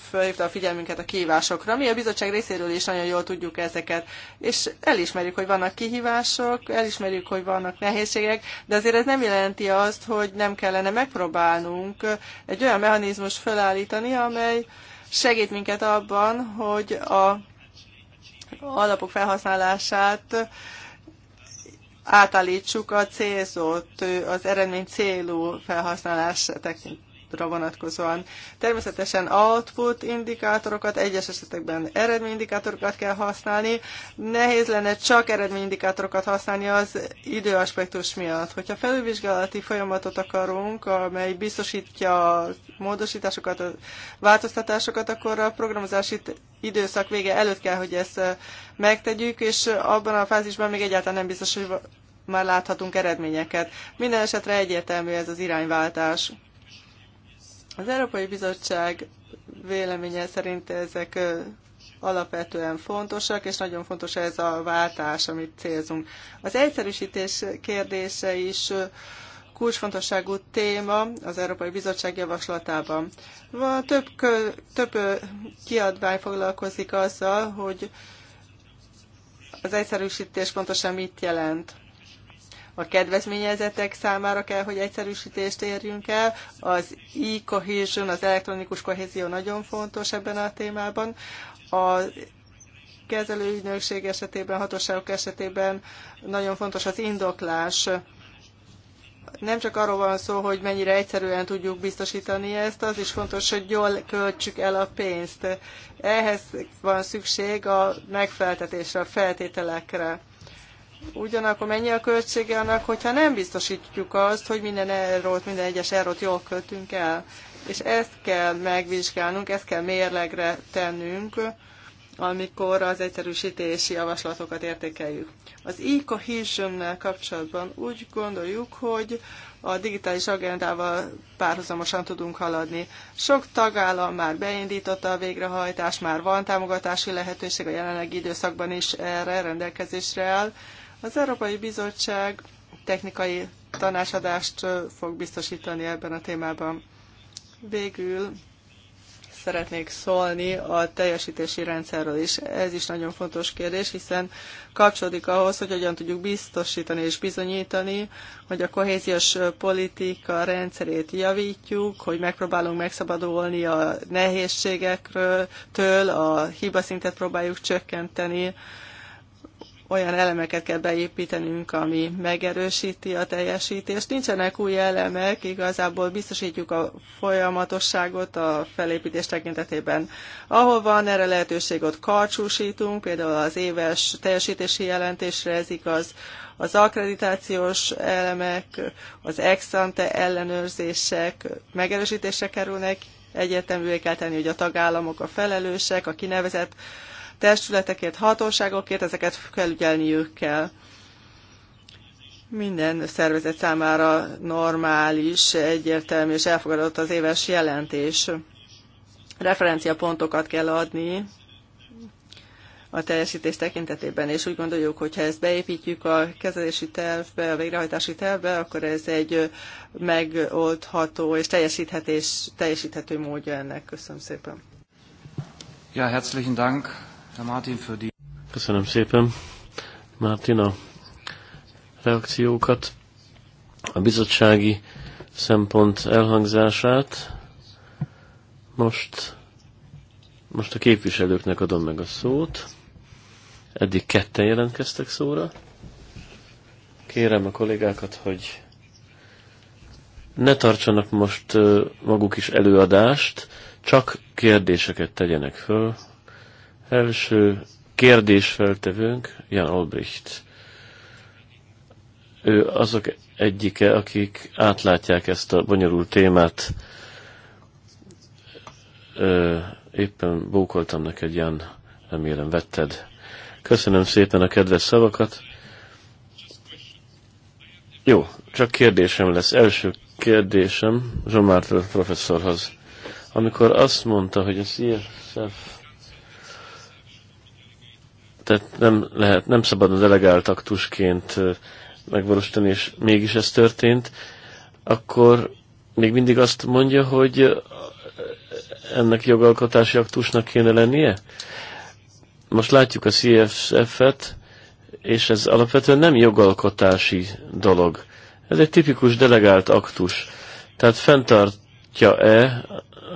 felhívta a figyelmünket a kihívásokra. Mi a bizottság részéről is nagyon jól tudjuk ezeket, és elismerjük, hogy vannak kihívások, elismerjük, hogy vannak nehézségek, de azért ez nem jelenti azt, hogy nem kellene megpróbálnunk egy olyan mechanizmus felállítani, amely segít minket abban, hogy a alapok felhasználását átállítsuk a célzott, az eredmény célú felhasználás tekint outputra vonatkozóan. Természetesen output indikátorokat, egyes esetekben eredményindikátorokat kell használni. Nehéz lenne csak eredményindikátorokat használni az időaspektus miatt. Hogyha felülvizsgálati folyamatot akarunk, amely biztosítja a módosításokat, a változtatásokat, akkor a programozási időszak vége előtt kell, hogy ezt megtegyük, és abban a fázisban még egyáltalán nem biztos, hogy már láthatunk eredményeket. Minden esetre egyértelmű ez az irányváltás. Az Európai Bizottság véleménye szerint ezek alapvetően fontosak, és nagyon fontos ez a váltás, amit célzunk. Az egyszerűsítés kérdése is kulcsfontosságú téma az Európai Bizottság javaslatában. Van több, kö, több kiadvány foglalkozik azzal, hogy az egyszerűsítés pontosan mit jelent a kedvezményezetek számára kell, hogy egyszerűsítést érjünk el. Az e-cohesion, az elektronikus kohézió nagyon fontos ebben a témában. A kezelőügynökség esetében, hatóságok esetében nagyon fontos az indoklás. Nem csak arról van szó, hogy mennyire egyszerűen tudjuk biztosítani ezt, az is fontos, hogy jól költsük el a pénzt. Ehhez van szükség a megfeltetésre, a feltételekre Ugyanakkor mennyi a költsége annak, hogyha nem biztosítjuk azt, hogy minden errót, minden egyes errót jól költünk el. És ezt kell megvizsgálnunk, ezt kell mérlegre tennünk, amikor az egyszerűsítési javaslatokat értékeljük. Az e-cohesion kapcsolatban úgy gondoljuk, hogy a digitális agendával párhuzamosan tudunk haladni. Sok tagállam már beindította a végrehajtást, már van támogatási lehetőség a jelenlegi időszakban is erre rendelkezésre áll, az Európai Bizottság technikai tanácsadást fog biztosítani ebben a témában. Végül szeretnék szólni a teljesítési rendszerről is. Ez is nagyon fontos kérdés, hiszen kapcsolódik ahhoz, hogy hogyan tudjuk biztosítani és bizonyítani, hogy a kohéziós politika rendszerét javítjuk, hogy megpróbálunk megszabadulni a nehézségekről, től, a hibaszintet próbáljuk csökkenteni, olyan elemeket kell beépítenünk, ami megerősíti a teljesítést. Nincsenek új elemek, igazából biztosítjuk a folyamatosságot a felépítés tekintetében. Ahol van erre lehetőség, ott karcsúsítunk, például az éves teljesítési jelentésre ez igaz, az akkreditációs elemek, az ex-ante ellenőrzések megerősítésre kerülnek, egyértelművé kell tenni, hogy a tagállamok a felelősek, a kinevezett testületekért, hatóságokért, ezeket felügyelniük kell. Minden szervezet számára normális, egyértelmű és elfogadott az éves jelentés. Referenciapontokat kell adni a teljesítés tekintetében, és úgy gondoljuk, hogy ha ezt beépítjük a kezelési tervbe, a végrehajtási tervbe, akkor ez egy megoldható és teljesíthető módja ennek. Köszönöm szépen. Ja, herzlichen Dank. Köszönöm szépen, Martina. reakciókat, a bizottsági szempont elhangzását. Most, most a képviselőknek adom meg a szót. Eddig ketten jelentkeztek szóra. Kérem a kollégákat, hogy ne tartsanak most maguk is előadást, csak kérdéseket tegyenek föl Első kérdésfeltevőnk Jan Olbricht. Ő azok egyike, akik átlátják ezt a bonyolult témát. éppen bókoltam neked, Jan, remélem vetted. Köszönöm szépen a kedves szavakat. Jó, csak kérdésem lesz. Első kérdésem Zsomártól professzorhoz. Amikor azt mondta, hogy a CSF tehát nem, lehet, nem szabad a delegált aktusként megvalósítani, és mégis ez történt, akkor még mindig azt mondja, hogy ennek jogalkotási aktusnak kéne lennie? Most látjuk a CFF-et, és ez alapvetően nem jogalkotási dolog. Ez egy tipikus delegált aktus. Tehát fenntartja-e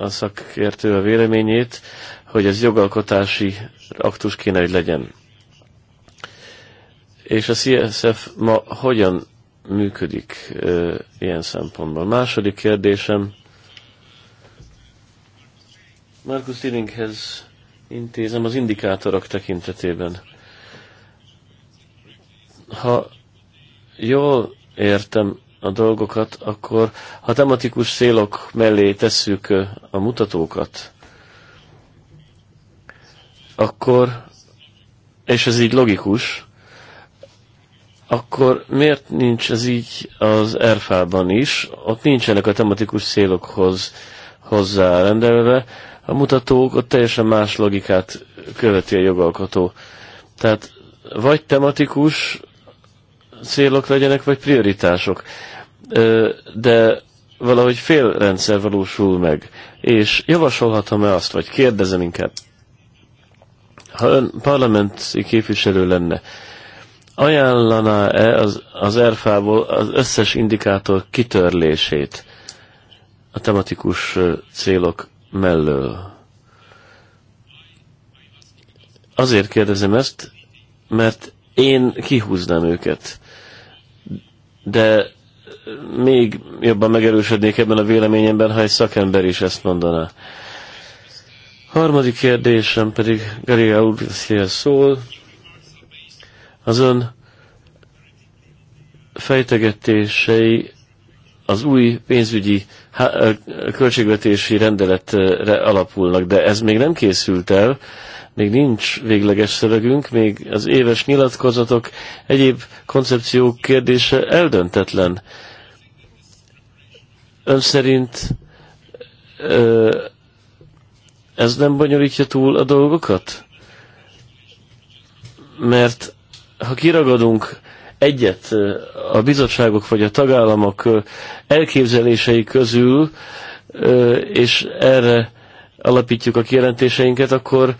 a szakértő a véleményét, hogy ez jogalkotási aktus kéne, hogy legyen. És a CSF ma hogyan működik ö, ilyen szempontból? Második kérdésem. Markus Dillinghez intézem az indikátorok tekintetében. Ha jól értem a dolgokat, akkor ha tematikus szélok mellé tesszük a mutatókat, akkor, és ez így logikus, akkor miért nincs ez így az erfában is? Ott nincsenek a tematikus célokhoz hozzárendelve. A mutatók ott teljesen más logikát követi a jogalkotó. Tehát vagy tematikus célok legyenek, vagy prioritások. De valahogy fél rendszer valósul meg. És javasolhatom-e azt, vagy kérdezem inkább, ha ön parlamenti képviselő lenne, ajánlaná-e az, az erfából az összes indikátor kitörlését a tematikus célok mellől? Azért kérdezem ezt, mert én kihúznám őket. De még jobban megerősödnék ebben a véleményemben, ha egy szakember is ezt mondaná. Harmadik kérdésem pedig Gariga úr szól az ön fejtegetései az új pénzügyi költségvetési rendeletre alapulnak, de ez még nem készült el, még nincs végleges szövegünk, még az éves nyilatkozatok, egyéb koncepciók kérdése eldöntetlen. Ön szerint ez nem bonyolítja túl a dolgokat? Mert ha kiragadunk egyet a bizottságok vagy a tagállamok elképzelései közül, és erre alapítjuk a kijelentéseinket, akkor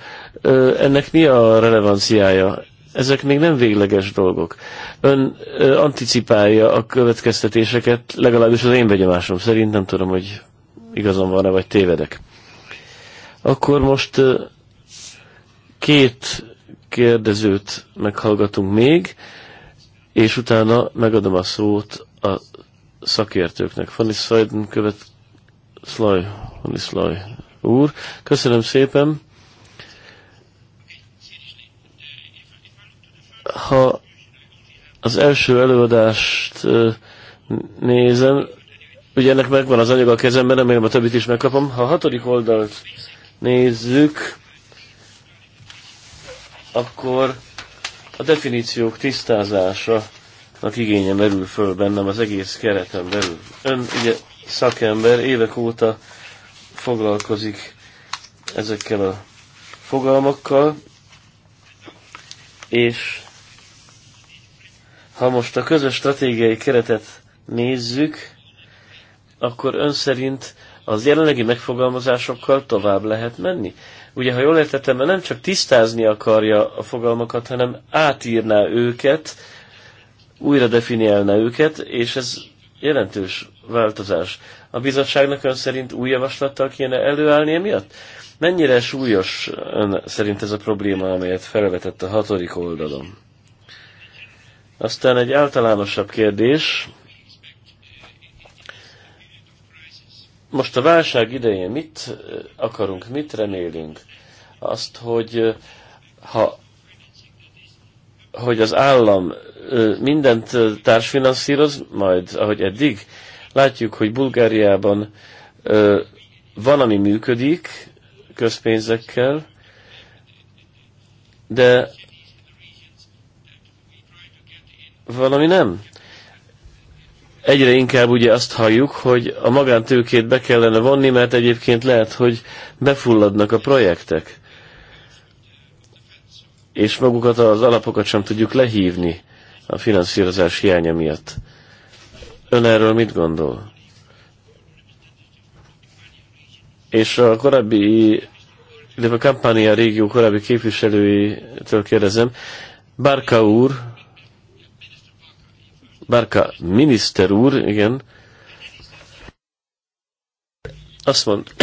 ennek mi a relevanciája? Ezek még nem végleges dolgok. Ön anticipálja a következtetéseket, legalábbis az én begyomásom szerint, nem tudom, hogy igazam van-e, vagy tévedek. Akkor most két kérdezőt meghallgatunk még, és utána megadom a szót a szakértőknek. Fanny Szajden követ... Szlaj, Fanny Szlaj úr. Köszönöm szépen. Ha az első előadást nézem, ugye ennek megvan az anyag a kezemben, remélem a többit is megkapom. Ha a hatodik oldalt nézzük, akkor a definíciók tisztázása igénye merül föl bennem az egész kereten belül. Ön ugye szakember, évek óta foglalkozik ezekkel a fogalmakkal, és ha most a közös stratégiai keretet nézzük, akkor ön szerint az jelenlegi megfogalmazásokkal tovább lehet menni? ugye, ha jól értettem, mert nem csak tisztázni akarja a fogalmakat, hanem átírná őket, újra definiálná őket, és ez jelentős változás. A bizottságnak ön szerint új javaslattal kéne előállni emiatt? Mennyire súlyos ön szerint ez a probléma, amelyet felvetett a hatodik oldalon? Aztán egy általánosabb kérdés, Most a válság idején mit eh, akarunk, mit remélünk? Azt, hogy eh, ha hogy az állam eh, mindent társfinanszíroz, majd ahogy eddig, látjuk, hogy Bulgáriában van, ami működik közpénzekkel, de valami nem egyre inkább ugye azt halljuk, hogy a magántőkét be kellene vonni, mert egyébként lehet, hogy befulladnak a projektek. És magukat az alapokat sem tudjuk lehívni a finanszírozás hiánya miatt. Ön erről mit gondol? És a korábbi, illetve a kampánia régió korábbi képviselőitől kérdezem, Barka úr, Bárka miniszter úr, igen, azt mondta,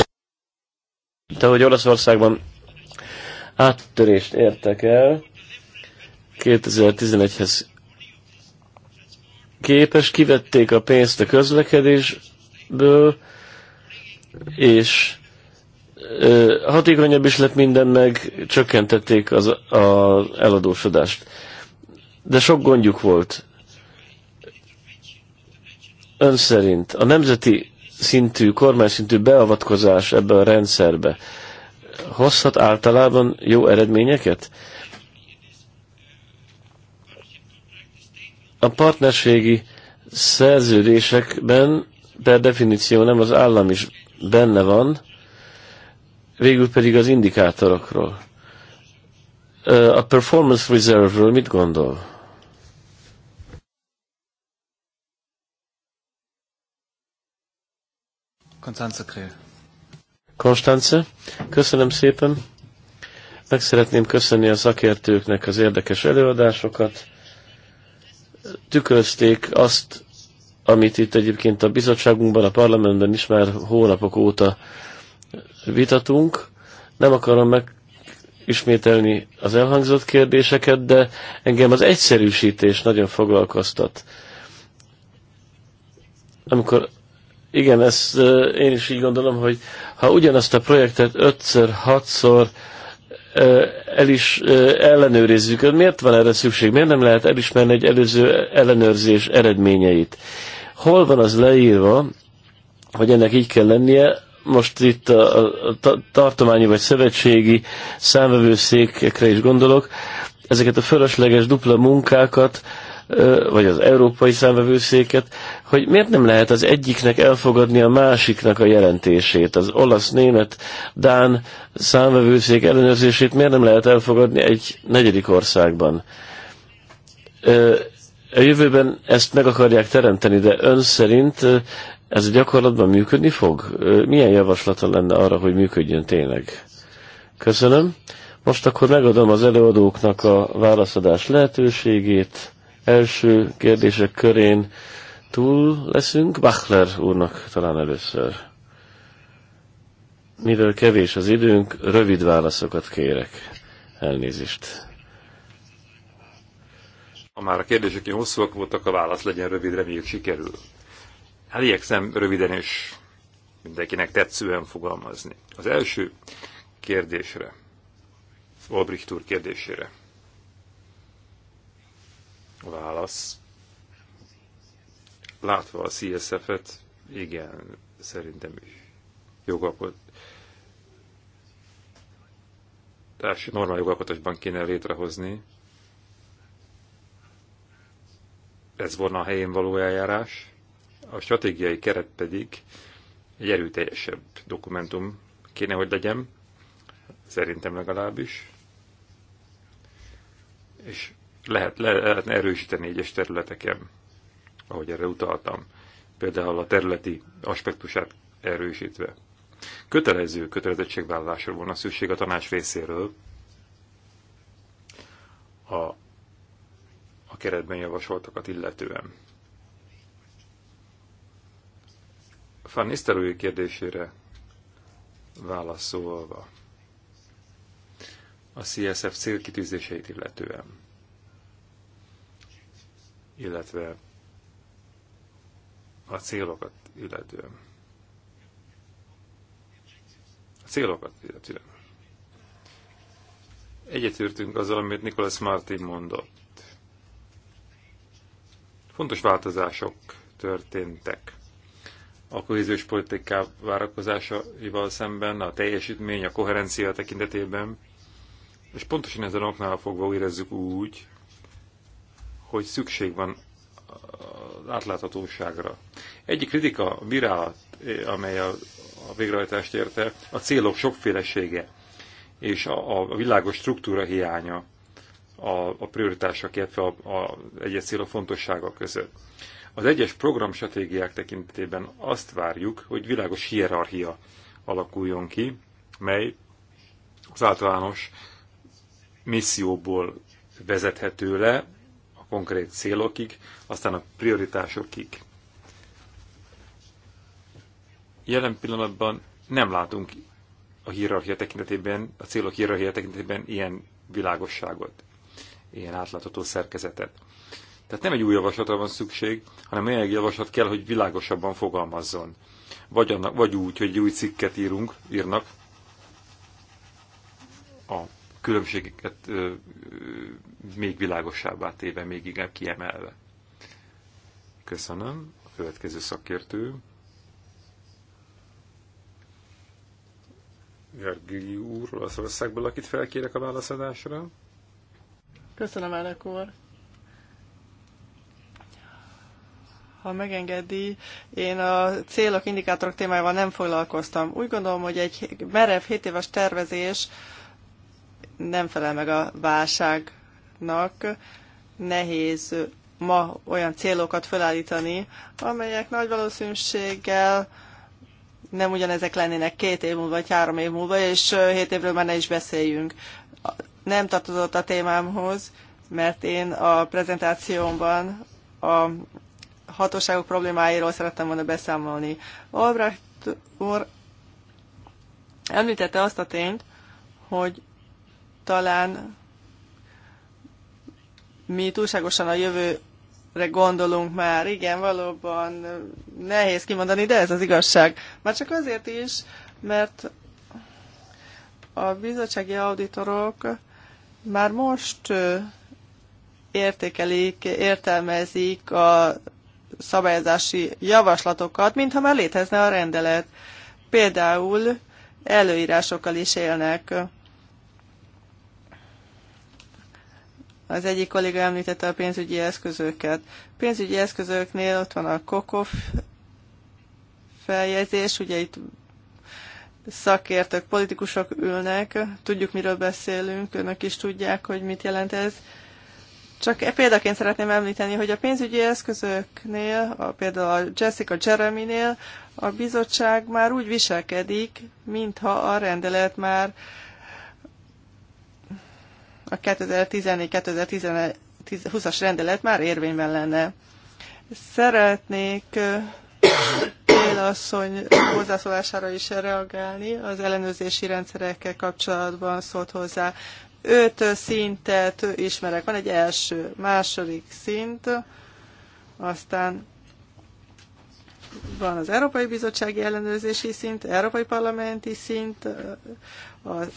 hogy Olaszországban áttörést értek el 2011-hez képes, kivették a pénzt a közlekedésből, és ö, hatékonyabb is lett minden, meg csökkentették az, az eladósodást. De sok gondjuk volt ön szerint a nemzeti szintű, kormányszintű beavatkozás ebbe a rendszerbe hozhat általában jó eredményeket? A partnerségi szerződésekben per definíció nem az állam is benne van, végül pedig az indikátorokról. A performance reserve-ről mit gondol? Konstance köszönöm szépen. Meg szeretném köszönni a szakértőknek az érdekes előadásokat. Tükrözték azt, amit itt egyébként a bizottságunkban, a parlamentben is már hónapok óta vitatunk. Nem akarom meg ismételni az elhangzott kérdéseket, de engem az egyszerűsítés nagyon foglalkoztat. Amikor igen, ezt én is így gondolom, hogy ha ugyanazt a projektet ötször, hatszor el is ellenőrizzük, miért van erre szükség? Miért nem lehet elismerni egy előző ellenőrzés eredményeit? Hol van az leírva, hogy ennek így kell lennie, most itt a, a tartományi vagy szövetségi számvevőszékekre is gondolok, ezeket a fölösleges dupla munkákat vagy az európai számvevőszéket, hogy miért nem lehet az egyiknek elfogadni a másiknak a jelentését, az olasz, német, dán számvevőszék ellenőrzését miért nem lehet elfogadni egy negyedik országban. A jövőben ezt meg akarják teremteni, de ön szerint ez a gyakorlatban működni fog? Milyen javaslata lenne arra, hogy működjön tényleg? Köszönöm. Most akkor megadom az előadóknak a válaszadás lehetőségét első kérdések körén túl leszünk. Bachler úrnak talán először. Mivel kevés az időnk, rövid válaszokat kérek. Elnézést. Ha már a kérdések ilyen hosszúak voltak, a válasz legyen rövid, reméljük sikerül. Hát igyekszem röviden és mindenkinek tetszően fogalmazni. Az első kérdésre, Olbricht úr kérdésére. Válasz. Látva a CSF-et, igen, szerintem jogalkot... társ, normál jogalkotásban kéne létrehozni. Ez volna a helyén való eljárás. A stratégiai keret pedig egy erőteljesebb dokumentum kéne, hogy legyen, szerintem legalábbis. És lehet, le, lehetne erősíteni egyes területeken, ahogy erre utaltam, például a területi aspektusát erősítve. Kötelező kötelezettségvállalásra volna szükség a tanács részéről a, a keretben javasoltakat illetően. Van Nisztelői kérdésére válaszolva a CSF célkitűzéseit illetően illetve a célokat illetően. A célokat illetően. Egyetértünk azzal, amit Nicholas Martin mondott. Fontos változások történtek a kohéziós politiká várakozásaival szemben, a teljesítmény, a koherencia tekintetében, és pontosan ezen oknál fogva érezzük úgy, hogy szükség van az átláthatóságra. Egyik kritika, a bírálat, amely a, a végrehajtást érte, a célok sokfélesége és a, a világos struktúra hiánya a, a prioritások, illetve az egyes célok fontossága között. Az egyes programstratégiák tekintetében azt várjuk, hogy világos hierarchia alakuljon ki, mely az általános misszióból vezethető le, konkrét célokig, aztán a prioritásokig. Jelen pillanatban nem látunk a hierarchia tekintetében, a célok hierarchia tekintetében ilyen világosságot, ilyen átlátható szerkezetet. Tehát nem egy új javaslatra van szükség, hanem olyan javaslat kell, hogy világosabban fogalmazzon. Vagy, annak, vagy úgy, hogy egy új cikket írunk, írnak a különbségeket még világosabbá téve, még inkább kiemelve. Köszönöm. A következő szakértő. Gergely úr Olaszországból, akit felkérek a válaszadásra. Köszönöm, elnök úr. ha megengedi, én a célok, indikátorok témájával nem foglalkoztam. Úgy gondolom, hogy egy merev 7 éves tervezés nem felel meg a válságnak. Nehéz ma olyan célokat felállítani, amelyek nagy valószínűséggel nem ugyanezek lennének két év múlva, vagy három év múlva, és hét évről már ne is beszéljünk. Nem tartozott a témámhoz, mert én a prezentációmban a hatóságok problémáiról szerettem volna beszámolni. Albrecht úr említette azt a tényt, hogy talán mi túlságosan a jövőre gondolunk már. Igen, valóban nehéz kimondani, de ez az igazság. Már csak azért is, mert a bizottsági auditorok már most értékelik, értelmezik a szabályozási javaslatokat, mintha már létezne a rendelet. Például előírásokkal is élnek. Az egyik kolléga említette a pénzügyi eszközöket. A pénzügyi eszközöknél ott van a kokof feljegyzés, ugye itt szakértők, politikusok ülnek, tudjuk, miről beszélünk, önök is tudják, hogy mit jelent ez. Csak e példaként szeretném említeni, hogy a pénzügyi eszközöknél, a, például a Jessica Jeremy-nél a bizottság már úgy viselkedik, mintha a rendelet már a 2014-2020-as rendelet már érvényben lenne. Szeretnék Bélasszony hozzászólására is reagálni, az ellenőrzési rendszerekkel kapcsolatban szólt hozzá. Öt szintet ismerek. Van egy első, második szint, aztán van az Európai Bizottsági Ellenőrzési szint, Európai Parlamenti szint, az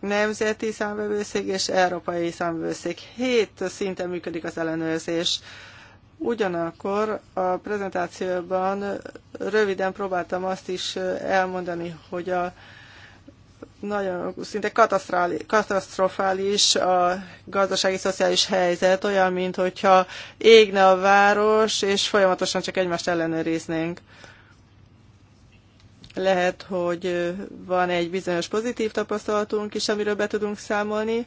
nemzeti számvevőszék és európai számvevőszék. Hét szinten működik az ellenőrzés. Ugyanakkor a prezentációban röviden próbáltam azt is elmondani, hogy a nagyon szinte katasztrofális a gazdasági szociális helyzet, olyan, mint hogyha égne a város, és folyamatosan csak egymást ellenőriznénk. Lehet, hogy van egy bizonyos pozitív tapasztalatunk is, amiről be tudunk számolni.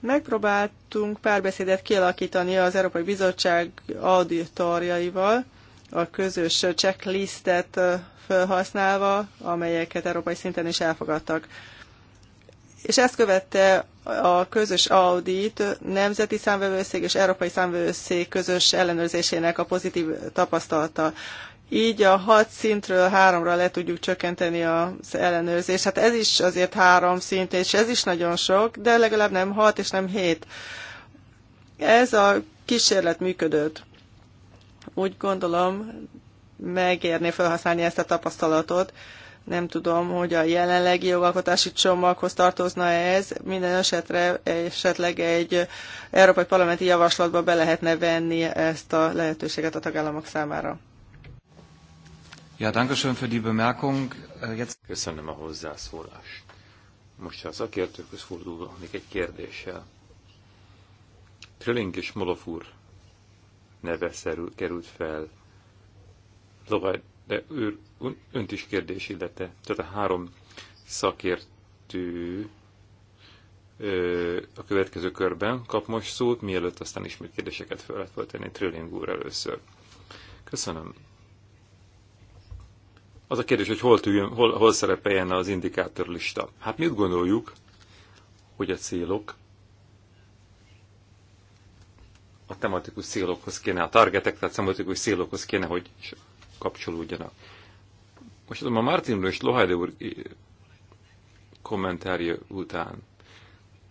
Megpróbáltunk párbeszédet kialakítani az Európai Bizottság auditorjaival, a közös checklistet felhasználva, amelyeket európai szinten is elfogadtak. És ezt követte a közös audit nemzeti számvevőszék és európai számvevőszék közös ellenőrzésének a pozitív tapasztalata. Így a hat szintről háromra le tudjuk csökkenteni az ellenőrzést. Hát ez is azért három szint, és ez is nagyon sok, de legalább nem hat és nem hét. Ez a kísérlet működött. Úgy gondolom, megérné felhasználni ezt a tapasztalatot. Nem tudom, hogy a jelenlegi jogalkotási csomaghoz tartozna ez. Minden esetre esetleg egy európai parlamenti javaslatba be lehetne venni ezt a lehetőséget a tagállamok számára. Ja, danke schön für die Bemerkung. Äh, jetzt... Köszönöm a hozzászólást. Most a szakértőkhöz fordulva még egy kérdéssel. Trilling és Molov úr neve szerül, került fel. Lovaj, de ő, önt is kérdés illete. Tehát a három szakértő ö, a következő körben kap most szót, mielőtt aztán ismét kérdéseket fel lehet tenni Trilling úr először. Köszönöm az a kérdés, hogy hol, tűjön, hol, hol szerepeljen az indikátorlista. Hát mit gondoljuk, hogy a célok a tematikus célokhoz kéne, a targetek, tehát tematikus célokhoz kéne, hogy kapcsolódjanak. Most azonban Martin és Lohajde úr kommentárja után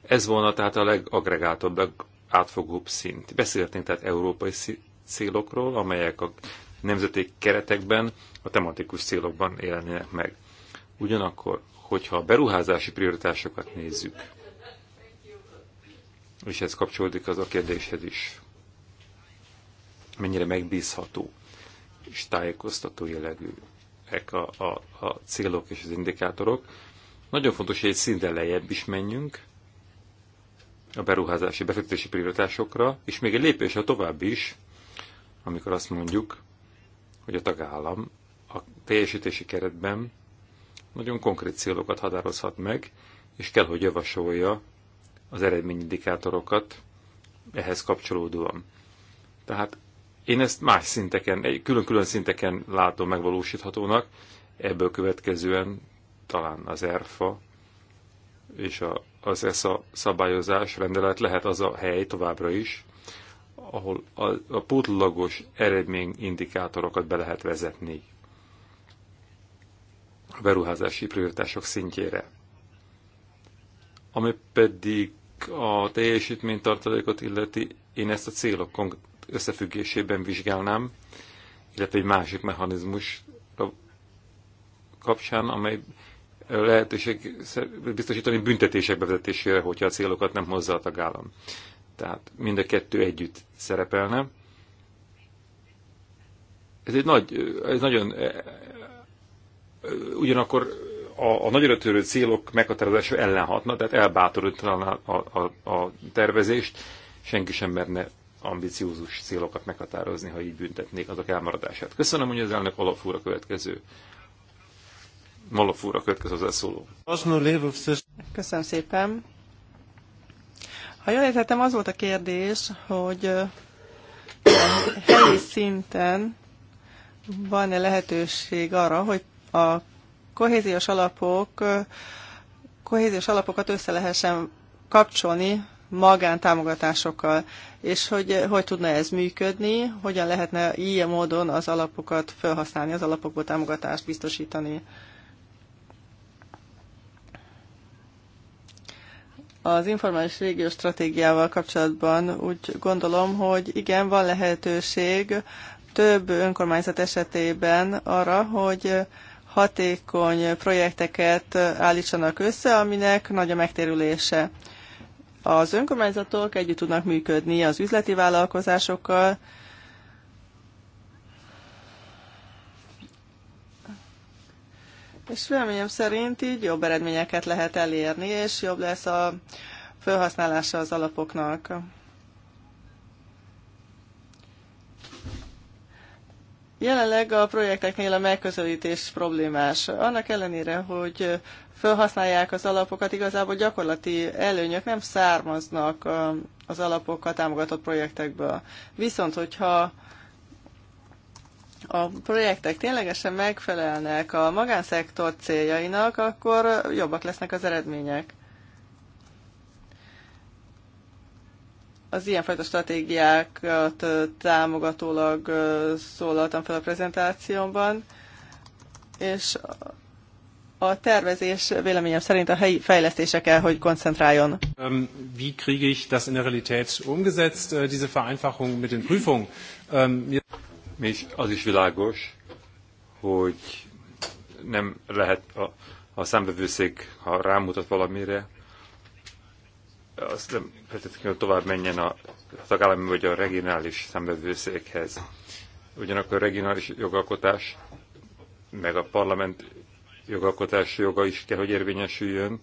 ez volna tehát a legagregáltabb, legátfogóbb szint. Beszélhetnénk tehát európai célokról, amelyek a nemzeti keretekben a tematikus célokban élnének meg. Ugyanakkor, hogyha a beruházási prioritásokat nézzük, és ez kapcsolódik az a kérdéshez is, mennyire megbízható és tájékoztató jellegűek a, a, a célok és az indikátorok, nagyon fontos, hogy egy szinten lejjebb is menjünk a beruházási, befektetési prioritásokra, és még egy lépésre tovább is, amikor azt mondjuk, hogy a tagállam a teljesítési keretben nagyon konkrét célokat határozhat meg, és kell, hogy javasolja az eredményindikátorokat ehhez kapcsolódóan. Tehát én ezt más szinteken, külön-külön szinteken látom megvalósíthatónak, ebből következően talán az ERFA és az ESA szabályozás rendelet lehet az a hely továbbra is, ahol a, a pótlagos eredményindikátorokat be lehet vezetni a beruházási prioritások szintjére. Ami pedig a teljesítménytartalékot illeti, én ezt a célok összefüggésében vizsgálnám, illetve egy másik mechanizmus kapcsán, amely lehetőség biztosítani büntetések bevezetésére, hogyha a célokat nem hozza a tagállam. Tehát mind a kettő együtt szerepelne. Ez egy nagy, ez nagyon e, ugyanakkor a, a nagyra törő célok meghatározása ellenhatna, tehát elbátorítaná a, a, a tervezést, senki sem merne ambiciózus célokat meghatározni, ha így büntetnék azok elmaradását. Köszönöm, hogy az elnök Olaf úr a következő. Malaf úr a következő az elszóló. Köszönöm szépen. Ha jól értettem, az volt a kérdés, hogy a helyi szinten van-e lehetőség arra, hogy a kohéziós alapok kohéziós alapokat össze lehessen kapcsolni magántámogatásokkal, és hogy hogy tudna ez működni, hogyan lehetne ilyen módon az alapokat felhasználni, az alapokból támogatást biztosítani. Az informális régió stratégiával kapcsolatban úgy gondolom, hogy igen, van lehetőség több önkormányzat esetében arra, hogy hatékony projekteket állítsanak össze, aminek nagy a megtérülése. Az önkormányzatok együtt tudnak működni az üzleti vállalkozásokkal, És véleményem szerint így jobb eredményeket lehet elérni, és jobb lesz a felhasználása az alapoknak. Jelenleg a projekteknél a megközelítés problémás. Annak ellenére, hogy felhasználják az alapokat, igazából gyakorlati előnyök nem származnak az alapokkal támogatott projektekből. Viszont, hogyha a projektek ténylegesen megfelelnek a magánszektor céljainak, akkor jobbak lesznek az eredmények. Az ilyenfajta stratégiákat támogatólag szólaltam fel a prezentációmban, és a tervezés véleményem szerint a helyi fejlesztése kell, hogy koncentráljon. Ähm, wie kriege ich das in der Realität umgesetzt, äh, diese Vereinfachung mit den Prüfungen? Ähm, és az is világos, hogy nem lehet a, a számbevőszék, ha rámutat valamire, azt nem feltétlenül tovább menjen a tagállami vagy a regionális számbevőszékhez. Ugyanakkor a regionális jogalkotás, meg a parlament jogalkotás joga is kell, hogy érvényesüljön.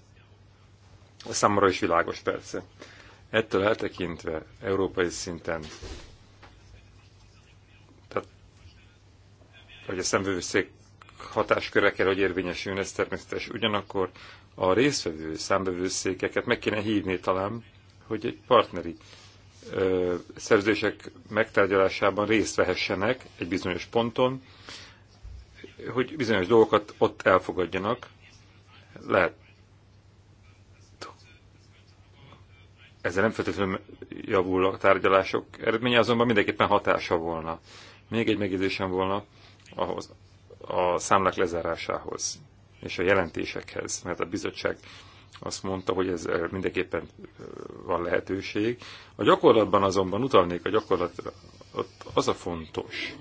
A számomra is világos, persze. Ettől eltekintve európai szinten hogy a szemvevőszék hatásköre kell, hogy érvényesüljön, ez természetes. Ugyanakkor a részvevő számbevőszékeket meg kéne hívni talán, hogy egy partneri ö, szerzések megtárgyalásában részt vehessenek egy bizonyos ponton, hogy bizonyos dolgokat ott elfogadjanak. Lehet. Ezzel nem feltétlenül javul a tárgyalások eredménye, azonban mindenképpen hatása volna. Még egy megjegyzésem volna ahhoz, a számlák lezárásához és a jelentésekhez, mert a bizottság azt mondta, hogy ez eh, mindenképpen eh, van lehetőség. A gyakorlatban azonban utalnék a gyakorlatra, ott az a fontos,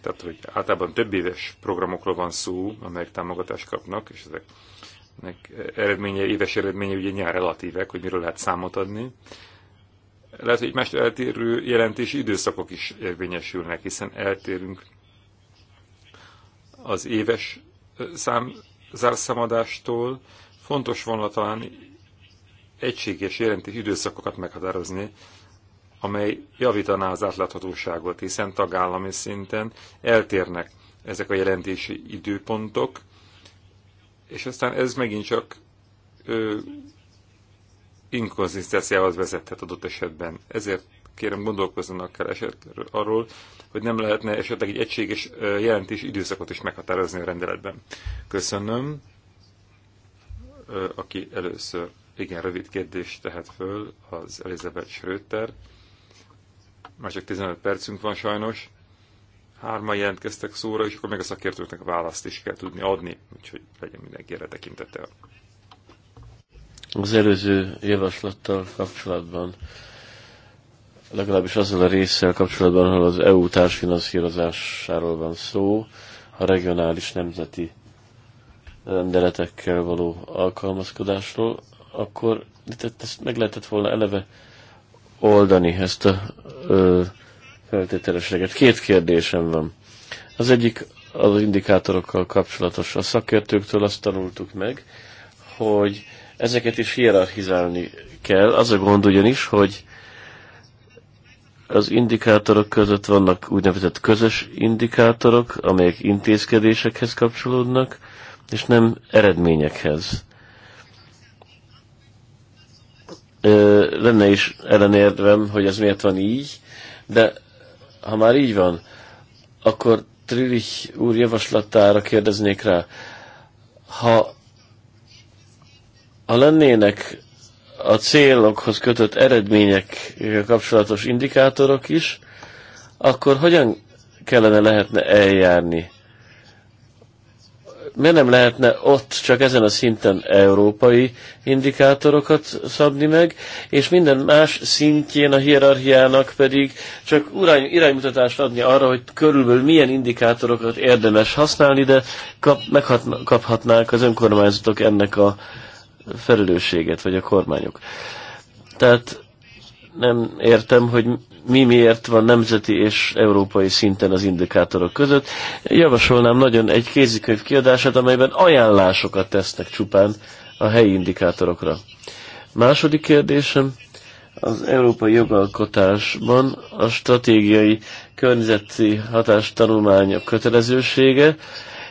tehát hogy általában több éves programokról van szó, amelyek támogatást kapnak, és ezeknek eredménye, éves eredménye ugye nyár relatívek, hogy miről lehet számot adni. Lehet, hogy egymást eltérő jelentési időszakok is érvényesülnek, hiszen eltérünk az éves szám, zárszámadástól. Fontos volna talán egységes jelentés időszakokat meghatározni, amely javítaná az átláthatóságot, hiszen tagállami szinten eltérnek ezek a jelentési időpontok, és aztán ez megint csak inkonzisztenciához vezethet adott esetben. Ezért kérem gondolkozzanak el esetről arról, hogy nem lehetne esetleg egy egységes jelentés időszakot is meghatározni a rendeletben. Köszönöm. Aki először igen rövid kérdést tehet föl, az Elizabeth Schröter. Már csak 15 percünk van sajnos. Hárman jelentkeztek szóra, és akkor meg a szakértőknek a választ is kell tudni adni, úgyhogy legyen erre tekintete. Az előző javaslattal kapcsolatban legalábbis azzal a résszel kapcsolatban, ahol az EU társfinanszírozásáról van szó, a regionális nemzeti rendeletekkel való alkalmazkodásról, akkor itt ezt meg lehetett volna eleve oldani, ezt a ö, feltételességet. Két kérdésem van. Az egyik az indikátorokkal kapcsolatos. A szakértőktől azt tanultuk meg, hogy ezeket is hierarchizálni kell. Az a gond ugyanis, hogy az indikátorok között vannak úgynevezett közös indikátorok, amelyek intézkedésekhez kapcsolódnak, és nem eredményekhez. Lenne is ellenérvem, hogy ez miért van így, de ha már így van, akkor Trilich úr javaslatára kérdeznék rá. Ha, ha lennének a célokhoz kötött eredmények kapcsolatos indikátorok is, akkor hogyan kellene lehetne eljárni? Miért nem lehetne ott csak ezen a szinten európai indikátorokat szabni meg, és minden más szintjén a hierarchiának pedig csak irány, iránymutatást adni arra, hogy körülbelül milyen indikátorokat érdemes használni, de kap, meghatna, kaphatnák az önkormányzatok ennek a felelősséget, vagy a kormányok. Tehát nem értem, hogy mi miért van nemzeti és európai szinten az indikátorok között. Javasolnám nagyon egy kézikönyv kiadását, amelyben ajánlásokat tesznek csupán a helyi indikátorokra. Második kérdésem, az európai jogalkotásban a stratégiai környezeti hatástanulmányok kötelezősége,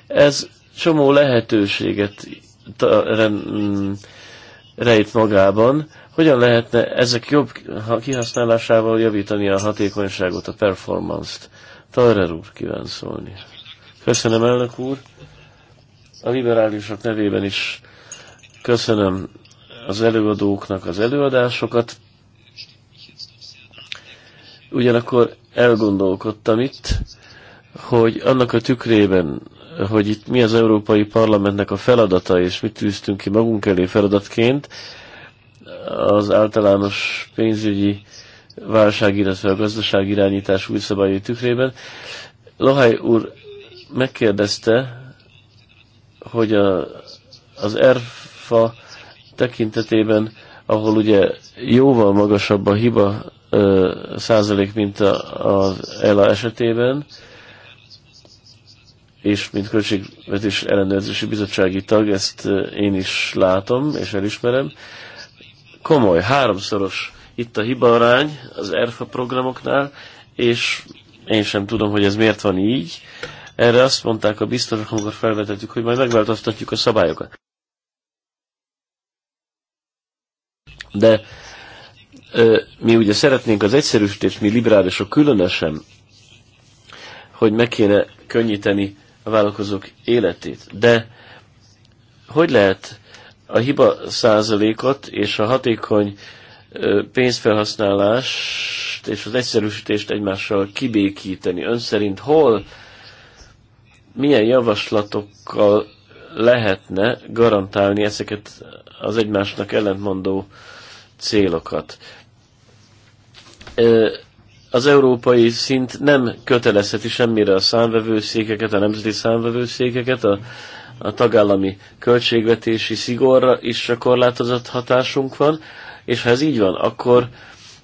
ez csomó lehetőséget Mm, rejt magában. Hogyan lehetne ezek jobb kihasználásával javítani a hatékonyságot, a performance-t? Tarrer úr kíván szólni. Köszönöm, elnök úr. A liberálisok nevében is köszönöm az előadóknak az előadásokat. Ugyanakkor elgondolkodtam itt, hogy annak a tükrében, hogy itt mi az Európai Parlamentnek a feladata, és mit tűztünk ki magunk elé feladatként az általános pénzügyi válság, illetve a irányítás új szabályi tükrében. Lohaj úr megkérdezte, hogy a, az ERFA tekintetében, ahol ugye jóval magasabb a hiba ö, százalék, mint a, az ELA esetében, ö, és mint Költségvetés Ellenőrzési Bizottsági tag ezt én is látom és elismerem. Komoly, háromszoros itt a hibaarány az ERFA programoknál, és én sem tudom, hogy ez miért van így. Erre azt mondták a biztosok, amikor felvetettük, hogy majd megváltoztatjuk a szabályokat. De ö, mi ugye szeretnénk az egyszerűsítést, mi liberálisok különösen, hogy meg kéne könnyíteni a vállalkozók életét. De hogy lehet a hiba százalékot és a hatékony pénzfelhasználást és az egyszerűsítést egymással kibékíteni? Ön szerint hol, milyen javaslatokkal lehetne garantálni ezeket az egymásnak ellentmondó célokat? az európai szint nem kötelezheti semmire a számvevőszékeket, a nemzeti számvevőszékeket, a, a tagállami költségvetési szigorra is a korlátozott hatásunk van, és ha ez így van, akkor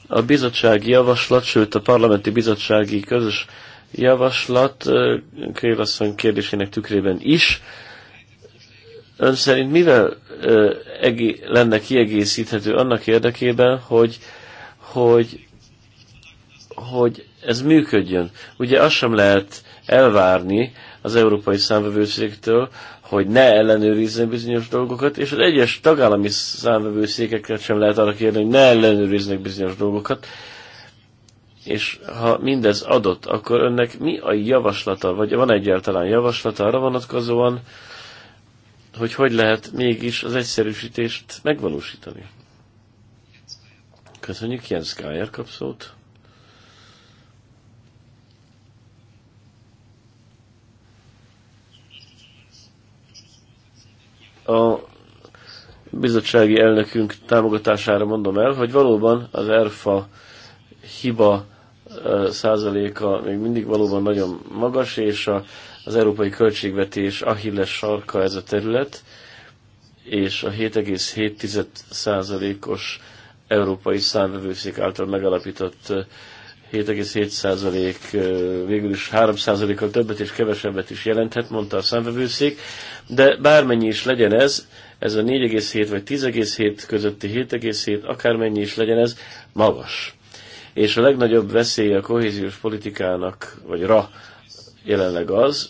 a bizottsági javaslat, sőt a parlamenti bizottsági közös javaslat Kévasszony kérdésének tükrében is, ön szerint mivel lenne kiegészíthető annak érdekében, hogy, hogy hogy ez működjön. Ugye azt sem lehet elvárni az Európai Számvevőszéktől, hogy ne ellenőrizzen bizonyos dolgokat, és az egyes tagállami számvevőszékeket sem lehet arra kérni, hogy ne ellenőriznek bizonyos dolgokat. És ha mindez adott, akkor önnek mi a javaslata, vagy van egyáltalán javaslata arra vonatkozóan, hogy hogy lehet mégis az egyszerűsítést megvalósítani? Köszönjük, Jens Gájer kapszót. szót. a bizottsági elnökünk támogatására mondom el, hogy valóban az ERFA hiba százaléka még mindig valóban nagyon magas, és a, az európai költségvetés ahilles sarka ez a terület, és a 7,7 százalékos európai számvevőszék által megalapított 7,7% végül is 3%-kal többet és kevesebbet is jelenthet, mondta a számvevőszék, de bármennyi is legyen ez, ez a 4,7 vagy 10,7 közötti 7,7, akármennyi is legyen ez, magas. És a legnagyobb veszély a kohéziós politikának, vagy ra jelenleg az,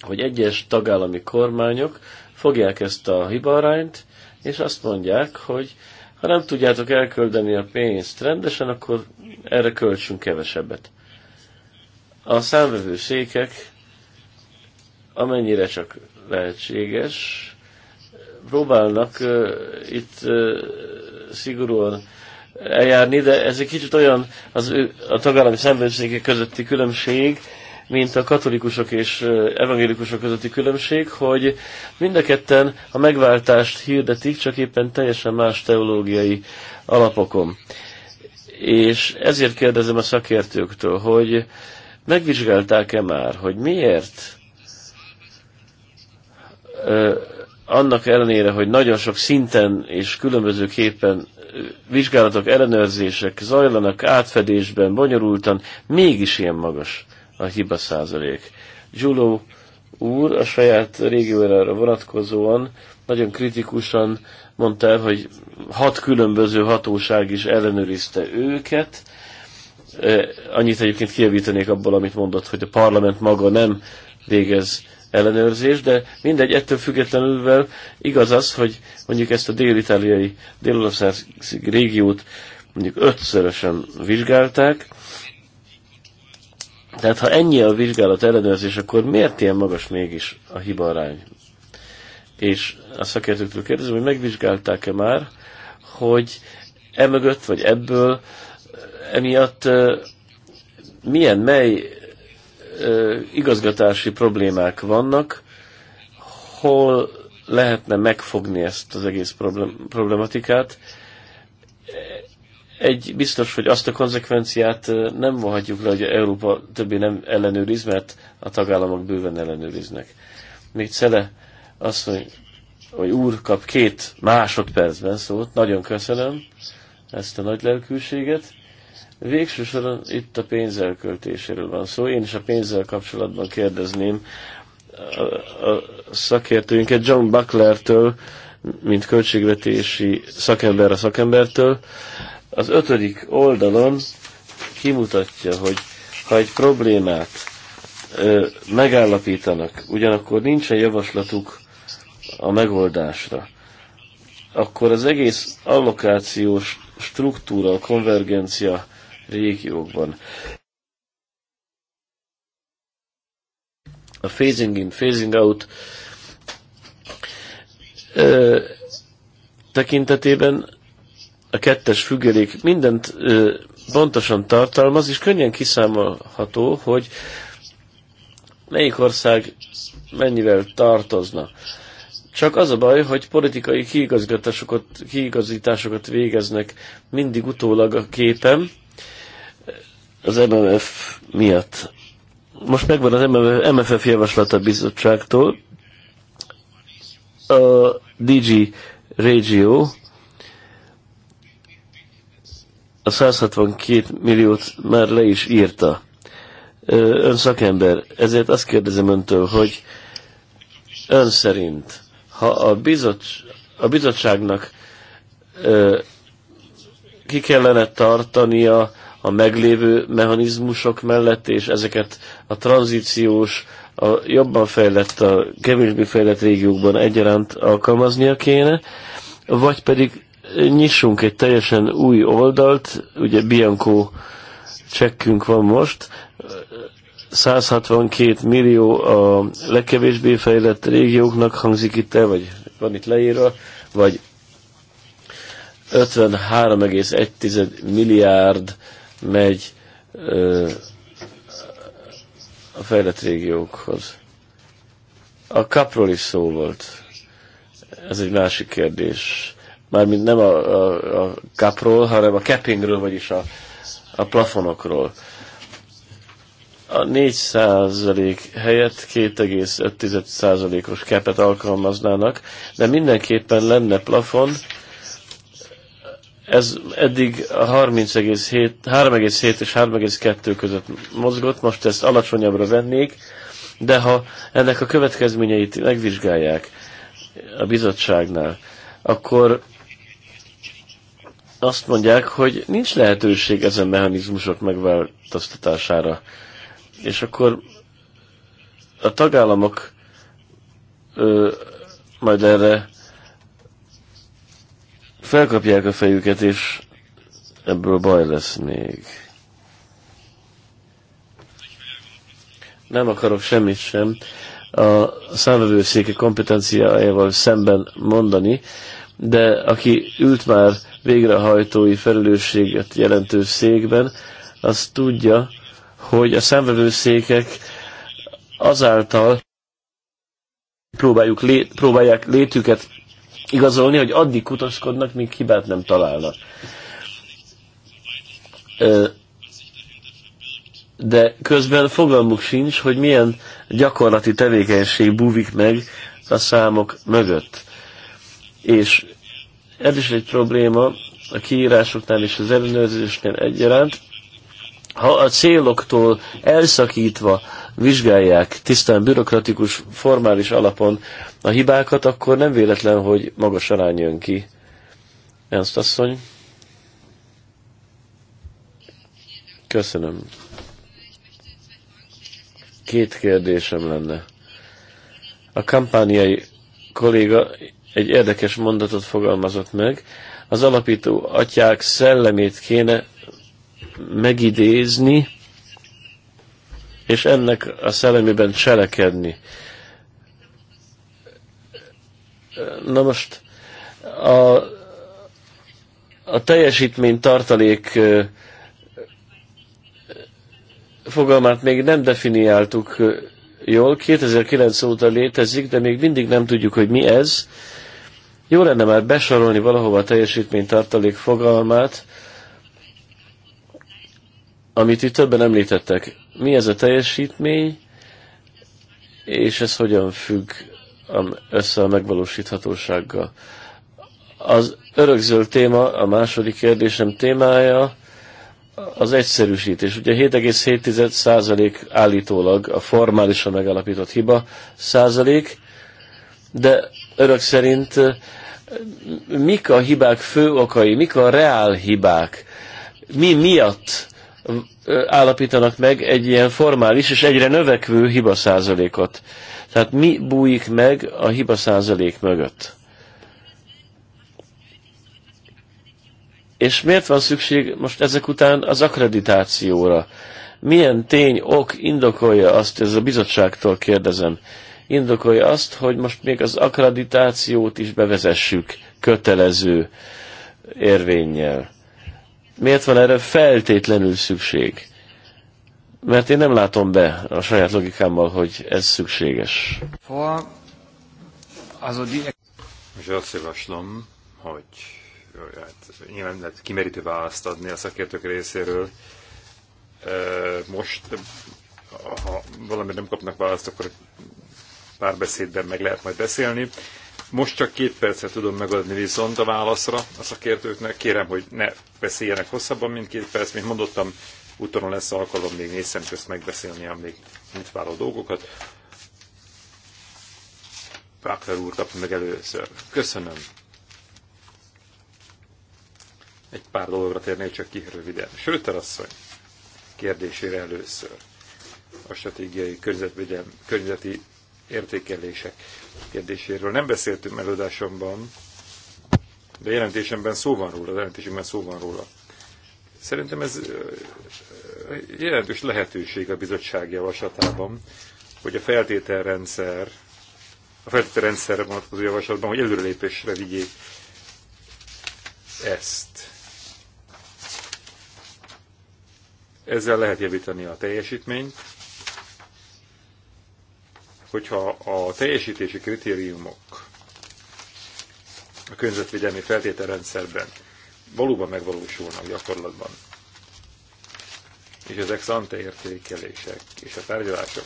hogy egyes tagállami kormányok fogják ezt a hibarányt, és azt mondják, hogy ha nem tudjátok elköldeni a pénzt rendesen, akkor erre költsünk kevesebbet. A számvevő székek, amennyire csak lehetséges, próbálnak uh, itt uh, szigorúan eljárni, de ez egy kicsit olyan az ő, a tagállami szembenségek közötti különbség, mint a katolikusok és evangélikusok közötti különbség, hogy mind a ketten a megváltást hirdetik, csak éppen teljesen más teológiai alapokon és ezért kérdezem a szakértőktől, hogy megvizsgálták-e már, hogy miért annak ellenére, hogy nagyon sok szinten és különbözőképpen vizsgálatok, ellenőrzések zajlanak átfedésben, bonyolultan, mégis ilyen magas a hiba százalék. Zsuló úr a saját régióra vonatkozóan nagyon kritikusan mondta el, hogy hat különböző hatóság is ellenőrizte őket. E, annyit egyébként kijavítanék abból, amit mondott, hogy a parlament maga nem végez ellenőrzés, de mindegy, ettől függetlenül igaz az, hogy mondjuk ezt a dél-italiai, dél régiót mondjuk ötszörösen vizsgálták, tehát ha ennyi a vizsgálat ellenőrzés, akkor miért ilyen magas mégis a hibarány? és a szakértőktől kérdezem, hogy megvizsgálták-e már, hogy emögött, vagy ebből, emiatt milyen, mely igazgatási problémák vannak, hol lehetne megfogni ezt az egész problematikát. Egy biztos, hogy azt a konzekvenciát nem vonhatjuk le, hogy Európa többé nem ellenőriz, mert a tagállamok bőven ellenőriznek. Még Szele azt, hogy, hogy úr kap két másodpercben szót. Nagyon köszönöm ezt a nagy lelkűséget. Végső soron itt a pénzelköltéséről van szó. Én is a pénzzel kapcsolatban kérdezném a, a szakértőinket, John Bucklertől, mint költségvetési szakember a szakembertől. Az ötödik oldalon kimutatja, hogy ha egy problémát ö, megállapítanak, ugyanakkor nincsen javaslatuk a megoldásra, akkor az egész allokációs struktúra, a konvergencia régiókban a phasing in, phasing out ö, tekintetében a kettes függelék mindent ö, pontosan tartalmaz, és könnyen kiszámolható, hogy melyik ország mennyivel tartozna. Csak az a baj, hogy politikai kiigazgatásokat, kiigazításokat végeznek mindig utólag a képen az MMF miatt. Most megvan az MFF javaslata bizottságtól. A DG Regio a 162 milliót már le is írta. Ön szakember, ezért azt kérdezem öntől, hogy ön szerint ha a, bizot, a bizottságnak ö, ki kellene tartania a meglévő mechanizmusok mellett, és ezeket a tranzíciós, a jobban fejlett, a kevésbé fejlett régiókban egyaránt alkalmaznia kéne, vagy pedig nyissunk egy teljesen új oldalt, ugye Bianco csekkünk van most, 162 millió a legkevésbé fejlett régióknak hangzik itt el, vagy van itt leírva, vagy 53,1 milliárd megy ö, a fejlett régiókhoz. A kapról is szó volt. Ez egy másik kérdés. Mármint nem a, a, a kapról, hanem a cappingről, vagyis a, a plafonokról a 4% helyett 2,5%-os kepet alkalmaznának, de mindenképpen lenne plafon, ez eddig a 3,7 és 3,2 között mozgott, most ezt alacsonyabbra vennék, de ha ennek a következményeit megvizsgálják a bizottságnál, akkor azt mondják, hogy nincs lehetőség ezen mechanizmusok megváltoztatására és akkor a tagállamok ö, majd erre felkapják a fejüket, és ebből baj lesz még. Nem akarok semmit sem a számvevőszéki kompetenciájával szemben mondani, de aki ült már végrehajtói felelősséget jelentő székben, az tudja, hogy a szenvedőszékek azáltal próbáljuk lé, próbálják létüket igazolni, hogy addig kutaszkodnak, míg hibát nem találnak. De közben fogalmuk sincs, hogy milyen gyakorlati tevékenység búvik meg a számok mögött. És ez is egy probléma a kiírásoknál és az ellenőrzésnél egyaránt, ha a céloktól elszakítva vizsgálják tisztán bürokratikus, formális alapon a hibákat, akkor nem véletlen, hogy magas arány jön ki. Ernst asszony? Köszönöm. Két kérdésem lenne. A kampániai kolléga egy érdekes mondatot fogalmazott meg. Az alapító atyák szellemét kéne megidézni, és ennek a szellemében cselekedni. Na most a, a teljesítmény tartalék fogalmát még nem definiáltuk jól, 2009 óta létezik, de még mindig nem tudjuk, hogy mi ez. Jó lenne már besorolni valahova a teljesítmény tartalék fogalmát, amit itt többen említettek. Mi ez a teljesítmény, és ez hogyan függ össze a megvalósíthatósággal? Az örökzöld téma, a második kérdésem témája, az egyszerűsítés. Ugye 7,7% állítólag a formálisan megalapított hiba százalék, de örök szerint mik a hibák fő okai, mik a reál hibák, mi miatt állapítanak meg egy ilyen formális és egyre növekvő hiba százalékot. Tehát mi bújik meg a hiba százalék mögött? És miért van szükség most ezek után az akkreditációra? Milyen tény, ok indokolja azt, ez a bizottságtól kérdezem, indokolja azt, hogy most még az akkreditációt is bevezessük kötelező érvényjel? Miért van erre feltétlenül szükség? Mert én nem látom be a saját logikámmal, hogy ez szükséges. És azt javaslom, hogy hát, nyilván lehet kimerítő választ adni a szakértők részéről. Most, ha valamit nem kapnak választ, akkor párbeszédben meg lehet majd beszélni. Most csak két percet tudom megadni viszont a válaszra a szakértőknek. Kérem, hogy ne beszéljenek hosszabban, mint két perc. Mint mondottam, úton lesz alkalom még négy szem közt megbeszélni a még mit váló dolgokat. Pákler úr kapja meg először. Köszönöm. Egy pár dologra térnék csak ki röviden. Sőter asszony kérdésére először a stratégiai környezetvédelmi, környezeti értékelések kérdéséről nem beszéltünk előadásomban, de jelentésemben szó van róla, jelentésemben szó van róla. Szerintem ez jelentős lehetőség a bizottság javaslatában, hogy a feltételrendszer, a feltételrendszerre vonatkozó javaslatban, hogy előrelépésre vigyék ezt. Ezzel lehet javítani a teljesítményt, hogyha a teljesítési kritériumok a környezetvédelmi feltételrendszerben valóban megvalósulnak gyakorlatban, és ezek szante értékelések és a tárgyalások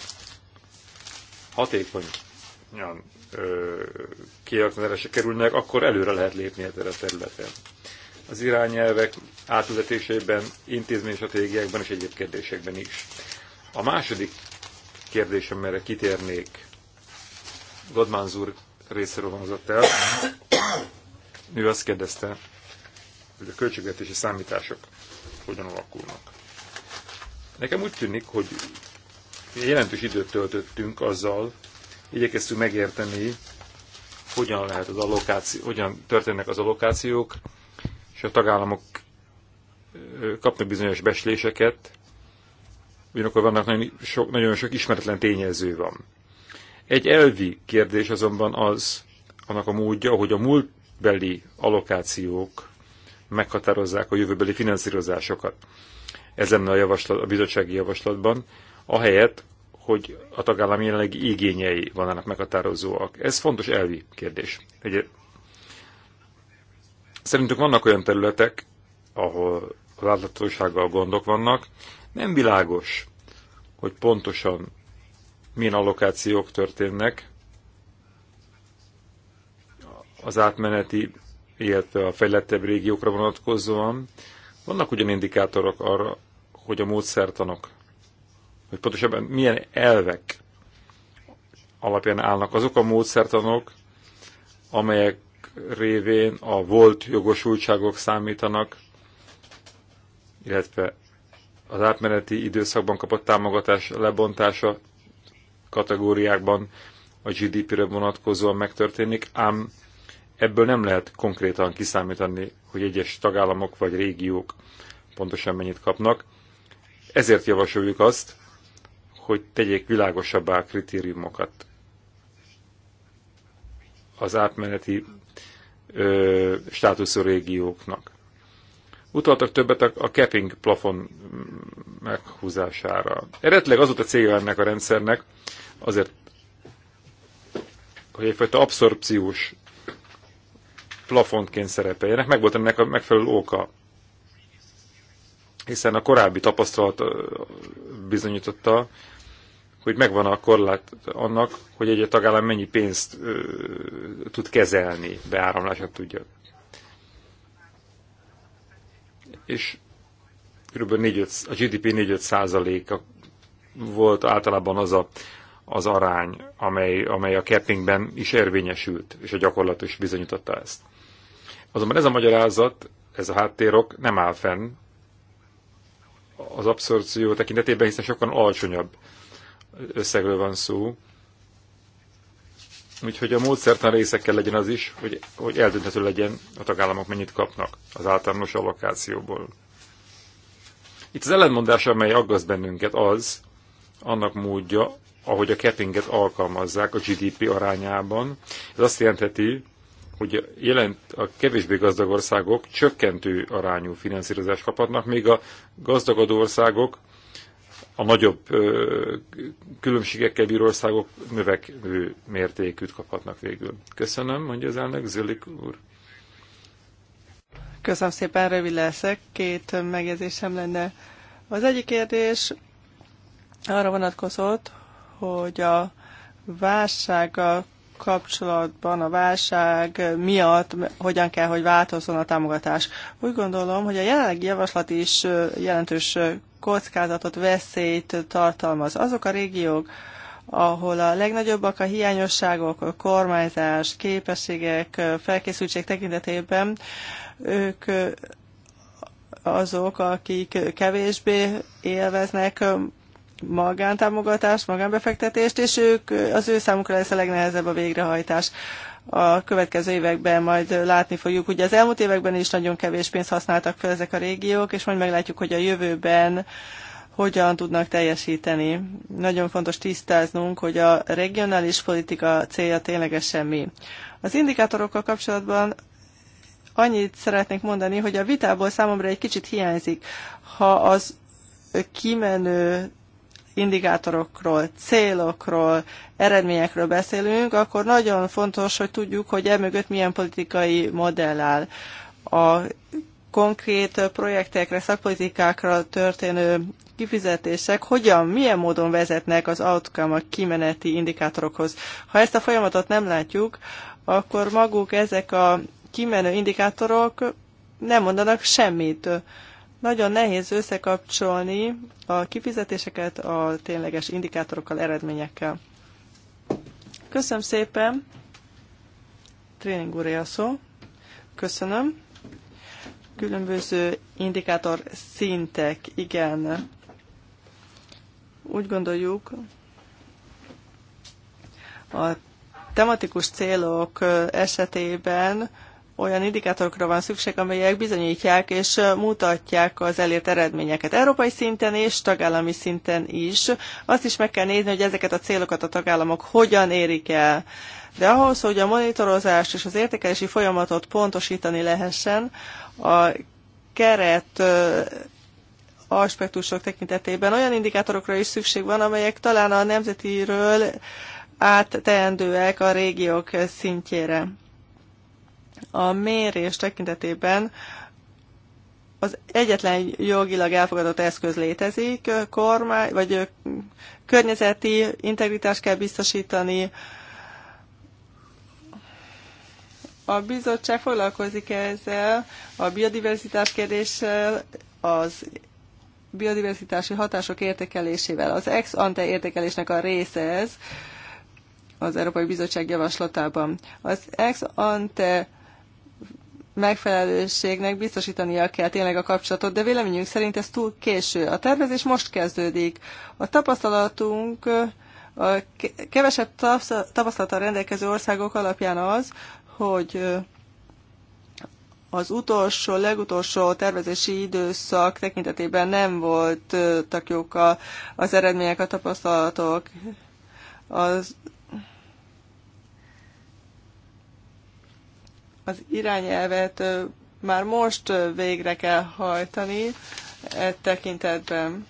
hatékonyan kiaknázásra kerülnek, akkor előre lehet lépni ezen a területen. Az irányelvek intézményi stratégiákban és egyéb kérdésekben is. A második kérdés, amire kitérnék. Godmánz úr részéről vonzott el. Ő azt kérdezte, hogy a költségvetési számítások hogyan alakulnak. Nekem úgy tűnik, hogy jelentős időt töltöttünk azzal, igyekeztünk megérteni, hogyan, lehet az allokáció, hogyan történnek az allokációk, és a tagállamok kapnak bizonyos besléseket, ugyanakkor vannak nagyon sok, nagyon sok ismeretlen tényező van. Egy elvi kérdés azonban az, annak a módja, hogy a múltbeli allokációk meghatározzák a jövőbeli finanszírozásokat. Ez lenne a, javaslat, a bizottsági javaslatban, ahelyett, hogy a tagállam jelenlegi igényei vannak meghatározóak. Ez fontos elvi kérdés. Ugye, szerintünk vannak olyan területek, ahol a gondok vannak, nem világos, hogy pontosan milyen allokációk történnek az átmeneti, illetve a fejlettebb régiókra vonatkozóan. Vannak ugyan indikátorok arra, hogy a módszertanok, hogy pontosabban milyen elvek alapján állnak azok a módszertanok, amelyek révén a volt jogosultságok számítanak, illetve az átmeneti időszakban kapott támogatás lebontása kategóriákban a GDP-re vonatkozóan megtörténik, ám ebből nem lehet konkrétan kiszámítani, hogy egyes tagállamok vagy régiók pontosan mennyit kapnak. Ezért javasoljuk azt, hogy tegyék világosabbá a kritériumokat az átmeneti ö, státuszú régióknak. Utaltak többet a capping plafon meghúzására. Eredetileg az volt a célja ennek a rendszernek, azért, hogy egyfajta abszorpciós plafontként szerepeljenek, meg volt ennek a megfelelő oka. Hiszen a korábbi tapasztalat bizonyította, hogy megvan a korlát annak, hogy egy tagállam mennyi pénzt ö, tud kezelni, beáramlását tudja és kb. 4 a GDP 4-5 százaléka volt általában az a, az arány, amely, amely a cappingben is érvényesült, és a gyakorlat is bizonyította ezt. Azonban ez a magyarázat, ez a háttérok nem áll fenn az abszorció tekintetében, hiszen sokkal alacsonyabb összegről van szó, Úgyhogy a módszertan része kell legyen az is, hogy, hogy eldönthető legyen a tagállamok mennyit kapnak az általános allokációból. Itt az ellenmondás, amely aggaszt bennünket, az annak módja, ahogy a kettinget alkalmazzák a GDP arányában. Ez azt jelentheti, hogy jelent a kevésbé gazdag országok csökkentő arányú finanszírozást kaphatnak, még a gazdagodó országok a nagyobb különbségekkel bíró országok növekvő mértékűt kaphatnak végül. Köszönöm, mondja az elnök, Zölik úr. Köszönöm szépen, rövid leszek. Két megjegyzésem lenne. Az egyik kérdés arra vonatkozott, hogy a válsággal kapcsolatban, a válság miatt hogyan kell, hogy változzon a támogatás. Úgy gondolom, hogy a jelenlegi javaslat is jelentős kockázatot, veszélyt tartalmaz. Azok a régiók, ahol a legnagyobbak a hiányosságok, a kormányzás, képességek, felkészültség tekintetében, ők azok, akik kevésbé élveznek magántámogatást, magánbefektetést, és ők, az ő számukra lesz a legnehezebb a végrehajtás a következő években majd látni fogjuk. Ugye az elmúlt években is nagyon kevés pénzt használtak fel ezek a régiók, és majd meglátjuk, hogy a jövőben hogyan tudnak teljesíteni. Nagyon fontos tisztáznunk, hogy a regionális politika célja ténylegesen mi. Az indikátorokkal kapcsolatban annyit szeretnék mondani, hogy a vitából számomra egy kicsit hiányzik. Ha az kimenő indikátorokról, célokról, eredményekről beszélünk, akkor nagyon fontos, hogy tudjuk, hogy emögött milyen politikai modell áll. A konkrét projektekre, szakpolitikákra történő kifizetések hogyan, milyen módon vezetnek az outcome, a kimeneti indikátorokhoz. Ha ezt a folyamatot nem látjuk, akkor maguk ezek a kimenő indikátorok nem mondanak semmit. Nagyon nehéz összekapcsolni a kifizetéseket a tényleges indikátorokkal, eredményekkel. Köszönöm szépen. Tréning úr a szó. Köszönöm. Különböző indikátor szintek, igen. Úgy gondoljuk, a tematikus célok esetében olyan indikátorokra van szükség, amelyek bizonyítják és mutatják az elért eredményeket európai szinten és tagállami szinten is. Azt is meg kell nézni, hogy ezeket a célokat a tagállamok hogyan érik el. De ahhoz, hogy a monitorozást és az értékelési folyamatot pontosítani lehessen, a keret aspektusok tekintetében olyan indikátorokra is szükség van, amelyek talán a nemzetiről átteendőek a régiók szintjére a mérés tekintetében az egyetlen jogilag elfogadott eszköz létezik, kormány, vagy környezeti integritást kell biztosítani. A bizottság foglalkozik ezzel a biodiverzitás kérdéssel, az biodiverzitási hatások értékelésével. Az ex ante értékelésnek a része ez az Európai Bizottság javaslatában. Az ex ante megfelelőségnek biztosítania kell tényleg a kapcsolatot, de véleményünk szerint ez túl késő. A tervezés most kezdődik. A tapasztalatunk a kevesebb tapasztalata rendelkező országok alapján az, hogy az utolsó, legutolsó tervezési időszak tekintetében nem voltak jók az eredmények, a tapasztalatok. Az Az irányelvet már most végre kell hajtani e tekintetben.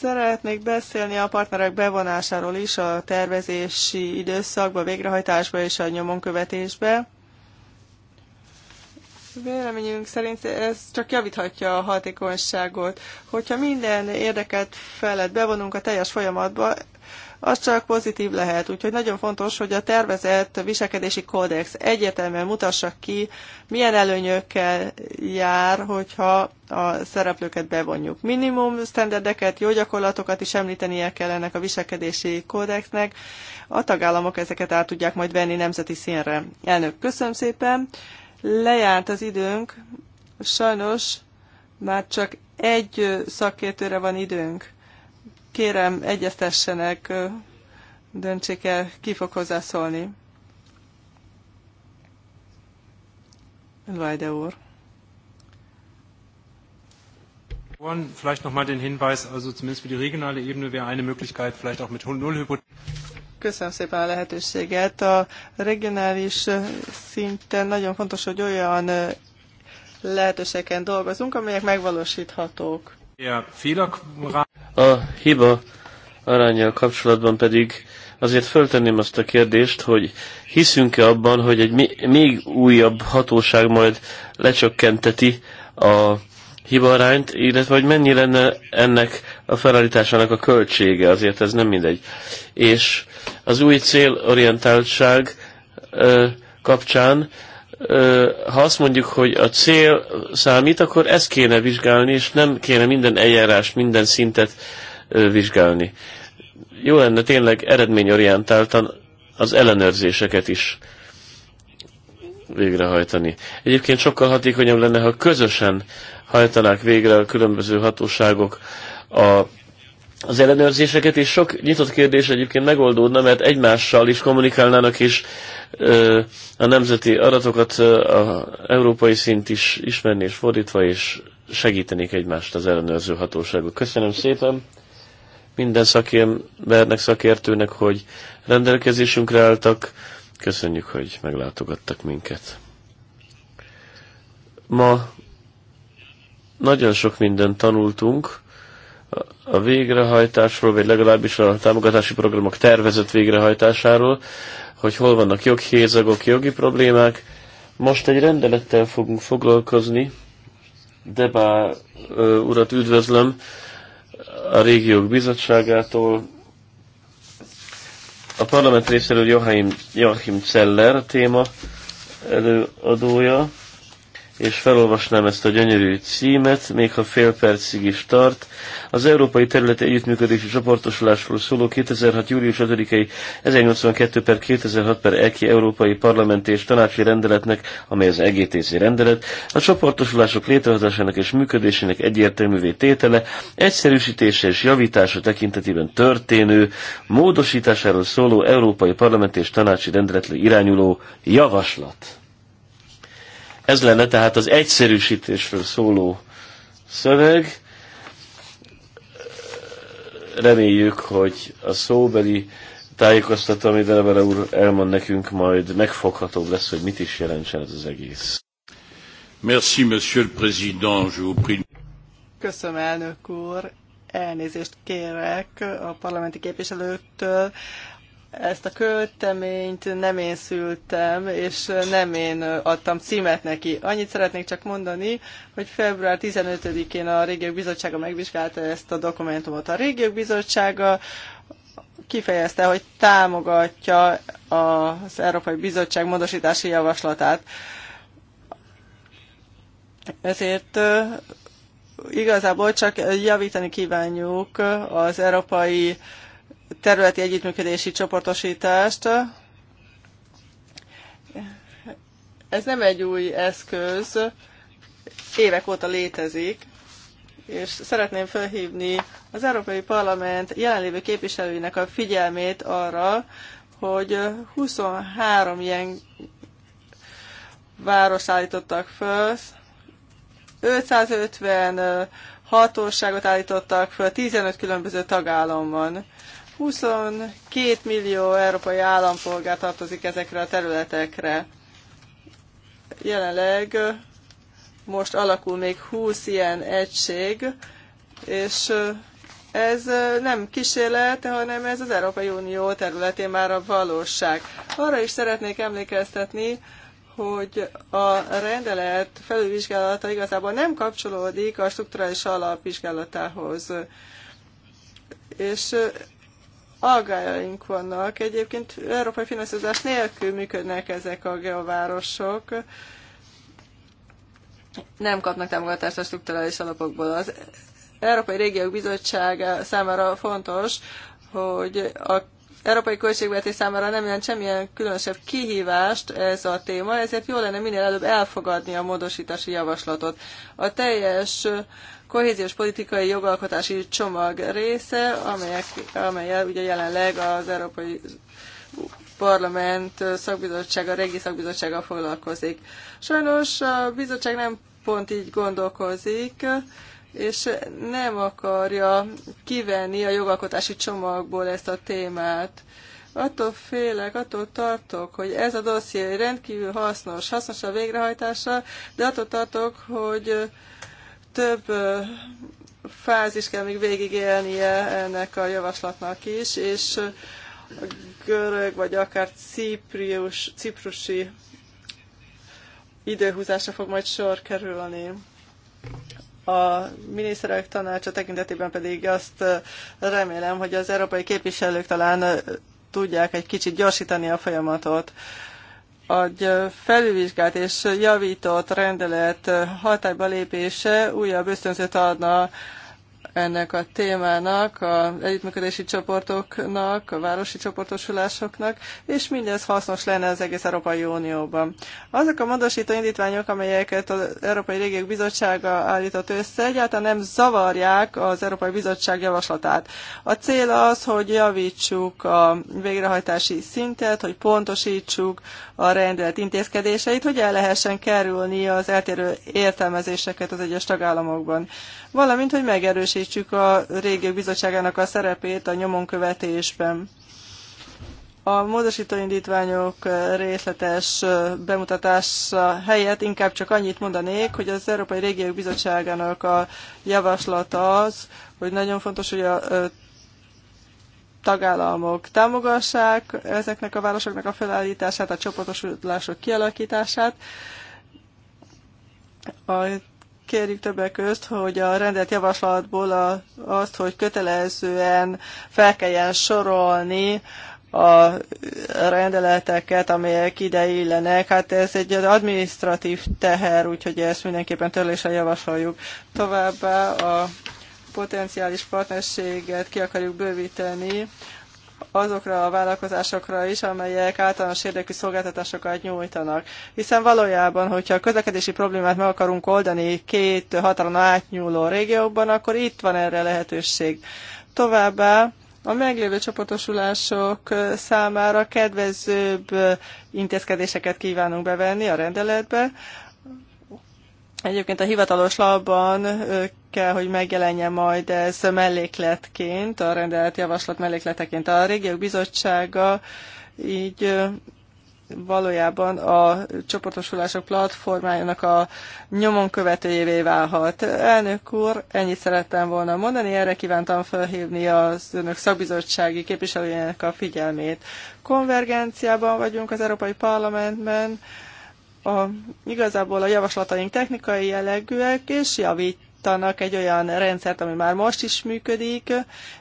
Szeretnék beszélni a partnerek bevonásáról is a tervezési időszakba, végrehajtásba és a nyomonkövetésbe. Véleményünk szerint ez csak javíthatja a hatékonyságot. Hogyha minden érdeket felett bevonunk a teljes folyamatba, az csak pozitív lehet. Úgyhogy nagyon fontos, hogy a tervezett viselkedési kódex egyértelműen mutassa ki, milyen előnyökkel jár, hogyha a szereplőket bevonjuk. Minimum standardeket, jó gyakorlatokat is említenie kell ennek a viselkedési kódexnek. A tagállamok ezeket át tudják majd venni nemzeti színre. Elnök, köszönöm szépen. Lejárt az időnk. Sajnos már csak egy szakértőre van időnk. Kérem, egyeztessenek, döntsék el, ki fog hozzászólni. Vajde úr. Vielleicht nochmal den Hinweis, also zumindest für die regionale Ebene wäre eine Möglichkeit, vielleicht auch mit Köszönöm szépen a lehetőséget. A regionális szinten nagyon fontos, hogy olyan lehetőségeken dolgozunk, amelyek megvalósíthatók. A hiba arányjal kapcsolatban pedig azért föltenném azt a kérdést, hogy hiszünk-e abban, hogy egy még újabb hatóság majd lecsökkenteti a hiba arányt, illetve hogy mennyi lenne ennek a felállításának a költsége, azért ez nem mindegy. És az új célorientáltság kapcsán ha azt mondjuk, hogy a cél számít, akkor ezt kéne vizsgálni, és nem kéne minden eljárást, minden szintet vizsgálni. Jó lenne tényleg eredményorientáltan az ellenőrzéseket is végrehajtani. Egyébként sokkal hatékonyabb lenne, ha közösen hajtanák végre a különböző hatóságok a, az ellenőrzéseket, és sok nyitott kérdés egyébként megoldódna, mert egymással is kommunikálnának, és a nemzeti adatokat a európai szint is ismerni és fordítva, és segítenék egymást az ellenőrző hatóságok. Köszönöm szépen minden szakembernek, szakértőnek, hogy rendelkezésünkre álltak. Köszönjük, hogy meglátogattak minket. Ma nagyon sok mindent tanultunk a végrehajtásról, vagy legalábbis a támogatási programok tervezett végrehajtásáról hogy hol vannak joghézagok, jogi problémák. Most egy rendelettel fogunk foglalkozni. Debá urat üdvözlöm a régiók bizottságától. A parlament részéről Joachim, Joachim Zeller a téma előadója és felolvasnám ezt a gyönyörű címet, még ha fél percig is tart. Az Európai Területi Együttműködési Csoportosulásról szóló 2006. július 5-i 1082 per 2006 per EKI Európai Parlamenti és Tanácsi Rendeletnek, amely az EGTC rendelet, a csoportosulások létrehozásának és működésének egyértelművé tétele, egyszerűsítése és javítása tekintetében történő, módosításáról szóló Európai Parlamenti és Tanácsi rendeletre irányuló javaslat. Ez lenne tehát az egyszerűsítésről szóló szöveg. Reméljük, hogy a szóbeli tájékoztató, amit Elvere úr elmond nekünk, majd megfoghatóbb lesz, hogy mit is jelentsen ez az egész. Merci, monsieur le président. Je vous prie... Köszönöm, elnök úr. Elnézést kérek a parlamenti képviselőktől. Ezt a költeményt nem én szültem, és nem én adtam címet neki. Annyit szeretnék csak mondani, hogy február 15-én a Régiók Bizottsága megvizsgálta ezt a dokumentumot. A Régiók Bizottsága kifejezte, hogy támogatja az Európai Bizottság módosítási javaslatát. Ezért igazából csak javítani kívánjuk az Európai területi együttműködési csoportosítást. Ez nem egy új eszköz, évek óta létezik, és szeretném felhívni az Európai Parlament jelenlévő képviselőinek a figyelmét arra, hogy 23 ilyen város állítottak föl, 550 hatóságot állítottak föl, 15 különböző tagállamban. 22 millió európai állampolgár tartozik ezekre a területekre. Jelenleg most alakul még 20 ilyen egység, és ez nem kísérlet, hanem ez az Európai Unió területén már a valóság. Arra is szeretnék emlékeztetni, hogy a rendelet felülvizsgálata igazából nem kapcsolódik a strukturális alapvizsgálatához. És aggájaink vannak. Egyébként európai finanszírozás nélkül működnek ezek a geovárosok. Nem kapnak támogatást a strukturális alapokból. Az Európai Régiók Bizottsága számára fontos, hogy a európai költségvetés számára nem jelent semmilyen különösebb kihívást ez a téma, ezért jó lenne minél előbb elfogadni a módosítási javaslatot. A teljes kohéziós politikai jogalkotási csomag része, amelyek, amelyel ugye jelenleg az Európai Parlament szakbizottsága, régi szakbizottsága foglalkozik. Sajnos a bizottság nem pont így gondolkozik, és nem akarja kivenni a jogalkotási csomagból ezt a témát. Attól félek, attól tartok, hogy ez a dosszié rendkívül hasznos, hasznos a végrehajtásra, de attól tartok, hogy több fázis kell még végigélnie ennek a javaslatnak is, és a görög vagy akár ciprius, ciprusi időhúzásra fog majd sor kerülni. A miniszterek tanácsa tekintetében pedig azt remélem, hogy az európai képviselők talán tudják egy kicsit gyorsítani a folyamatot egy felülvizsgált és javított rendelet hatályba lépése újabb ösztönzőt adna ennek a témának, a együttműködési csoportoknak, a városi csoportosulásoknak, és mindez hasznos lenne az egész Európai Unióban. Azok a módosító indítványok, amelyeket az Európai Régiók Bizottsága állított össze, egyáltalán nem zavarják az Európai Bizottság javaslatát. A cél az, hogy javítsuk a végrehajtási szintet, hogy pontosítsuk a rendelet intézkedéseit, hogy el lehessen kerülni az eltérő értelmezéseket az egyes tagállamokban valamint, hogy megerősítsük a régi bizottságának a szerepét a nyomonkövetésben. A módosító indítványok részletes bemutatása helyett inkább csak annyit mondanék, hogy az Európai Régiók Bizottságának a javaslata az, hogy nagyon fontos, hogy a tagállamok támogassák ezeknek a városoknak a felállítását, a csoportosulások kialakítását. A kérjük többek közt, hogy a rendelt javaslatból a, azt, hogy kötelezően fel kelljen sorolni a rendeleteket, amelyek ide illenek. Hát ez egy administratív teher, úgyhogy ezt mindenképpen törlésre javasoljuk. Továbbá a potenciális partnerséget ki akarjuk bővíteni azokra a vállalkozásokra is, amelyek általános érdekű szolgáltatásokat nyújtanak. Hiszen valójában, hogyha a közlekedési problémát meg akarunk oldani két határon átnyúló régióban, akkor itt van erre lehetőség. Továbbá a meglévő csoportosulások számára kedvezőbb intézkedéseket kívánunk bevenni a rendeletbe, Egyébként a hivatalos labban kell, hogy megjelenje majd ez mellékletként, a rendelet javaslat mellékleteként. A régiók bizottsága így valójában a csoportosulások platformájának a nyomon követőjévé válhat. Elnök úr, ennyit szerettem volna mondani, erre kívántam felhívni az önök szakbizottsági képviselőjének a figyelmét. Konvergenciában vagyunk az Európai Parlamentben, a, igazából a javaslataink technikai jellegűek, és javítanak egy olyan rendszert, ami már most is működik,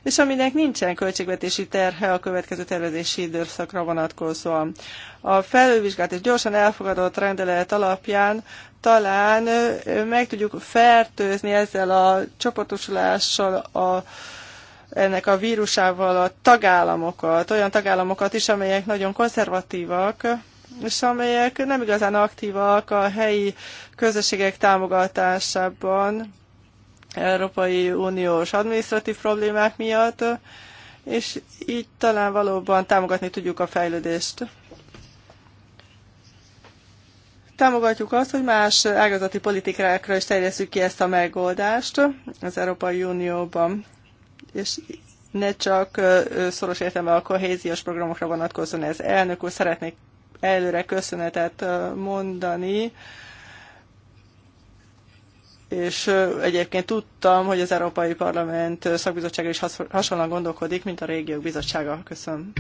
és aminek nincsen költségvetési terhe a következő tervezési időszakra vonatkozóan. A felülvizsgált és gyorsan elfogadott rendelet alapján talán meg tudjuk fertőzni ezzel a csoportosulással a ennek a vírusával a tagállamokat, olyan tagállamokat is, amelyek nagyon konzervatívak, és amelyek nem igazán aktívak a helyi közösségek támogatásában, Európai Uniós administratív problémák miatt, és így talán valóban támogatni tudjuk a fejlődést. Támogatjuk azt, hogy más ágazati politikákra is terjesszük ki ezt a megoldást az Európai Unióban, és ne csak szoros értelme a kohéziós programokra vonatkozzon ez. Elnök úr, szeretnék előre köszönetet mondani, és egyébként tudtam, hogy az Európai Parlament szakbizottsága is hasonlóan gondolkodik, mint a régiók bizottsága. Köszönöm.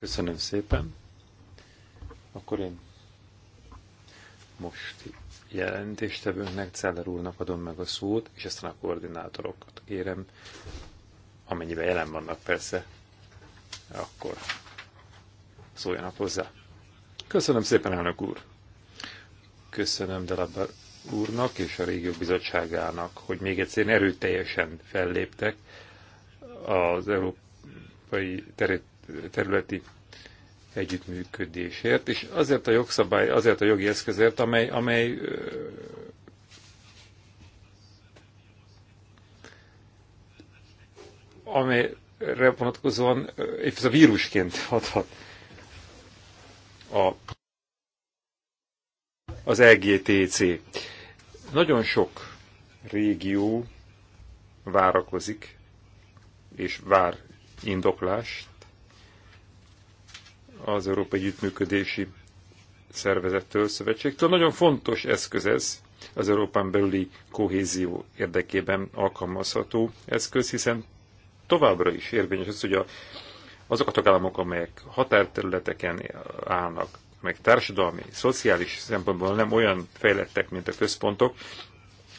Köszönöm szépen. Akkor én most jelentéstevőnknek, Celler úrnak adom meg a szót, és aztán a koordinátorokat kérem, amennyiben jelen vannak persze, akkor szóljanak hozzá. Köszönöm szépen, elnök úr. Köszönöm Delabar úrnak és a régió bizottságának, hogy még egyszer erőteljesen felléptek az európai területi együttműködésért, és azért a jogszabály, azért a jogi eszközért, amely, amely amelyre vonatkozóan ez a vírusként hathat a, az EGTC. Nagyon sok régió várakozik, és vár indoklást az Európai Együttműködési Szervezettől, Szövetségtől. Nagyon fontos eszköz ez, az Európán belüli kohézió érdekében alkalmazható eszköz, hiszen továbbra is érvényes az, hogy a azok a tagállamok, amelyek határterületeken állnak, meg társadalmi, szociális szempontból nem olyan fejlettek, mint a központok,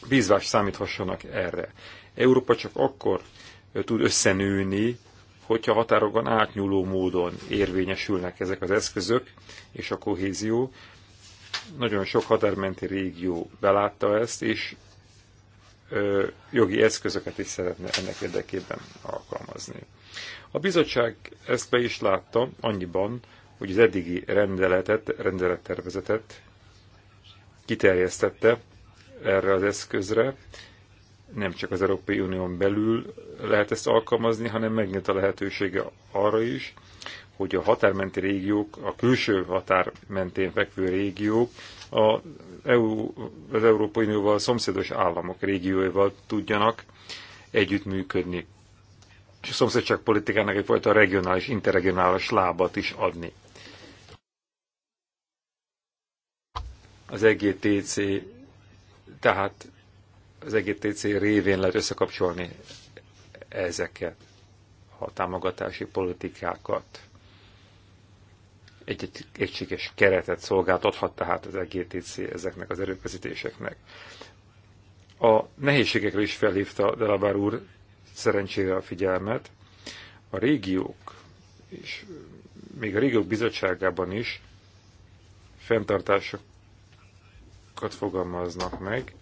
bízvás számíthassanak erre. Európa csak akkor tud összenőni, hogyha határokon átnyúló módon érvényesülnek ezek az eszközök és a kohézió. Nagyon sok határmenti régió belátta ezt, és ö, jogi eszközöket is szeretne ennek érdekében alkalmazni. A bizottság ezt be is látta annyiban, hogy az eddigi rendeletet, rendelettervezetet kiterjesztette erre az eszközre. Nem csak az Európai Unión belül lehet ezt alkalmazni, hanem megnyit a lehetősége arra is, hogy a határmenti régiók, a külső határ mentén fekvő régiók a EU, az Európai Unióval szomszédos államok régióival tudjanak együttműködni szomszédságpolitikának egyfajta regionális, interregionális lábat is adni. Az EGTC, tehát az EGTC révén lehet összekapcsolni ezeket a támogatási politikákat. Egy, egy egységes keretet szolgáltathat tehát az EGTC ezeknek az erőfeszítéseknek. A nehézségekre is felhívta Delabár úr szerencsére a figyelmet. A régiók, és még a régiók bizottságában is fenntartásokat fogalmaznak meg,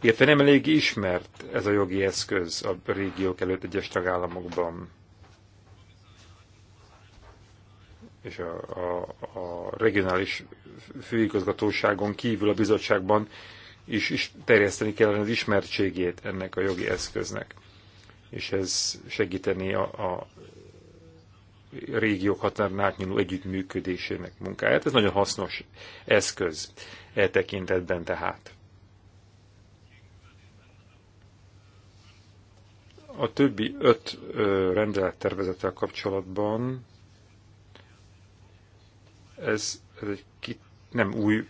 illetve nem elég ismert ez a jogi eszköz a régiók előtt egyes tagállamokban. és a, a, a regionális főigazgatóságon kívül a bizottságban is, is terjeszteni kellene az ismertségét ennek a jogi eszköznek. És ez segíteni a, a régiók határán átnyúló együttműködésének munkáját. Ez nagyon hasznos eszköz e tekintetben tehát. A többi öt rendelettervezettel kapcsolatban ez, ez egy ki, nem új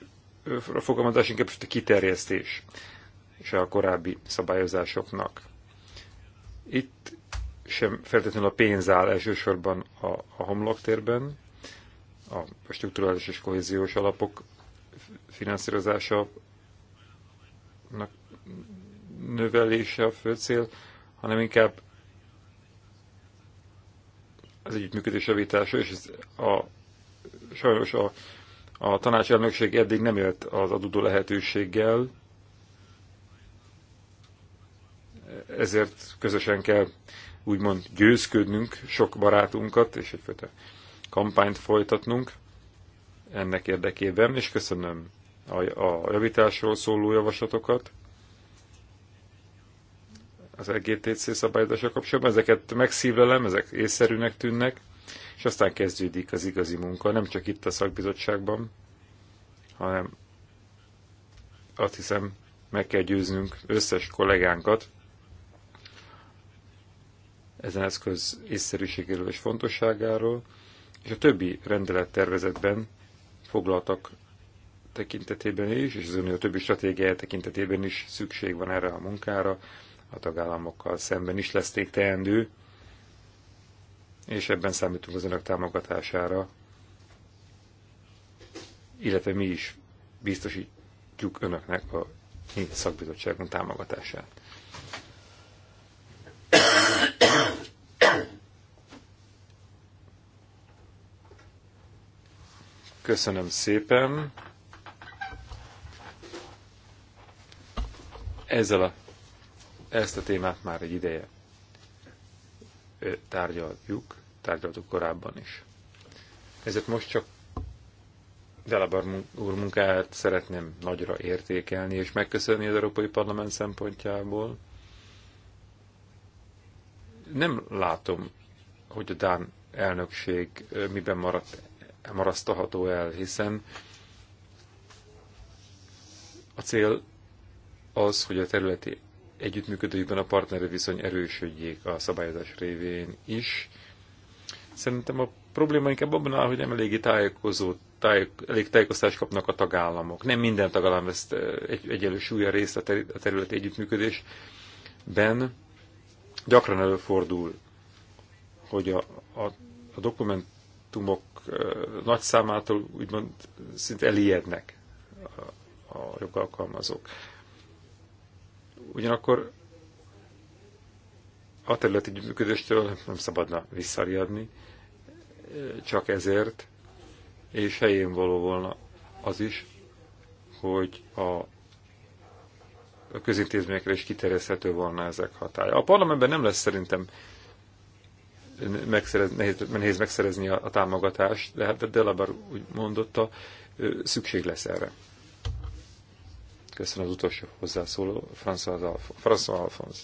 a fogalmazás inkább a kiterjesztés és a korábbi szabályozásoknak. Itt sem feltétlenül a pénz áll elsősorban a, a homloktérben, a strukturális és kohéziós alapok finanszírozása növelése a fő cél, hanem inkább az együttműködés javítása, és ez a, sajnos a a tanácselnökség eddig nem élt az adódó lehetőséggel, ezért közösen kell úgymond győzködnünk sok barátunkat, és egyfajta kampányt folytatnunk ennek érdekében, és köszönöm a, a javításról szóló javaslatokat az LGTC e szabályozása kapcsolatban. Ezeket megszívelem ezek észszerűnek tűnnek, és aztán kezdődik az igazi munka, nem csak itt a szakbizottságban, hanem azt hiszem meg kell győznünk összes kollégánkat ezen eszköz észszerűségéről és fontosságáról, és a többi rendelettervezetben foglaltak tekintetében is, és az unió többi stratégiája tekintetében is szükség van erre a munkára, a tagállamokkal szemben is lesz teendő, és ebben számítunk az önök támogatására, illetve mi is biztosítjuk önöknek a mi szakbizottságunk támogatását. Köszönöm szépen. Ezzel a, ezt a témát már egy ideje tárgyaljuk, tárgyaltuk korábban is. Ezért most csak Delabar úr munkáját szeretném nagyra értékelni és megköszönni az Európai Parlament szempontjából. Nem látom, hogy a Dán elnökség miben maradt, marasztaható el, hiszen a cél az, hogy a területi együttműködőjükben a partneri viszony erősödjék a szabályozás révén is. Szerintem a probléma inkább abban áll, hogy nem eléggé tájékozó, tájék, elég tájékoztást kapnak a tagállamok. Nem minden tagállam ezt eh, egy, egyelő súlya részt a, ter, a területi együttműködésben. Gyakran előfordul, hogy a, a, a dokumentumok eh, nagy számától úgymond szinte elijednek a, a jogalkalmazók. Ugyanakkor a területi működéstől nem szabadna visszariadni, csak ezért, és helyén való volna az is, hogy a a közintézményekre is kiterjeszthető volna ezek hatája. A parlamentben nem lesz szerintem megszerez, nehéz, nehéz megszerezni a, a támogatást, de hát Delabar úgy mondotta, szükség lesz erre. Köszönöm az utolsó hozzászóló, François François Alphonse.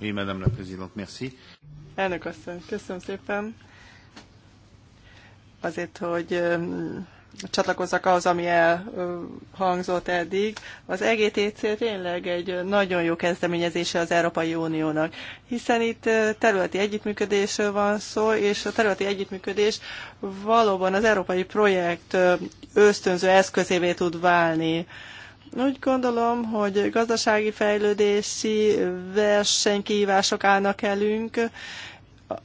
Oui, madame la présidente, merci. Elnök asszony, köszönöm szépen. Azért, hogy um, csatlakozzak ahhoz, ami elhangzott eddig. Az EGTC tényleg egy nagyon jó kezdeményezése az Európai Uniónak, hiszen itt uh, területi együttműködésről van szó, és a területi együttműködés valóban az európai projekt uh, ösztönző eszközévé tud válni. Úgy gondolom, hogy gazdasági fejlődési versenykívások állnak elünk,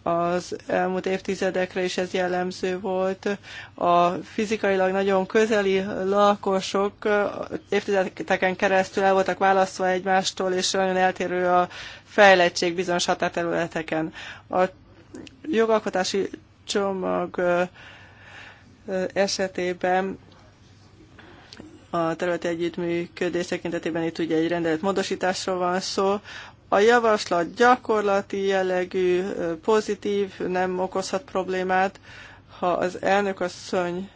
az elmúlt évtizedekre is ez jellemző volt. A fizikailag nagyon közeli lakosok évtizedeken keresztül el voltak választva egymástól, és nagyon eltérő a fejlettség bizonyos határterületeken. A jogalkotási csomag esetében a területi együttműködés tekintetében itt ugye egy rendelet módosításról van szó. A javaslat gyakorlati jellegű, pozitív, nem okozhat problémát. Ha az elnök asszony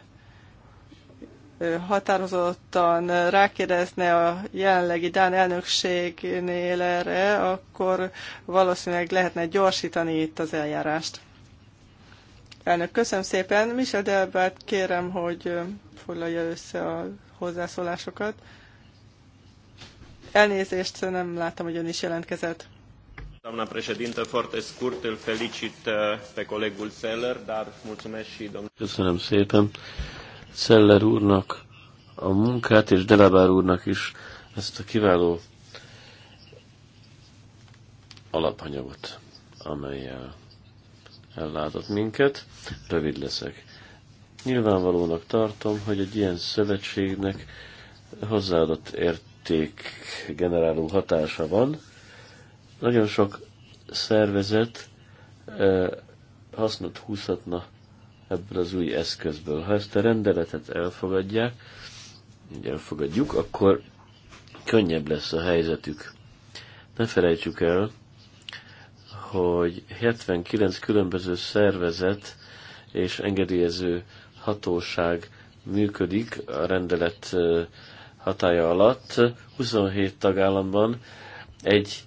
határozottan rákérdezne a jelenlegi Dán elnökségnél erre, akkor valószínűleg lehetne gyorsítani itt az eljárást. Elnök, köszönöm szépen. Michel Delbert kérem, hogy foglalja össze a hozzászólásokat. Elnézést, nem láttam, hogy ön is jelentkezett. Doamna președintă, foarte scurt, îl felicit uh, pe colegul Seller, dar mulțumesc și domnului. Köszönöm szépen Seller úrnak a munkát, és Delabár úrnak is ezt a kiváló alapanyagot, amelyel ellátott minket. Rövid leszek. Nyilvánvalónak tartom, hogy egy ilyen szövetségnek hozzáadott érték generáló hatása van. Nagyon sok szervezet hasznot húzhatna ebből az új eszközből. Ha ezt a rendeletet elfogadják, így elfogadjuk, akkor könnyebb lesz a helyzetük. Ne felejtsük el, hogy 79 különböző szervezet és engedélyező hatóság működik a rendelet hatája alatt 27 tagállamban egy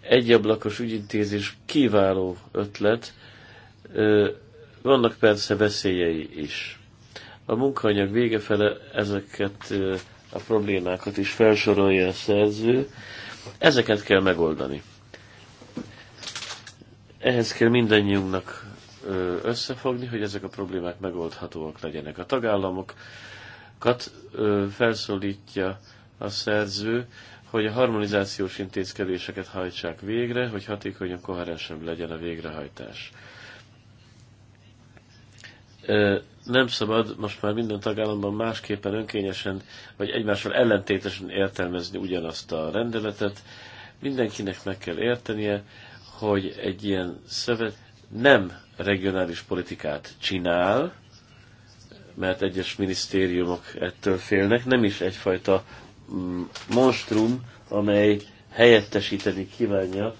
egyablakos ügyintézés kiváló ötlet, vannak persze veszélyei is. A munkahanyag végefele ezeket a problémákat is felsorolja a szerző, ezeket kell megoldani. Ehhez kell mindannyiunknak összefogni, hogy ezek a problémák megoldhatóak legyenek. A tagállamokat felszólítja a szerző, hogy a harmonizációs intézkedéseket hajtsák végre, hogy hatékonyabb, koherensebb legyen a végrehajtás. Nem szabad most már minden tagállamban másképpen önkényesen, vagy egymással ellentétesen értelmezni ugyanazt a rendeletet. Mindenkinek meg kell értenie, hogy egy ilyen szövet nem regionális politikát csinál, mert egyes minisztériumok ettől félnek, nem is egyfajta mm, monstrum, amely helyettesíteni kívánja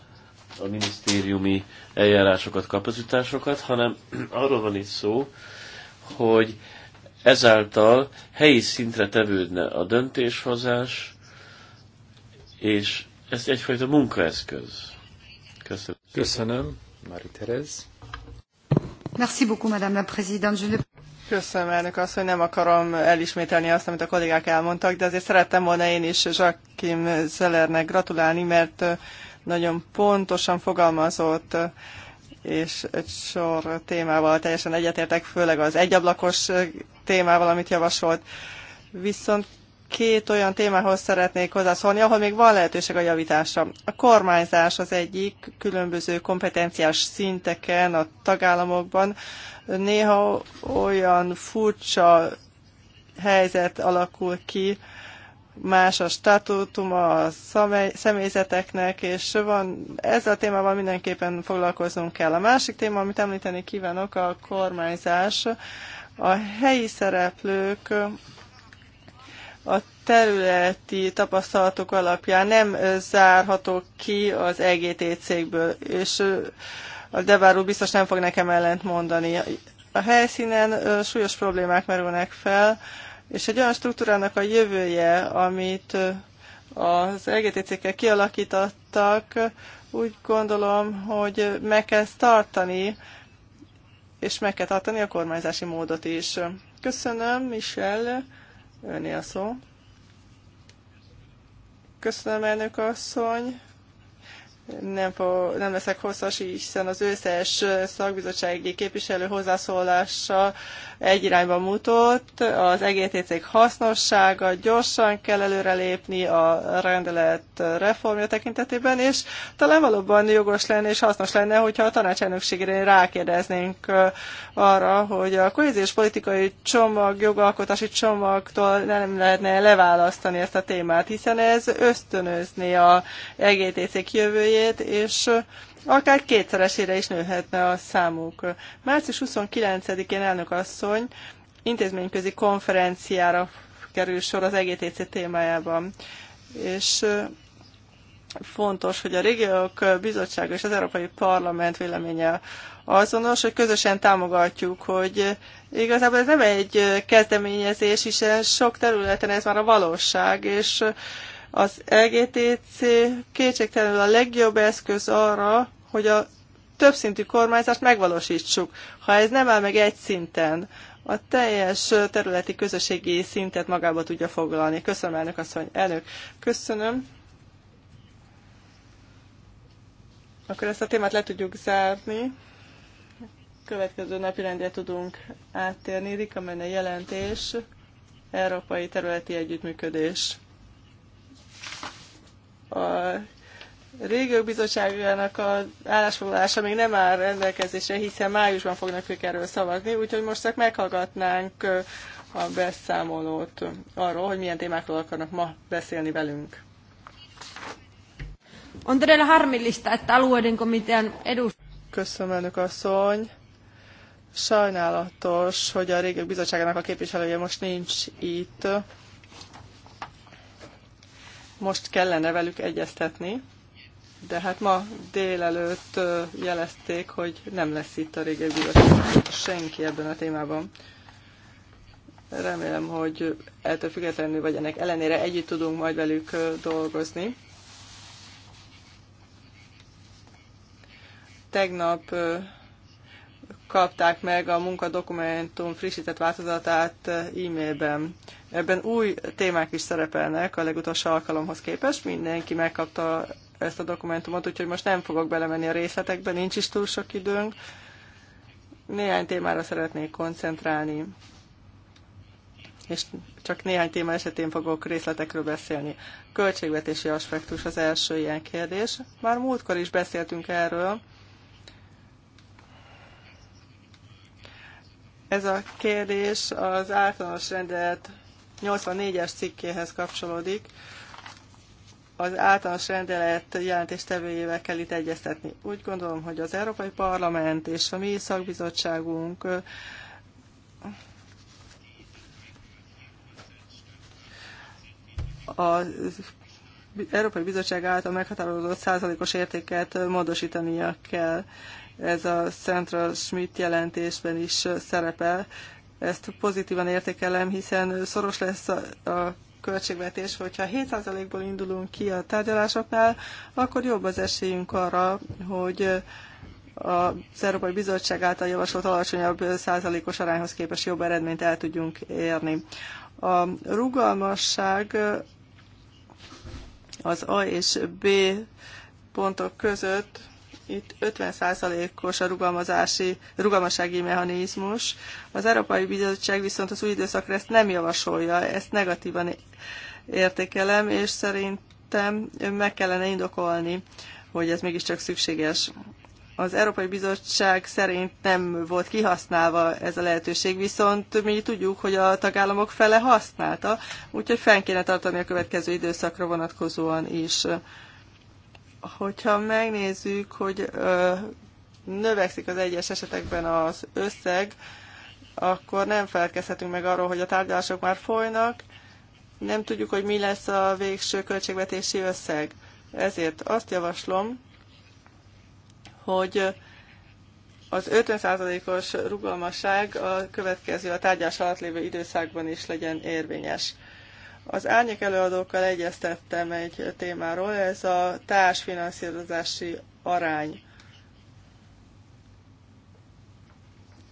a minisztériumi eljárásokat, kapacitásokat, hanem arról van itt szó, hogy ezáltal helyi szintre tevődne a döntéshozás, és ez egyfajta munkaeszköz. Köszönöm. Köszönöm, Mari Terez. Köszönöm, elnök azt, hogy nem akarom elismételni azt, amit a kollégák elmondtak, de azért szerettem volna én is Joachim Zellernek gratulálni, mert nagyon pontosan fogalmazott, és egy sor témával teljesen egyetértek, főleg az egyablakos témával, amit javasolt. Viszont két olyan témához szeretnék hozzászólni, ahol még van lehetőség a javításra. A kormányzás az egyik különböző kompetenciás szinteken, a tagállamokban. Néha olyan furcsa helyzet alakul ki, más a statútum a személyzeteknek, és van, ezzel a témával mindenképpen foglalkoznunk kell. A másik téma, amit említeni kívánok, a kormányzás. A helyi szereplők a területi tapasztalatok alapján nem zárható ki az EGT cégből, és a Deváró biztos nem fog nekem ellent mondani. A helyszínen súlyos problémák merülnek fel, és egy olyan struktúrának a jövője, amit az EGT kkel kialakítottak, úgy gondolom, hogy meg kell tartani, és meg kell tartani a kormányzási módot is. Köszönöm, Michel. Öné a szó. Köszönöm, elnök asszony nem, fog, nem leszek hosszas, hiszen az összes szakbizottsági képviselő hozzászólása egy irányba mutott. Az EGTC hasznossága, gyorsan kell előrelépni a rendelet reformja tekintetében, és talán valóban jogos lenne és hasznos lenne, hogyha a tanácselnökségére rákérdeznénk arra, hogy a kohéziós politikai csomag, jogalkotási csomagtól nem lehetne leválasztani ezt a témát, hiszen ez ösztönözné a EGTC jövőjét, munkahelyét, és akár kétszeresére is nőhetne a számuk. Március 29-én elnök asszony intézményközi konferenciára kerül sor az EGTC témájában, és fontos, hogy a régiók bizottsága és az Európai Parlament véleménye azonos, hogy közösen támogatjuk, hogy igazából ez nem egy kezdeményezés, hiszen sok területen ez már a valóság, és az LGTC e kétségtelenül a legjobb eszköz arra, hogy a többszintű kormányzást megvalósítsuk. Ha ez nem áll meg egy szinten, a teljes területi közösségi szintet magába tudja foglalni. Köszönöm, elnök asszony. Elnök, köszönöm. Akkor ezt a témát le tudjuk zárni. Következő napi rendje tudunk áttérni. Rika menne jelentés, Európai Területi Együttműködés. A régiók bizottságának az állásfoglalása még nem áll rendelkezésre, hiszen májusban fognak ők erről szavazni, úgyhogy most csak meghallgatnánk a beszámolót arról, hogy milyen témákról akarnak ma beszélni velünk. On todella harmillista, että alueiden komitean edus... Köszönöm, elnök asszony. Sajnálatos, hogy a régiók bizottságának a képviselője most nincs itt most kellene velük egyeztetni, de hát ma délelőtt jelezték, hogy nem lesz itt a régi bizottság senki ebben a témában. Remélem, hogy ettől függetlenül vagy ennek ellenére együtt tudunk majd velük dolgozni. Tegnap kapták meg a munkadokumentum frissített változatát e-mailben. Ebben új témák is szerepelnek a legutolsó alkalomhoz képest. Mindenki megkapta ezt a dokumentumot, úgyhogy most nem fogok belemenni a részletekbe, nincs is túl sok időnk. Néhány témára szeretnék koncentrálni, és csak néhány téma esetén fogok részletekről beszélni. Költségvetési aspektus az első ilyen kérdés. Már múltkor is beszéltünk erről. Ez a kérdés az általános rendelet 84-es cikkéhez kapcsolódik. Az általános rendelet jelentéstevőjével kell itt egyeztetni. Úgy gondolom, hogy az Európai Parlament és a mi szakbizottságunk az Európai Bizottság által meghatározott százalékos értéket módosítania kell. Ez a Central Schmidt jelentésben is szerepel. Ezt pozitívan értékelem, hiszen szoros lesz a, a költségvetés, hogyha 7%-ból indulunk ki a tárgyalásoknál, akkor jobb az esélyünk arra, hogy az Európai Bizottság által javasolt alacsonyabb százalékos arányhoz képest jobb eredményt el tudjunk érni. A rugalmasság az A és B pontok között itt 50%-os a rugalmazási, rugalmasági mechanizmus. Az Európai Bizottság viszont az új időszakra ezt nem javasolja, ezt negatívan értékelem, és szerintem meg kellene indokolni, hogy ez mégiscsak szükséges. Az Európai Bizottság szerint nem volt kihasználva ez a lehetőség, viszont mi tudjuk, hogy a tagállamok fele használta, úgyhogy fenn kéne tartani a következő időszakra vonatkozóan is Hogyha megnézzük, hogy növekszik az egyes esetekben az összeg, akkor nem felkezhetünk meg arról, hogy a tárgyalások már folynak, nem tudjuk, hogy mi lesz a végső költségvetési összeg. Ezért azt javaslom, hogy az 50%-os rugalmasság a következő, a tárgyás alatt lévő időszakban is legyen érvényes. Az árnyék előadókkal egyeztettem egy témáról, ez a társfinanszírozási arány.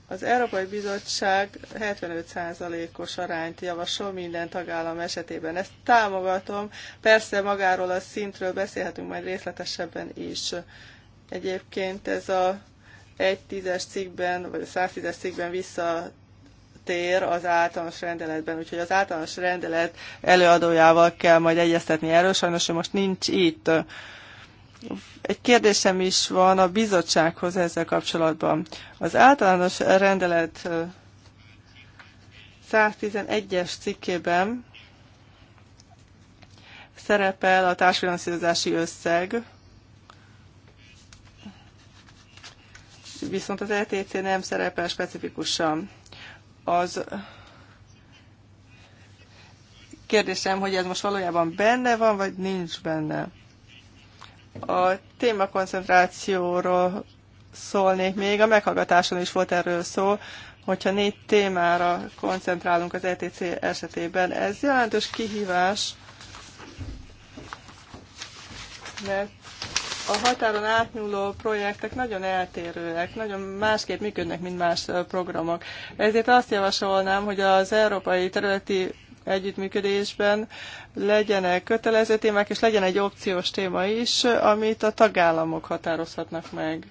Az Európai Bizottság 75%-os arányt javasol minden tagállam esetében. Ezt támogatom. Persze magáról a szintről beszélhetünk majd részletesebben is. Egyébként ez a 10 es cikkben, vagy a 110-es cikkben vissza tér az általános rendeletben, úgyhogy az általános rendelet előadójával kell majd egyeztetni erről, sajnos most nincs itt. Egy kérdésem is van a bizottsághoz ezzel kapcsolatban. Az általános rendelet 111-es cikkében szerepel a társfinanszírozási összeg, viszont az ETC nem szerepel specifikusan az kérdésem, hogy ez most valójában benne van, vagy nincs benne. A témakoncentrációról szólnék még, a meghallgatáson is volt erről szó, hogyha négy témára koncentrálunk az ETC esetében. Ez jelentős kihívás, mert a határon átnyúló projektek nagyon eltérőek, nagyon másképp működnek, mint más programok. Ezért azt javasolnám, hogy az európai területi együttműködésben legyenek kötelező témák, és legyen egy opciós téma is, amit a tagállamok határozhatnak meg.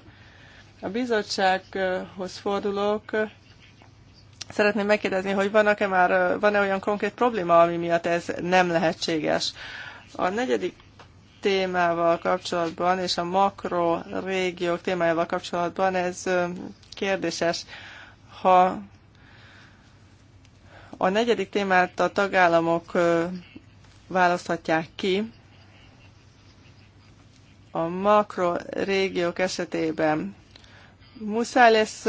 A bizottsághoz fordulok, szeretném megkérdezni, hogy vannak-e már, van-e olyan konkrét probléma, ami miatt ez nem lehetséges. A negyedik témával kapcsolatban és a makro régiók témájával kapcsolatban ez kérdéses. Ha a negyedik témát a tagállamok választhatják ki, a makro régiók esetében muszáj lesz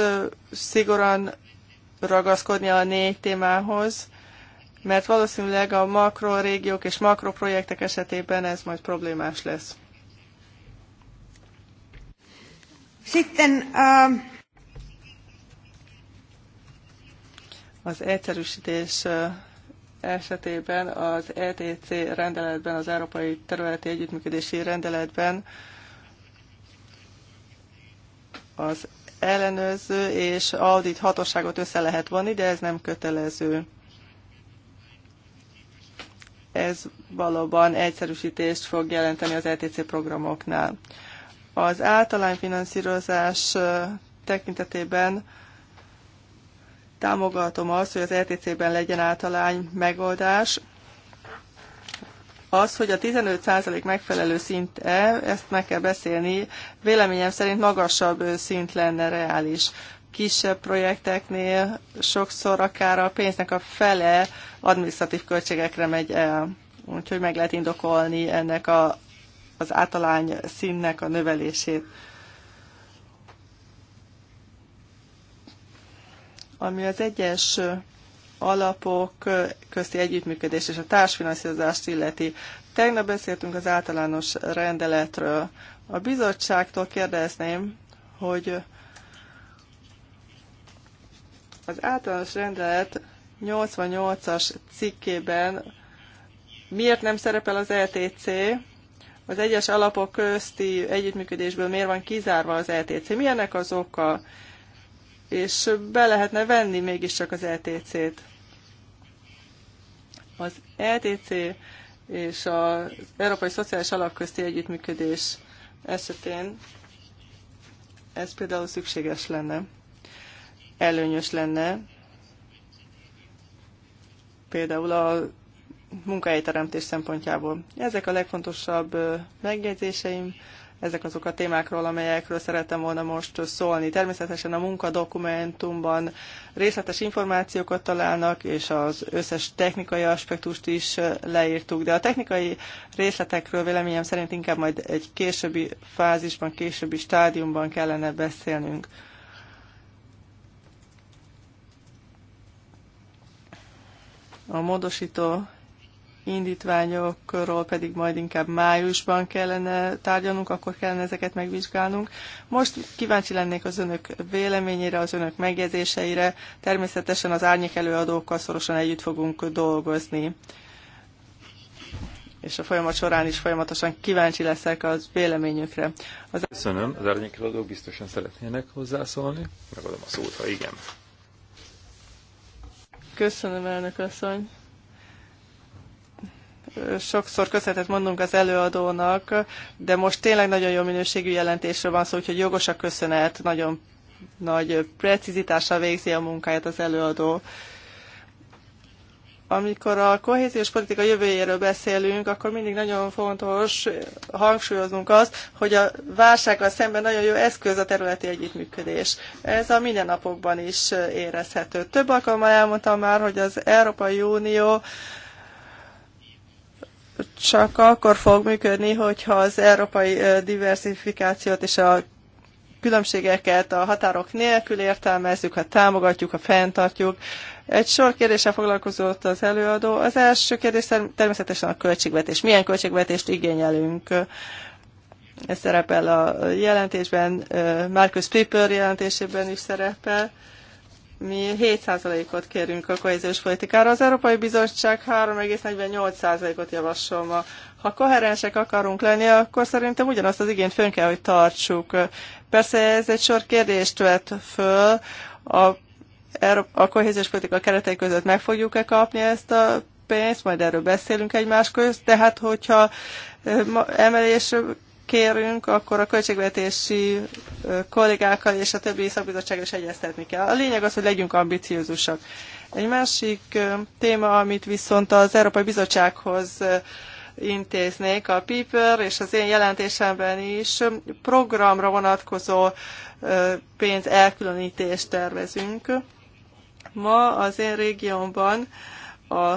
szigorúan ragaszkodni a négy témához, mert valószínűleg a makrorégiók és makroprojektek esetében ez majd problémás lesz. Sitten uh... az egyszerűsítés esetében az ETC rendeletben, az Európai Területi Együttműködési Rendeletben az ellenőrző és audit hatóságot össze lehet vonni, de ez nem kötelező ez valóban egyszerűsítést fog jelenteni az ETC programoknál. Az általányfinanszírozás tekintetében támogatom azt, hogy az ETC-ben legyen általány megoldás. Az, hogy a 15% megfelelő szint-e, ezt meg kell beszélni, véleményem szerint magasabb szint lenne reális. Kisebb projekteknél sokszor akár a pénznek a fele administratív költségekre megy el. Úgyhogy meg lehet indokolni ennek a, az általány színnek a növelését. Ami az egyes alapok közti együttműködés és a társfinanszírozást illeti. Tegnap beszéltünk az általános rendeletről. A bizottságtól kérdezném, hogy az általános rendelet 88-as cikkében miért nem szerepel az ETC, az egyes alapok közti együttműködésből miért van kizárva az ETC, mi ennek az oka, és be lehetne venni mégiscsak az ETC-t. Az ETC és az Európai Szociális Alap közti együttműködés esetén ez például szükséges lenne, előnyös lenne, például a munkahelyteremtés szempontjából. Ezek a legfontosabb megjegyzéseim, ezek azok a témákról, amelyekről szerettem volna most szólni. Természetesen a munkadokumentumban részletes információkat találnak, és az összes technikai aspektust is leírtuk, de a technikai részletekről véleményem szerint inkább majd egy későbbi fázisban, későbbi stádiumban kellene beszélnünk. A módosító indítványokról pedig majd inkább májusban kellene tárgyalnunk, akkor kellene ezeket megvizsgálnunk. Most kíváncsi lennék az önök véleményére, az önök megjegyzéseire. Természetesen az árnyék előadókkal szorosan együtt fogunk dolgozni. És a folyamat során is folyamatosan kíváncsi leszek az véleményükre. Az... Köszönöm, az árnyék előadók biztosan szeretnének hozzászólni. Megadom a szót, ha igen. Köszönöm, elnök asszony. Sokszor köszönetet mondunk az előadónak, de most tényleg nagyon jó minőségű jelentésről van szó, úgyhogy jogos a köszönet, nagyon nagy precizitással végzi a munkáját az előadó amikor a kohéziós politika jövőjéről beszélünk, akkor mindig nagyon fontos hangsúlyoznunk azt, hogy a válsággal szemben nagyon jó eszköz a területi együttműködés. Ez a mindennapokban is érezhető. Több alkalommal elmondtam már, hogy az Európai Unió csak akkor fog működni, hogyha az európai diversifikációt és a különbségeket a határok nélkül értelmezzük, ha támogatjuk, ha fenntartjuk, egy sor kérdéssel foglalkozott az előadó. Az első kérdés természetesen a költségvetés. Milyen költségvetést igényelünk? Ez szerepel a jelentésben, Marcus Piper jelentésében is szerepel. Mi 7%-ot kérünk a kohéziós politikára. Az Európai Bizottság 3,48%-ot javasol ma. Ha koherensek akarunk lenni, akkor szerintem ugyanazt az igényt fönn kell, hogy tartsuk. Persze ez egy sor kérdést vett föl, a a kohéziós politika keretei között meg fogjuk-e kapni ezt a pénzt, majd erről beszélünk egymás közt, tehát hogyha emelés kérünk, akkor a költségvetési kollégákkal és a többi szakbizottság is egyeztetni kell. A lényeg az, hogy legyünk ambiciózusak. Egy másik téma, amit viszont az Európai Bizottsághoz intéznék, a PIPER és az én jelentésemben is programra vonatkozó pénz elkülönítést tervezünk. Ma az én régiómban a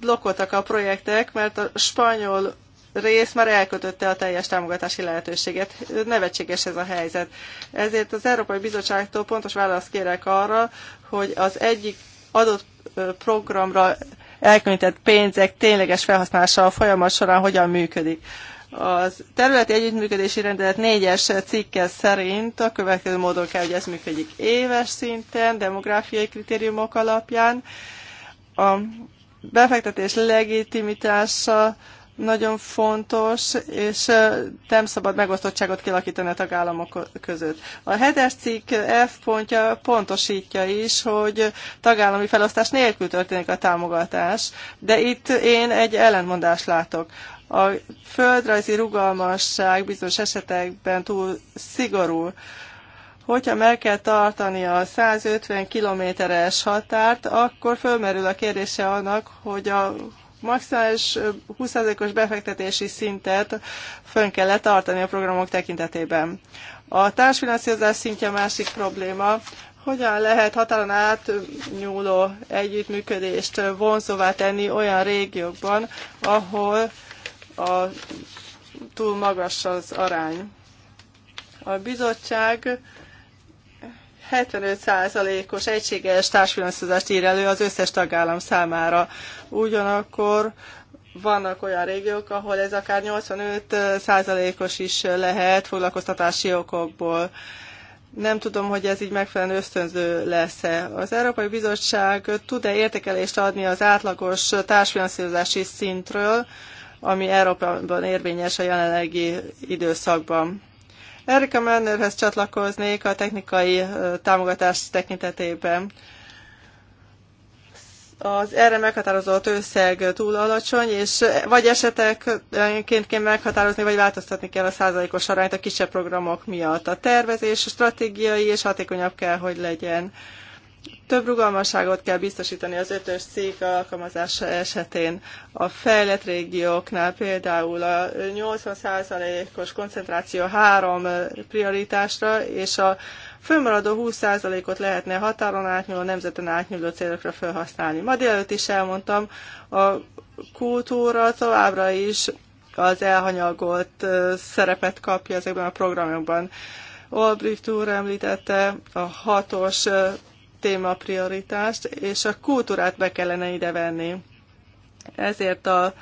blokkoltak a projektek, mert a spanyol rész már elkötötte a teljes támogatási lehetőséget. Nevetséges ez a helyzet. Ezért az Európai Bizottságtól pontos választ kérek arra, hogy az egyik adott programra elkülönített pénzek tényleges felhasználása a folyamat során hogyan működik. Az területi együttműködési rendelet négyes cikke szerint a következő módon kell, hogy ez működik éves szinten, demográfiai kritériumok alapján. A befektetés legitimitása nagyon fontos, és nem szabad megosztottságot kialakítani a tagállamok között. A hetes cikk F pontja pontosítja is, hogy tagállami felosztás nélkül történik a támogatás, de itt én egy ellentmondást látok. A földrajzi rugalmasság bizonyos esetekben túl szigorú hogyha meg kell tartani a 150 kilométeres határt, akkor fölmerül a kérdése annak, hogy a maximális 20%-os befektetési szintet fönn kellett tartani a programok tekintetében. A társfinanszírozás szintje másik probléma, hogyan lehet határon átnyúló együttműködést vonzóvá tenni olyan régiókban, ahol a túl magas az arány. A bizottság 75%-os egységes társfinanszírozást ír elő az összes tagállam számára. Ugyanakkor vannak olyan régiók, ahol ez akár 85%-os is lehet foglalkoztatási okokból. Nem tudom, hogy ez így megfelelően ösztönző lesz-e. Az Európai Bizottság tud-e értékelést adni az átlagos társfinanszírozási szintről, ami Európában érvényes a jelenlegi időszakban? Erika Mannerhez csatlakoznék a technikai támogatás tekintetében. Az erre meghatározott összeg túl alacsony, és vagy esetekként kell meghatározni, vagy változtatni kell a százalékos arányt a kisebb programok miatt. A tervezés stratégiai és hatékonyabb kell, hogy legyen több rugalmasságot kell biztosítani az ötös szék alkalmazása esetén. A fejlett régióknál például a 80%-os koncentráció három prioritásra, és a fönnmaradó 20%-ot lehetne határon átnyúló, nemzeten átnyúló célokra felhasználni. Ma délelőtt is elmondtam, a kultúra továbbra is az elhanyagolt szerepet kapja ezekben a programokban. Albrecht úr említette a hatos téma prioritást, és a kultúrát be kellene ide venni. Ezért a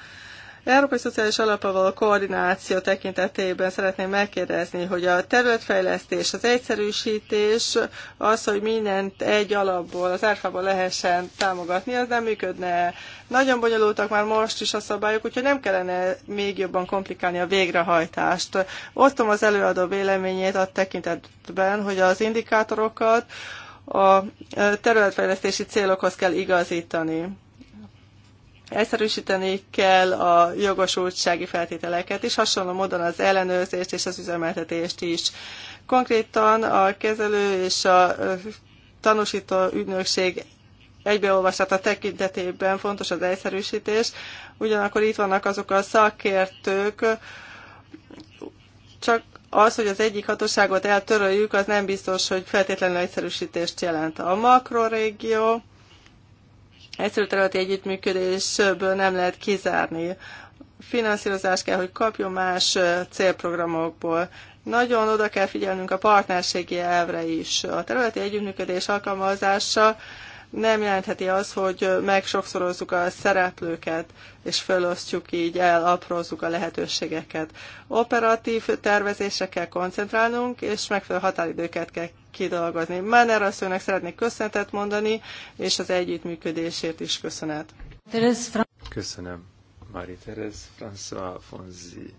Európai Szociális Alapával a koordináció tekintetében szeretném megkérdezni, hogy a területfejlesztés, az egyszerűsítés, az, hogy mindent egy alapból, az árfából lehessen támogatni, az nem működne. Nagyon bonyolultak már most is a szabályok, úgyhogy nem kellene még jobban komplikálni a végrehajtást. Osztom az előadó véleményét a tekintetben, hogy az indikátorokat, a területfejlesztési célokhoz kell igazítani. Egyszerűsíteni kell a jogosultsági feltételeket, is hasonló módon az ellenőrzést és az üzemeltetést is. Konkrétan a kezelő és a tanúsító ügynökség egybeolvasata tekintetében fontos az egyszerűsítés, ugyanakkor itt vannak azok a szakértők, csak az, hogy az egyik hatóságot eltöröljük, az nem biztos, hogy feltétlenül egyszerűsítést jelent. A makrorégió egyszerű területi együttműködésből nem lehet kizárni. finanszírozás kell, hogy kapjon más célprogramokból. Nagyon oda kell figyelnünk a partnerségi elvre is. A területi együttműködés alkalmazása nem jelentheti az, hogy megsokszorozzuk a szereplőket, és fölosztjuk így el, aprózzuk a lehetőségeket. Operatív tervezésre kell koncentrálnunk, és megfelelő határidőket kell kidolgozni. Manner asszonynak szeretnék köszönetet mondani, és az együttműködésért is köszönet. Köszönöm. Marie-Thérèse François Fonzi.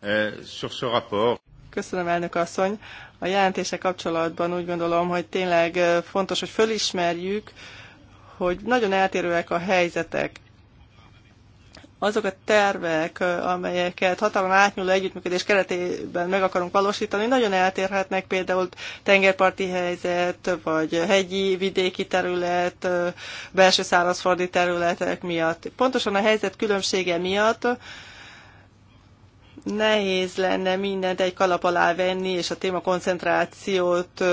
Eh, sur ce rapport. Köszönöm, elnök asszony. A jelentése kapcsolatban úgy gondolom, hogy tényleg fontos, hogy fölismerjük, hogy nagyon eltérőek a helyzetek. Azok a tervek, amelyeket határon átnyúló együttműködés keretében meg akarunk valósítani, nagyon eltérhetnek például tengerparti helyzet, vagy hegyi, vidéki terület, belső szárazföldi területek miatt. Pontosan a helyzet különbsége miatt nehéz lenne mindent egy kalap alá venni, és a téma koncentrációt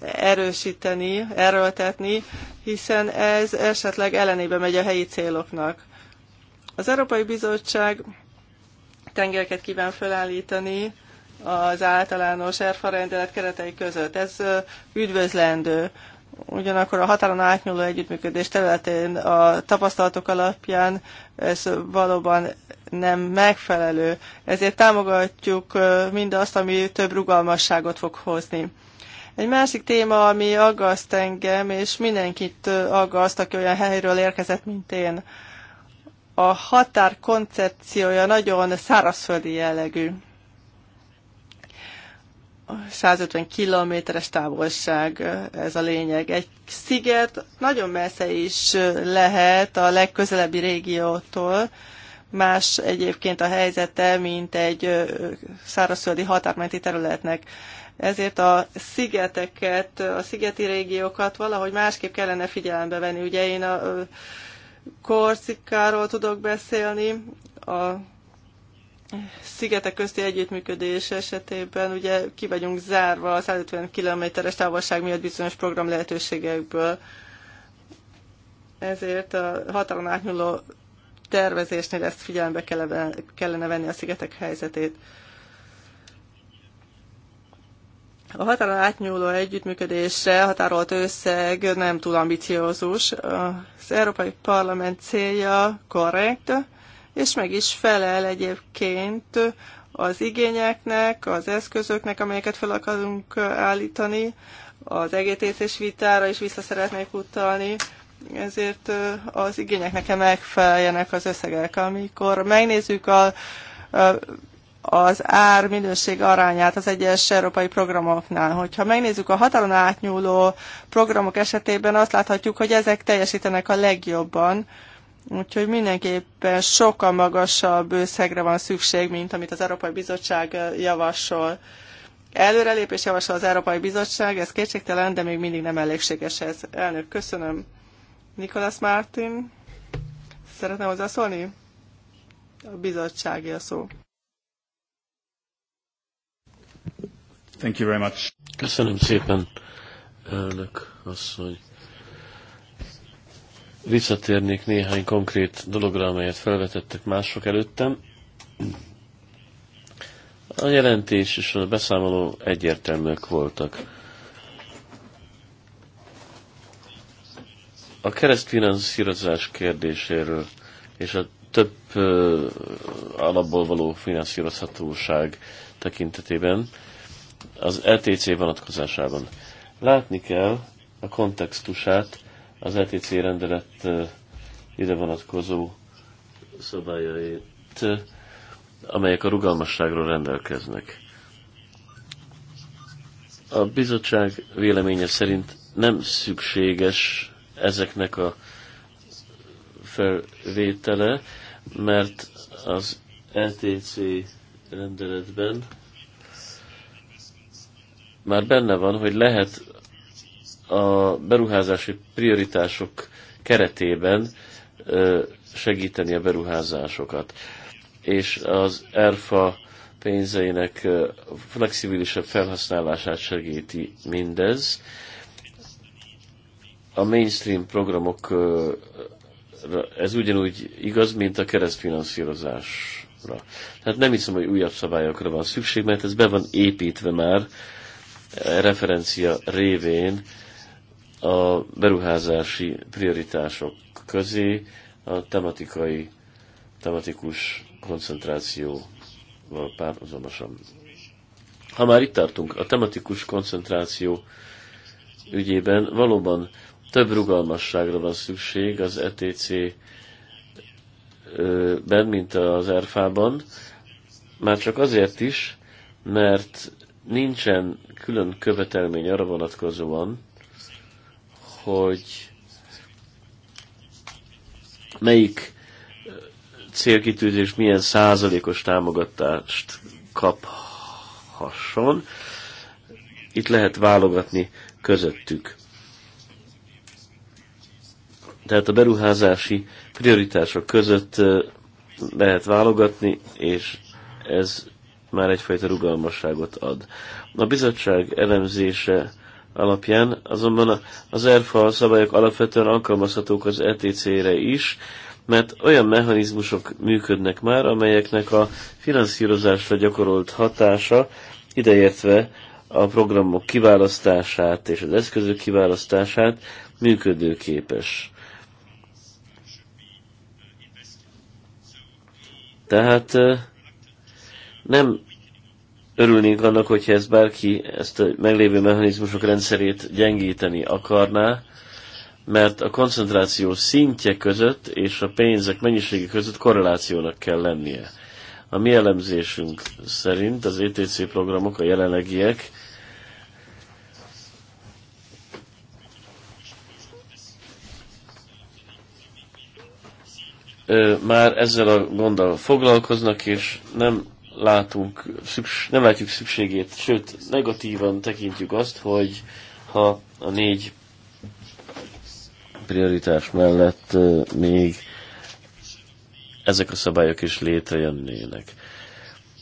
erősíteni, erőltetni, hiszen ez esetleg ellenébe megy a helyi céloknak. Az Európai Bizottság tengereket kíván felállítani az általános erfa rendelet keretei között. Ez üdvözlendő ugyanakkor a határon átnyúló együttműködés területén a tapasztalatok alapján ez valóban nem megfelelő. Ezért támogatjuk mindazt, ami több rugalmasságot fog hozni. Egy másik téma, ami aggaszt engem, és mindenkit aggaszt, aki olyan helyről érkezett, mint én. A határ koncepciója nagyon szárazföldi jellegű. 150 kilométeres távolság, ez a lényeg. Egy sziget nagyon messze is lehet a legközelebbi régiótól, más egyébként a helyzete, mint egy szárazföldi határmenti területnek. Ezért a szigeteket, a szigeti régiókat valahogy másképp kellene figyelembe venni. Ugye én a Korszikáról tudok beszélni, a szigetek közti együttműködés esetében ugye ki vagyunk zárva a 150 kilométeres távolság miatt bizonyos program lehetőségekből. Ezért a határon átnyúló tervezésnél ezt figyelembe kellene venni a szigetek helyzetét. A határon átnyúló együttműködésre határolt összeg nem túl ambiciózus. Az Európai Parlament célja korrekt, és meg is felel egyébként az igényeknek, az eszközöknek, amelyeket fel akarunk állítani, az egététés vitára is vissza szeretnék utalni, ezért az igényeknek kell megfeleljenek az összegek. Amikor megnézzük a, a az ár minőség arányát az egyes európai programoknál. Hogyha megnézzük a határon átnyúló programok esetében, azt láthatjuk, hogy ezek teljesítenek a legjobban, Úgyhogy mindenképpen sokkal magasabb összegre van szükség, mint amit az Európai Bizottság javasol. Előrelépés javasol az Európai Bizottság, ez kétségtelen, de még mindig nem elégséges ez. Elnök, köszönöm. Nikolas Martin, szeretne hozzászólni? A bizottsági a szó. Thank you very much. Köszönöm szépen, elnök asszony. Visszatérnék néhány konkrét dologra, amelyet felvetettek mások előttem. A jelentés és a beszámoló egyértelműek voltak. A keresztfinanszírozás kérdéséről és a több ö, alapból való finanszírozhatóság tekintetében az LTC e vonatkozásában. Látni kell a kontextusát az ETC rendelet ide vonatkozó szabályait, amelyek a rugalmasságról rendelkeznek. A bizottság véleménye szerint nem szükséges ezeknek a felvétele, mert az ETC rendeletben már benne van, hogy lehet a beruházási prioritások keretében segíteni a beruházásokat. És az ERFA pénzeinek flexibilisebb felhasználását segíti mindez. A mainstream programok ez ugyanúgy igaz, mint a keresztfinanszírozásra. Tehát nem hiszem, hogy újabb szabályokra van szükség, mert ez be van építve már referencia révén a beruházási prioritások közé a tematikai, tematikus koncentrációval párhuzamosan. Ha már itt tartunk, a tematikus koncentráció ügyében valóban több rugalmasságra van szükség az ETC-ben, mint az ERFA-ban, már csak azért is, mert nincsen külön követelmény arra vonatkozóan, hogy melyik célkitűzés milyen százalékos támogatást kaphasson. Itt lehet válogatni közöttük. Tehát a beruházási prioritások között lehet válogatni, és ez már egyfajta rugalmasságot ad. A bizottság elemzése alapján, azonban az ERFA szabályok alapvetően alkalmazhatók az ETC-re is, mert olyan mechanizmusok működnek már, amelyeknek a finanszírozásra gyakorolt hatása, ideértve a programok kiválasztását és az eszközök kiválasztását működőképes. Tehát nem örülnénk annak, hogyha ez bárki ezt a meglévő mechanizmusok rendszerét gyengíteni akarná, mert a koncentráció szintje között és a pénzek mennyisége között korrelációnak kell lennie. A mi elemzésünk szerint az ETC programok, a jelenlegiek már ezzel a gonddal foglalkoznak, és nem látunk, szüks, nem látjuk szükségét, sőt, negatívan tekintjük azt, hogy ha a négy prioritás mellett még ezek a szabályok is létrejönnének.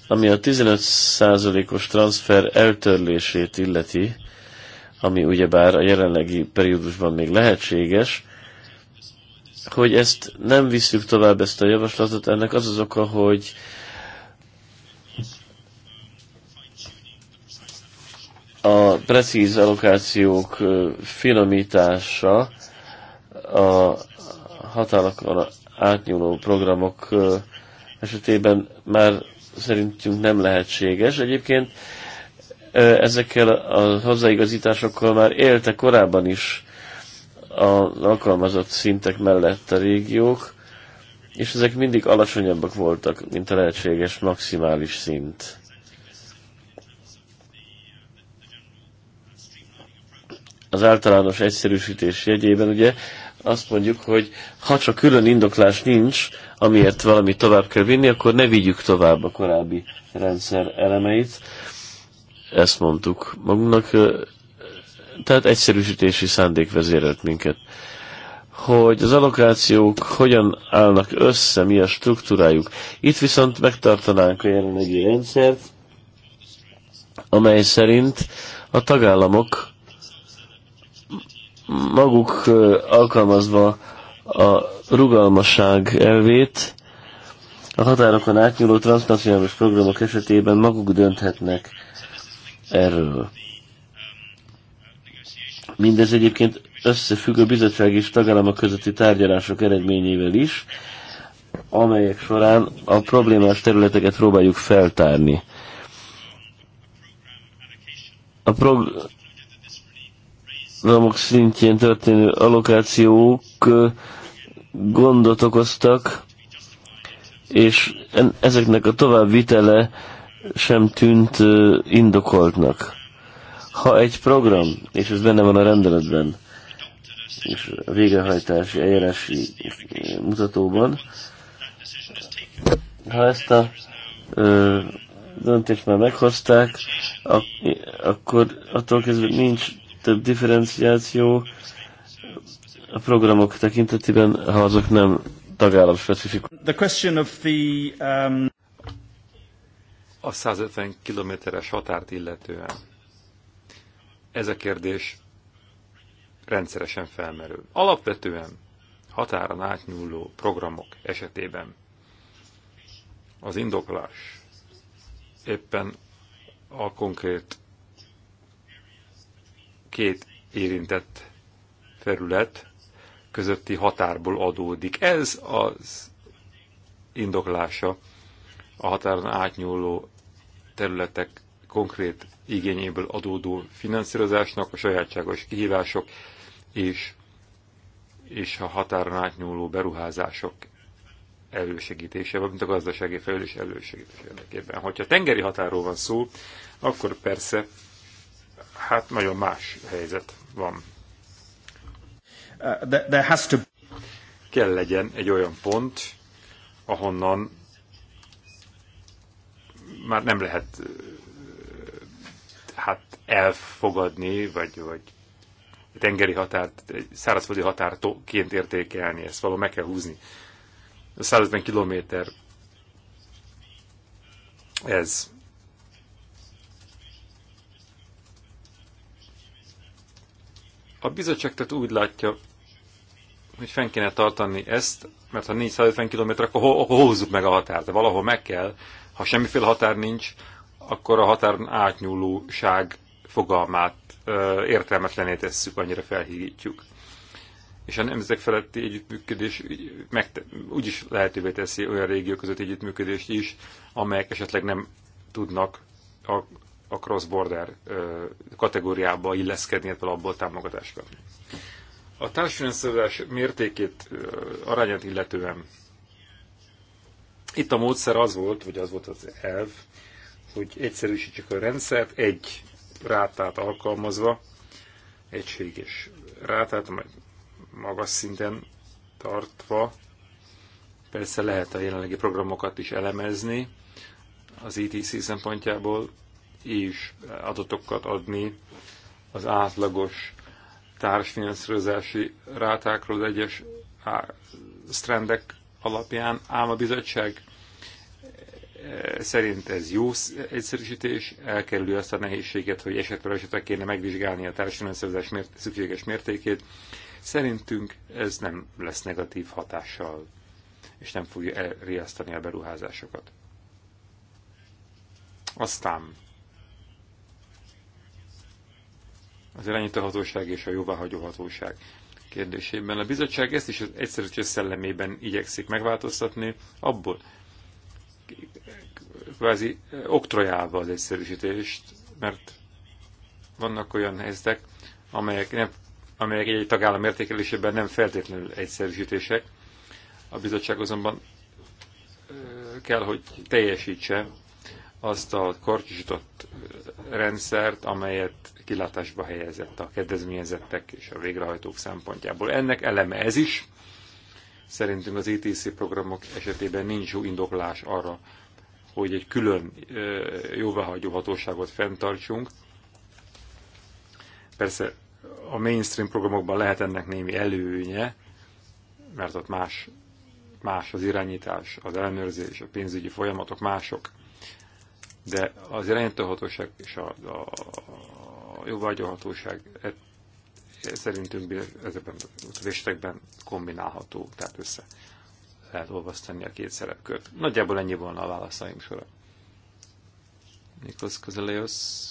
Ami a 15%-os transfer eltörlését illeti, ami ugyebár a jelenlegi periódusban még lehetséges, hogy ezt nem visszük tovább ezt a javaslatot, ennek az az oka, hogy a precíz allokációk finomítása a határokon átnyúló programok esetében már szerintünk nem lehetséges. Egyébként ezekkel a hozzáigazításokkal már éltek korábban is az alkalmazott szintek mellett a régiók, és ezek mindig alacsonyabbak voltak, mint a lehetséges maximális szint. az általános egyszerűsítés jegyében, ugye azt mondjuk, hogy ha csak külön indoklás nincs, amiért valami tovább kell vinni, akkor ne vigyük tovább a korábbi rendszer elemeit. Ezt mondtuk magunknak, tehát egyszerűsítési szándék vezérelt minket. Hogy az allokációk hogyan állnak össze, mi a struktúrájuk. Itt viszont megtartanánk a jelenlegi rendszert, amely szerint a tagállamok maguk alkalmazva a rugalmasság elvét, a határokon átnyúló transznacionális programok esetében maguk dönthetnek erről. Mindez egyébként összefügg a bizottság és tagállamok közötti tárgyalások eredményével is, amelyek során a problémás területeket próbáljuk feltárni. A prog- programok szintjén történő allokációk gondot okoztak, és ezeknek a tovább vitele sem tűnt indokoltnak. Ha egy program, és ez benne van a rendeletben, és a végrehajtási eljárási mutatóban, ha ezt a ö, döntést már meghozták, ak- akkor attól kezdve nincs több differenciáció a programok tekintetében, ha azok nem tagállam specifikus. The question of the, um... A 150 kilométeres határt illetően ez a kérdés rendszeresen felmerül. Alapvetően határon átnyúló programok esetében az indoklás éppen a konkrét két érintett terület közötti határból adódik. Ez az indoklása a határon átnyúló területek konkrét igényéből adódó finanszírozásnak, a sajátságos kihívások és, és a határon átnyúló beruházások elősegítése, mint a gazdasági fejlődés elősegítése érdekében. Hogyha tengeri határól van szó, akkor persze hát nagyon más helyzet van. Uh, there has to... Kell legyen egy olyan pont, ahonnan már nem lehet uh, hát elfogadni, vagy, vagy tengeri határt, szárazföldi határként értékelni, ezt való meg kell húzni. A 150 kilométer ez A bizottság tehát úgy látja, hogy fenn kéne tartani ezt, mert ha 450 km, akkor, ho, akkor hozzuk meg a határt. De valahol meg kell. Ha semmiféle határ nincs, akkor a határon átnyúlóság fogalmát ö, értelmetlené tesszük, annyira felhígítjuk. És a nemzetek feletti együttműködés úgyis lehetővé teszi olyan régiók között együttműködést is, amelyek esetleg nem tudnak a a cross-border kategóriába illeszkedni, illetve abból támogatást kapni. A társfinanszírozás mértékét, arányát illetően itt a módszer az volt, vagy az volt az elv, hogy egyszerűsítsük a rendszert, egy rátát alkalmazva, egységes rátát, majd magas szinten tartva, persze lehet a jelenlegi programokat is elemezni az ETC szempontjából, és adatokat adni az átlagos társfinanszírozási rátákról az egyes strendek alapján, ám a bizottság e, szerint ez jó egyszerűsítés, elkerülő azt a nehézséget, hogy esetről esetre kéne megvizsgálni a társadalmi mért, szükséges mértékét. Szerintünk ez nem lesz negatív hatással, és nem fogja elriasztani a beruházásokat. Aztán az hatóság és a hatóság kérdésében. A bizottság ezt is az egyszerűsítés szellemében igyekszik megváltoztatni, abból kvázi eh, oktrojálva az egyszerűsítést, mert vannak olyan helyzetek, amelyek, nem, amelyek egy, tagállam értékelésében nem feltétlenül egyszerűsítések. A bizottság azonban eh, kell, hogy teljesítse azt a karcsúsított eh, rendszert, amelyet kilátásba helyezett a kedvezményezettek és a végrehajtók szempontjából. Ennek eleme ez is. Szerintünk az ETC programok esetében nincs jó indoklás arra, hogy egy külön jóváhagyó hatóságot fenntartsunk. Persze a mainstream programokban lehet ennek némi előnye, mert ott más, más az irányítás, az ellenőrzés, a pénzügyi folyamatok mások. De az irányítóhatóság és a, a, jogvágyahatóság e- e- szerintünk ezekben a tudásekben kombinálható, tehát össze lehet olvasztani a két szerepkört. Nagyjából ennyi volna a válaszaink sora. Nikos Kozeleos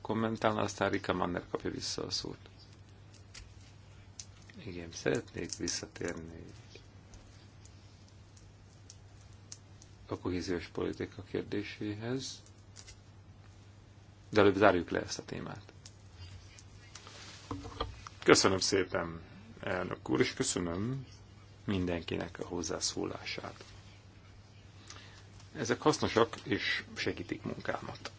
kommentálna, aztán Rika Manner kapja vissza a szót. Igen, szeretnék visszatérni a kohéziós politika kérdéséhez de előbb zárjuk le ezt a témát. Köszönöm szépen, elnök úr, és köszönöm mindenkinek a hozzászólását. Ezek hasznosak és segítik munkámat.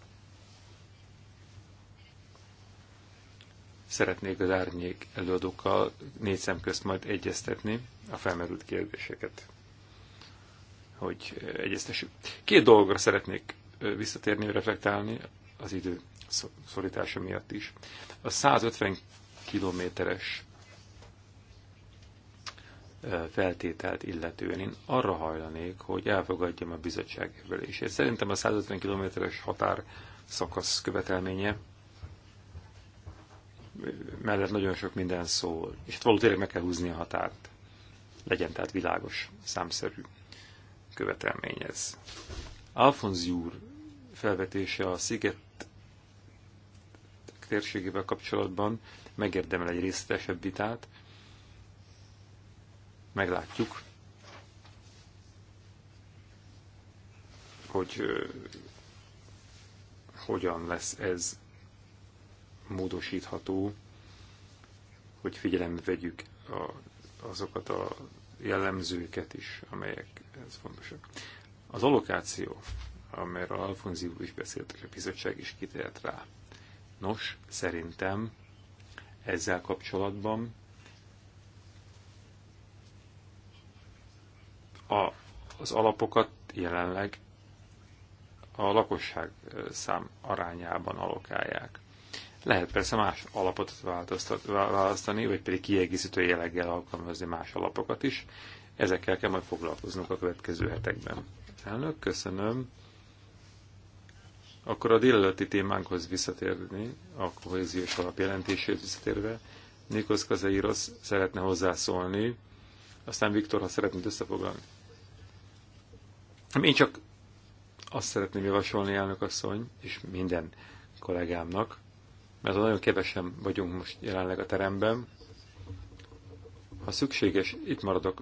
Szeretnék az árnyék előadókkal négy szem közt majd egyeztetni a felmerült kérdéseket, hogy egyeztessük. Két dologra szeretnék visszatérni, reflektálni az idő szorítása miatt is. A 150 kilométeres feltételt illetően én arra hajlanék, hogy elfogadjam a bizottság emelését. Szerintem a 150 kilométeres határ szakasz követelménye mellett nagyon sok minden szól, és hát valószínűleg meg kell húzni a határt. Legyen tehát világos, számszerű követelmény ez. Alfonz úr felvetése a sziget térségével kapcsolatban megérdemel egy részletesebb vitát. Meglátjuk, hogy hogyan lesz ez módosítható, hogy figyelembe vegyük a, azokat a jellemzőket is, amelyek ez fontosak. Az allokáció, amelyről Alfonzi úr is beszélt, a bizottság is kitért rá. Nos, szerintem ezzel kapcsolatban a, az alapokat jelenleg a lakosság szám arányában alokálják. Lehet persze más alapot választani, vagy pedig kiegészítő jelleggel alkalmazni más alapokat is. Ezekkel kell majd foglalkoznunk a következő hetekben. Elnök, köszönöm. Akkor a délelőtti témánkhoz visszatérni, a kohéziós alapjelentéséhez visszatérve, Nikos Kazeiros szeretne hozzászólni, aztán Viktor, ha szeretnéd összefoglalni. Én csak azt szeretném javasolni, elnök asszony, és minden kollégámnak, mert nagyon kevesen vagyunk most jelenleg a teremben. Ha szükséges, itt maradok,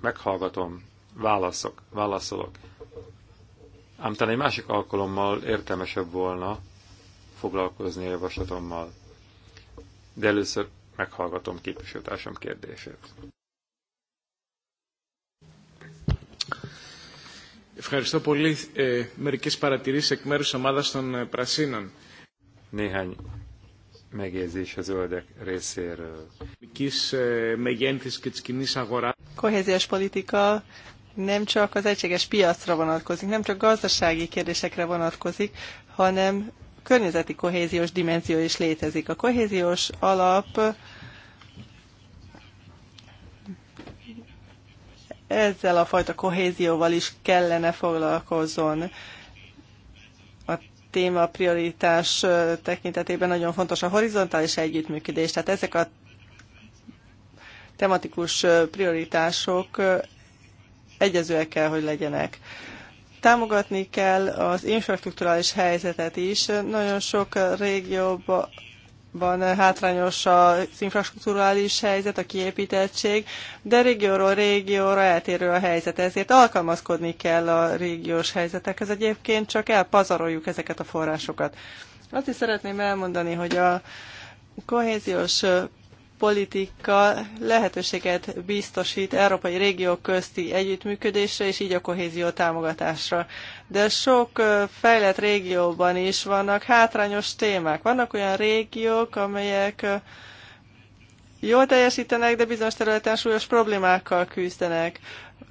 meghallgatom, válaszok, válaszolok, Ám talán egy másik alkalommal értelmesebb volna foglalkozni a javaslatommal. De először meghallgatom képviselőtársam kérdését. Ευχαριστώ πολύ. Ε, μερικές παρατηρήσεις εκ των Πρασίνων. Néhány megjegyzés a zöldek részéről. Kis megjelentés και της κοινής αγοράς. Kohéziós politika nem csak az egységes piacra vonatkozik, nem csak gazdasági kérdésekre vonatkozik, hanem környezeti kohéziós dimenzió is létezik. A kohéziós alap ezzel a fajta kohézióval is kellene foglalkozzon. A téma prioritás tekintetében nagyon fontos a horizontális együttműködés, tehát ezek a tematikus prioritások egyezőek kell, hogy legyenek. Támogatni kell az infrastruktúrális helyzetet is. Nagyon sok régióban van hátrányos az infrastruktúrális helyzet, a kiépítettség, de régióról régióra eltérő a helyzet, ezért alkalmazkodni kell a régiós helyzetekhez. Egyébként csak elpazaroljuk ezeket a forrásokat. Azt is szeretném elmondani, hogy a kohéziós politika lehetőséget biztosít európai régiók közti együttműködésre és így a kohézió támogatásra. De sok fejlett régióban is vannak hátrányos témák. Vannak olyan régiók, amelyek jól teljesítenek, de bizonyos területen súlyos problémákkal küzdenek.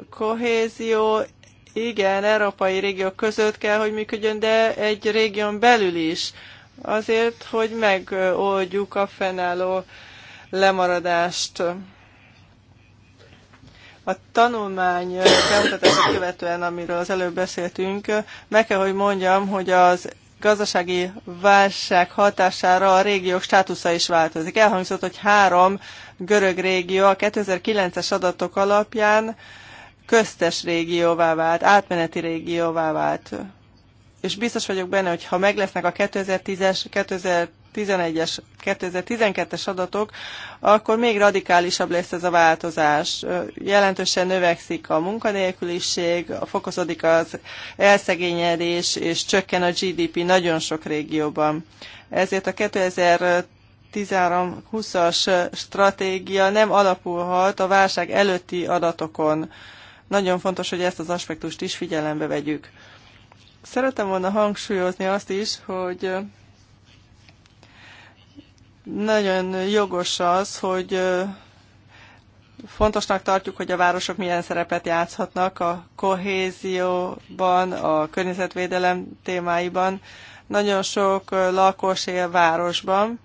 Kohézió, igen, európai régiók között kell, hogy működjön, de egy régión belül is. Azért, hogy megoldjuk a fennálló lemaradást. A tanulmány bemutatását követően, amiről az előbb beszéltünk, meg kell, hogy mondjam, hogy az gazdasági válság hatására a régiók státusza is változik. Elhangzott, hogy három görög régió a 2009-es adatok alapján köztes régióvá vált, átmeneti régióvá vált. És biztos vagyok benne, hogy ha meg lesznek a 2010-es, 2011-es, 2012-es adatok, akkor még radikálisabb lesz ez a változás. Jelentősen növekszik a munkanélküliség, fokozódik az elszegényedés, és csökken a GDP nagyon sok régióban. Ezért a 2000 13-20-as stratégia nem alapulhat a válság előtti adatokon. Nagyon fontos, hogy ezt az aspektust is figyelembe vegyük. Szeretem volna hangsúlyozni azt is, hogy nagyon jogos az, hogy fontosnak tartjuk, hogy a városok milyen szerepet játszhatnak a kohézióban, a környezetvédelem témáiban. Nagyon sok lakos él városban,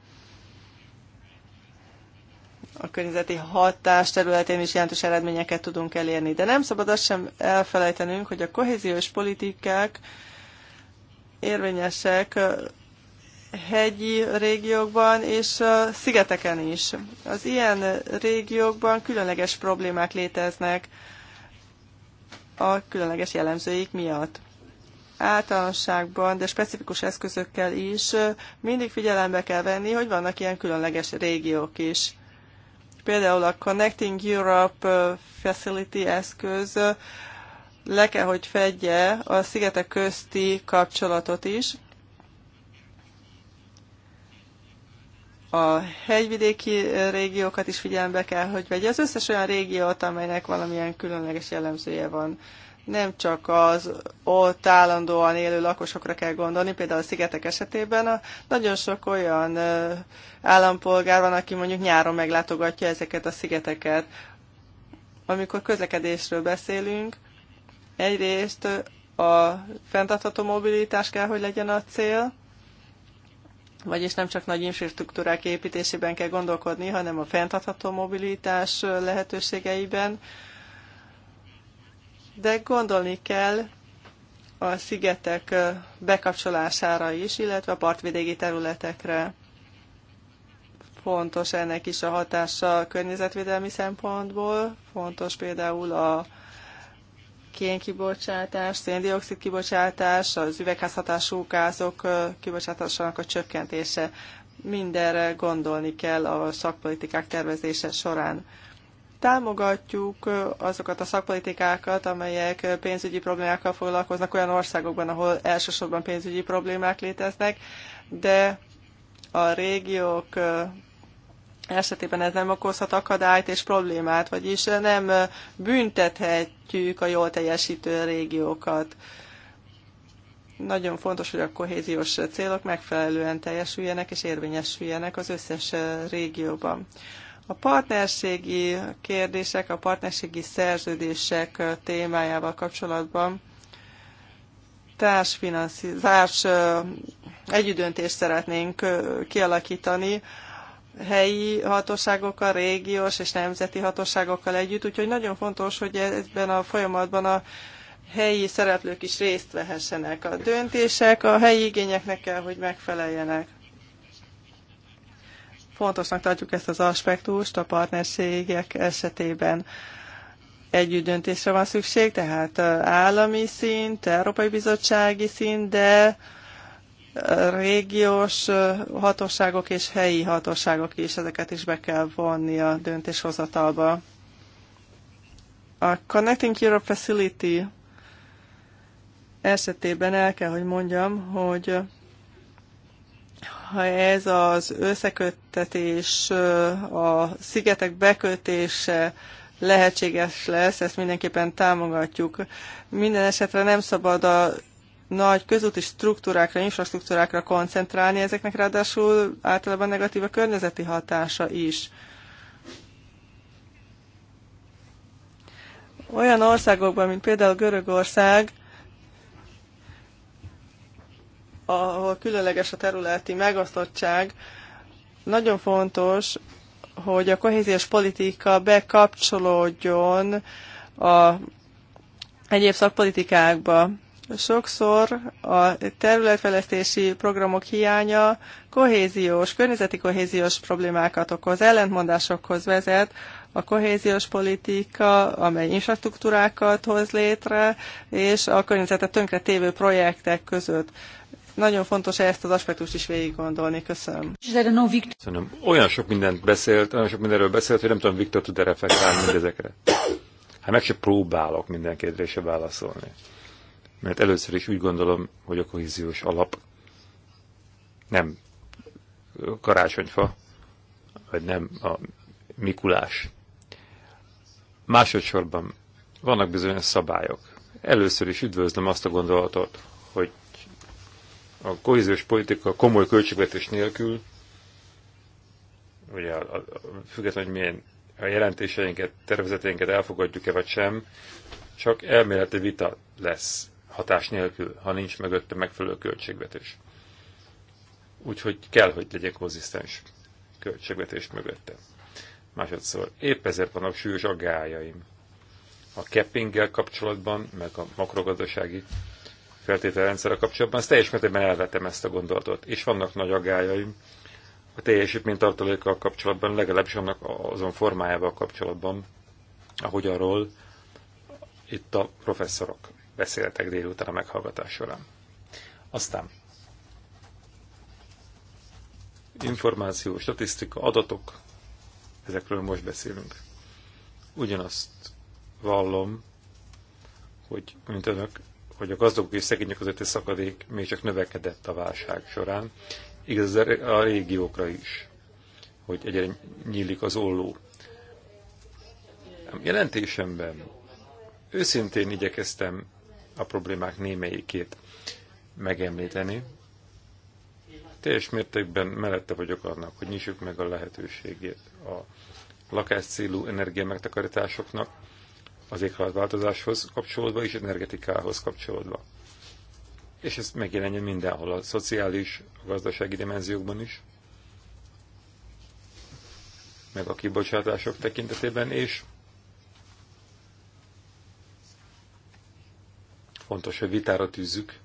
a környezeti hatás területén is jelentős eredményeket tudunk elérni. De nem szabad azt sem elfelejtenünk, hogy a kohéziós politikák érvényesek hegyi régiókban és a szigeteken is. Az ilyen régiókban különleges problémák léteznek a különleges jellemzőik miatt. Általánosságban, de specifikus eszközökkel is mindig figyelembe kell venni, hogy vannak ilyen különleges régiók is. Például a Connecting Europe Facility eszköz le kell, hogy fedje a szigetek közti kapcsolatot is, a hegyvidéki régiókat is figyelembe kell, hogy vegye az összes olyan régiót, amelynek valamilyen különleges jellemzője van. Nem csak az ott állandóan élő lakosokra kell gondolni, például a szigetek esetében a, nagyon sok olyan állampolgár van, aki mondjuk nyáron meglátogatja ezeket a szigeteket. Amikor közlekedésről beszélünk, egyrészt a fenntartható mobilitás kell, hogy legyen a cél, vagyis nem csak nagy infrastruktúrák építésében kell gondolkodni, hanem a fenntartható mobilitás lehetőségeiben. De gondolni kell a szigetek bekapcsolására is, illetve a partvidéki területekre. Fontos ennek is a hatása a környezetvédelmi szempontból, fontos például a kénkibocsátás, széndiokszid kibocsátás, az üvegházhatású gázok kibocsátásának a csökkentése. Mindenre gondolni kell a szakpolitikák tervezése során. Támogatjuk azokat a szakpolitikákat, amelyek pénzügyi problémákkal foglalkoznak olyan országokban, ahol elsősorban pénzügyi problémák léteznek, de a régiók esetében ez nem okozhat akadályt és problémát, vagyis nem büntethetjük a jól teljesítő régiókat. Nagyon fontos, hogy a kohéziós célok megfelelően teljesüljenek és érvényesüljenek az összes régióban. A partnerségi kérdések, a partnerségi szerződések témájával kapcsolatban társfinanszírozás, együttdöntést szeretnénk kialakítani helyi hatóságokkal, régiós és nemzeti hatóságokkal együtt, úgyhogy nagyon fontos, hogy ebben a folyamatban a helyi szereplők is részt vehessenek. A döntések a helyi igényeknek kell, hogy megfeleljenek. Fontosnak tartjuk ezt az aspektust a partnerségek esetében. Együtt döntésre van szükség, tehát állami szint, Európai Bizottsági szint, de régiós hatóságok és helyi hatóságok is, ezeket is be kell vonni a döntéshozatalba. A Connecting Europe Facility esetében el kell, hogy mondjam, hogy ha ez az összeköttetés, a szigetek bekötése lehetséges lesz, ezt mindenképpen támogatjuk. Minden esetre nem szabad a nagy közúti struktúrákra, infrastruktúrákra koncentrálni, ezeknek ráadásul általában negatív a környezeti hatása is. Olyan országokban, mint például Görögország, ahol különleges a területi megosztottság, nagyon fontos, hogy a kohéziós politika bekapcsolódjon a egyéb szakpolitikákba sokszor a területfejlesztési programok hiánya kohéziós, környezeti kohéziós problémákat okoz, ellentmondásokhoz vezet, a kohéziós politika, amely infrastruktúrákat hoz létre, és a környezetet tönkre tévő projektek között. Nagyon fontos -e ezt az aspektust is végig gondolni. Köszönöm. Köszönöm. Olyan sok mindent beszélt, olyan sok mindenről beszélt, hogy nem tudom, Viktor tud-e reflektálni mindezekre. Hát meg se próbálok minden kérdésre válaszolni mert először is úgy gondolom, hogy a kohéziós alap nem karácsonyfa, vagy nem a Mikulás. Másodszorban vannak bizonyos szabályok. Először is üdvözlöm azt a gondolatot, hogy a kohéziós politika komoly költségvetés nélkül, ugye a, a, függetlenül, hogy milyen a jelentéseinket, tervezeteinket elfogadjuk-e vagy sem, csak elméleti vita lesz hatás nélkül, ha nincs mögötte megfelelő költségvetés. Úgyhogy kell, hogy legyek konzisztens költségvetés mögötte. Másodszor, épp ezért vannak súlyos aggájaim. A keppinggel kapcsolatban, meg a makrogazdasági feltételrendszerrel kapcsolatban, ezt teljes mértékben elvetem ezt a gondolatot. És vannak nagy aggájaim a teljesítménytartalékkal kapcsolatban, legalábbis annak azon formájával kapcsolatban, ahogy arról itt a professzorok beszéltek délután a meghallgatás során. Aztán információ, statisztika, adatok, ezekről most beszélünk. Ugyanazt vallom, hogy mint önök, hogy a gazdagok és szegények közötti szakadék még csak növekedett a válság során, igaz a régiókra is, hogy egyre nyílik az olló. Jelentésemben őszintén igyekeztem a problémák némelyikét megemlíteni. Teljes mértékben mellette vagyok annak, hogy nyissuk meg a lehetőségét a lakás célú energia megtakarításoknak, az éghajlatváltozáshoz kapcsolódva és energetikához kapcsolódva. És ez megjelenjen mindenhol, a szociális, a gazdasági dimenziókban is, meg a kibocsátások tekintetében, és Fontos, hogy vitára tűzzük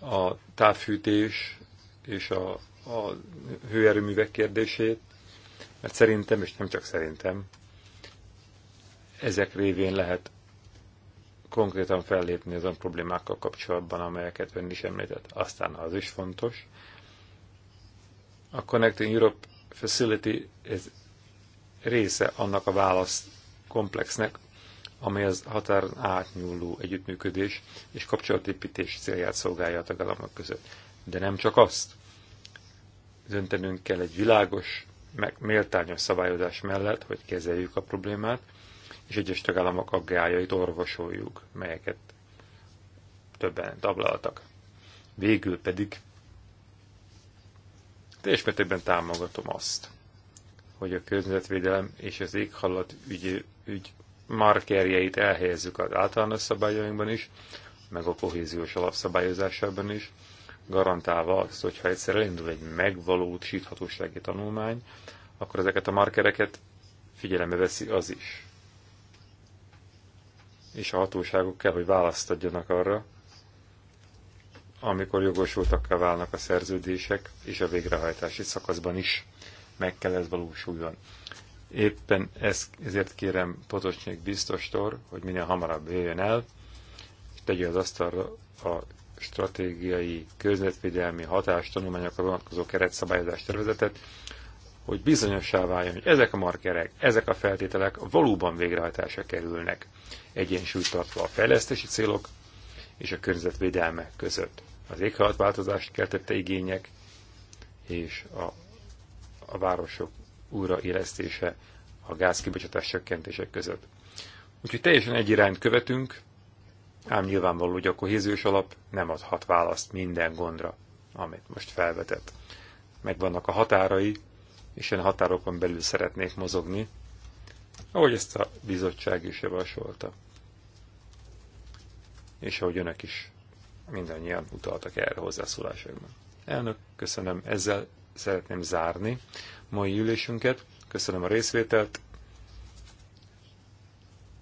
a távfűtés és a, a hőerőművek kérdését, mert szerintem, és nem csak szerintem, ezek révén lehet konkrétan fellépni azon problémákkal kapcsolatban, amelyeket ön is említett. Aztán az is fontos. A Connecting Europe Facility ez része annak a válasz komplexnek, amely az határon átnyúló együttműködés és kapcsolatépítés célját szolgálja a tagállamok között. De nem csak azt. Döntenünk kell egy világos, meg méltányos szabályozás mellett, hogy kezeljük a problémát, és egyes tagállamok aggájait orvosoljuk, melyeket többen tablaltak. Végül pedig teljes mértékben támogatom azt, hogy a környezetvédelem és az éghajlat ügy, ügy markerjeit elhelyezzük az általános szabályainkban is, meg a kohéziós alapszabályozásában is, garantálva azt, hogyha egyszer elindul egy megvalósíthatósági tanulmány, akkor ezeket a markereket figyelembe veszi az is. És a hatóságok kell, hogy választ adjanak arra, amikor jogosultakká válnak a szerződések, és a végrehajtási szakaszban is meg kell ez valósuljon. Éppen ez, ezért kérem Potocsnyék biztostor, hogy minél hamarabb jöjjön el, tegye az asztalra a stratégiai közvetvédelmi hatástanulmányokra vonatkozó keretszabályozás tervezetet, hogy bizonyossá váljon, hogy ezek a markerek, ezek a feltételek valóban végrehajtásra kerülnek, egyensúlyt tartva a fejlesztési célok és a környezetvédelme között. Az éghajlatváltozást keltette igények és a, a városok újraélesztése a gázkibocsátás csökkentések között. Úgyhogy teljesen egy irányt követünk, ám nyilvánvaló, hogy a kohéziós alap nem adhat választ minden gondra, amit most felvetett. Megvannak a határai, és én határokon belül szeretnék mozogni, ahogy ezt a bizottság is javasolta. És ahogy önök is mindannyian utaltak erre hozzászólásokban. Elnök, köszönöm, ezzel szeretném zárni mai ülésünket. Köszönöm a részvételt.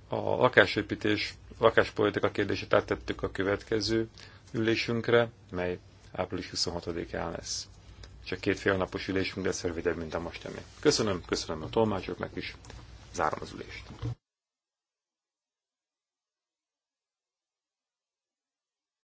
A lakásépítés, lakáspolitika kérdését áttettük a következő ülésünkre, mely április 26-án lesz. Csak két fél napos ülésünk lesz rövidebb, mint a mostani. Köszönöm, köszönöm a tolmácsoknak is. Zárom az ülést.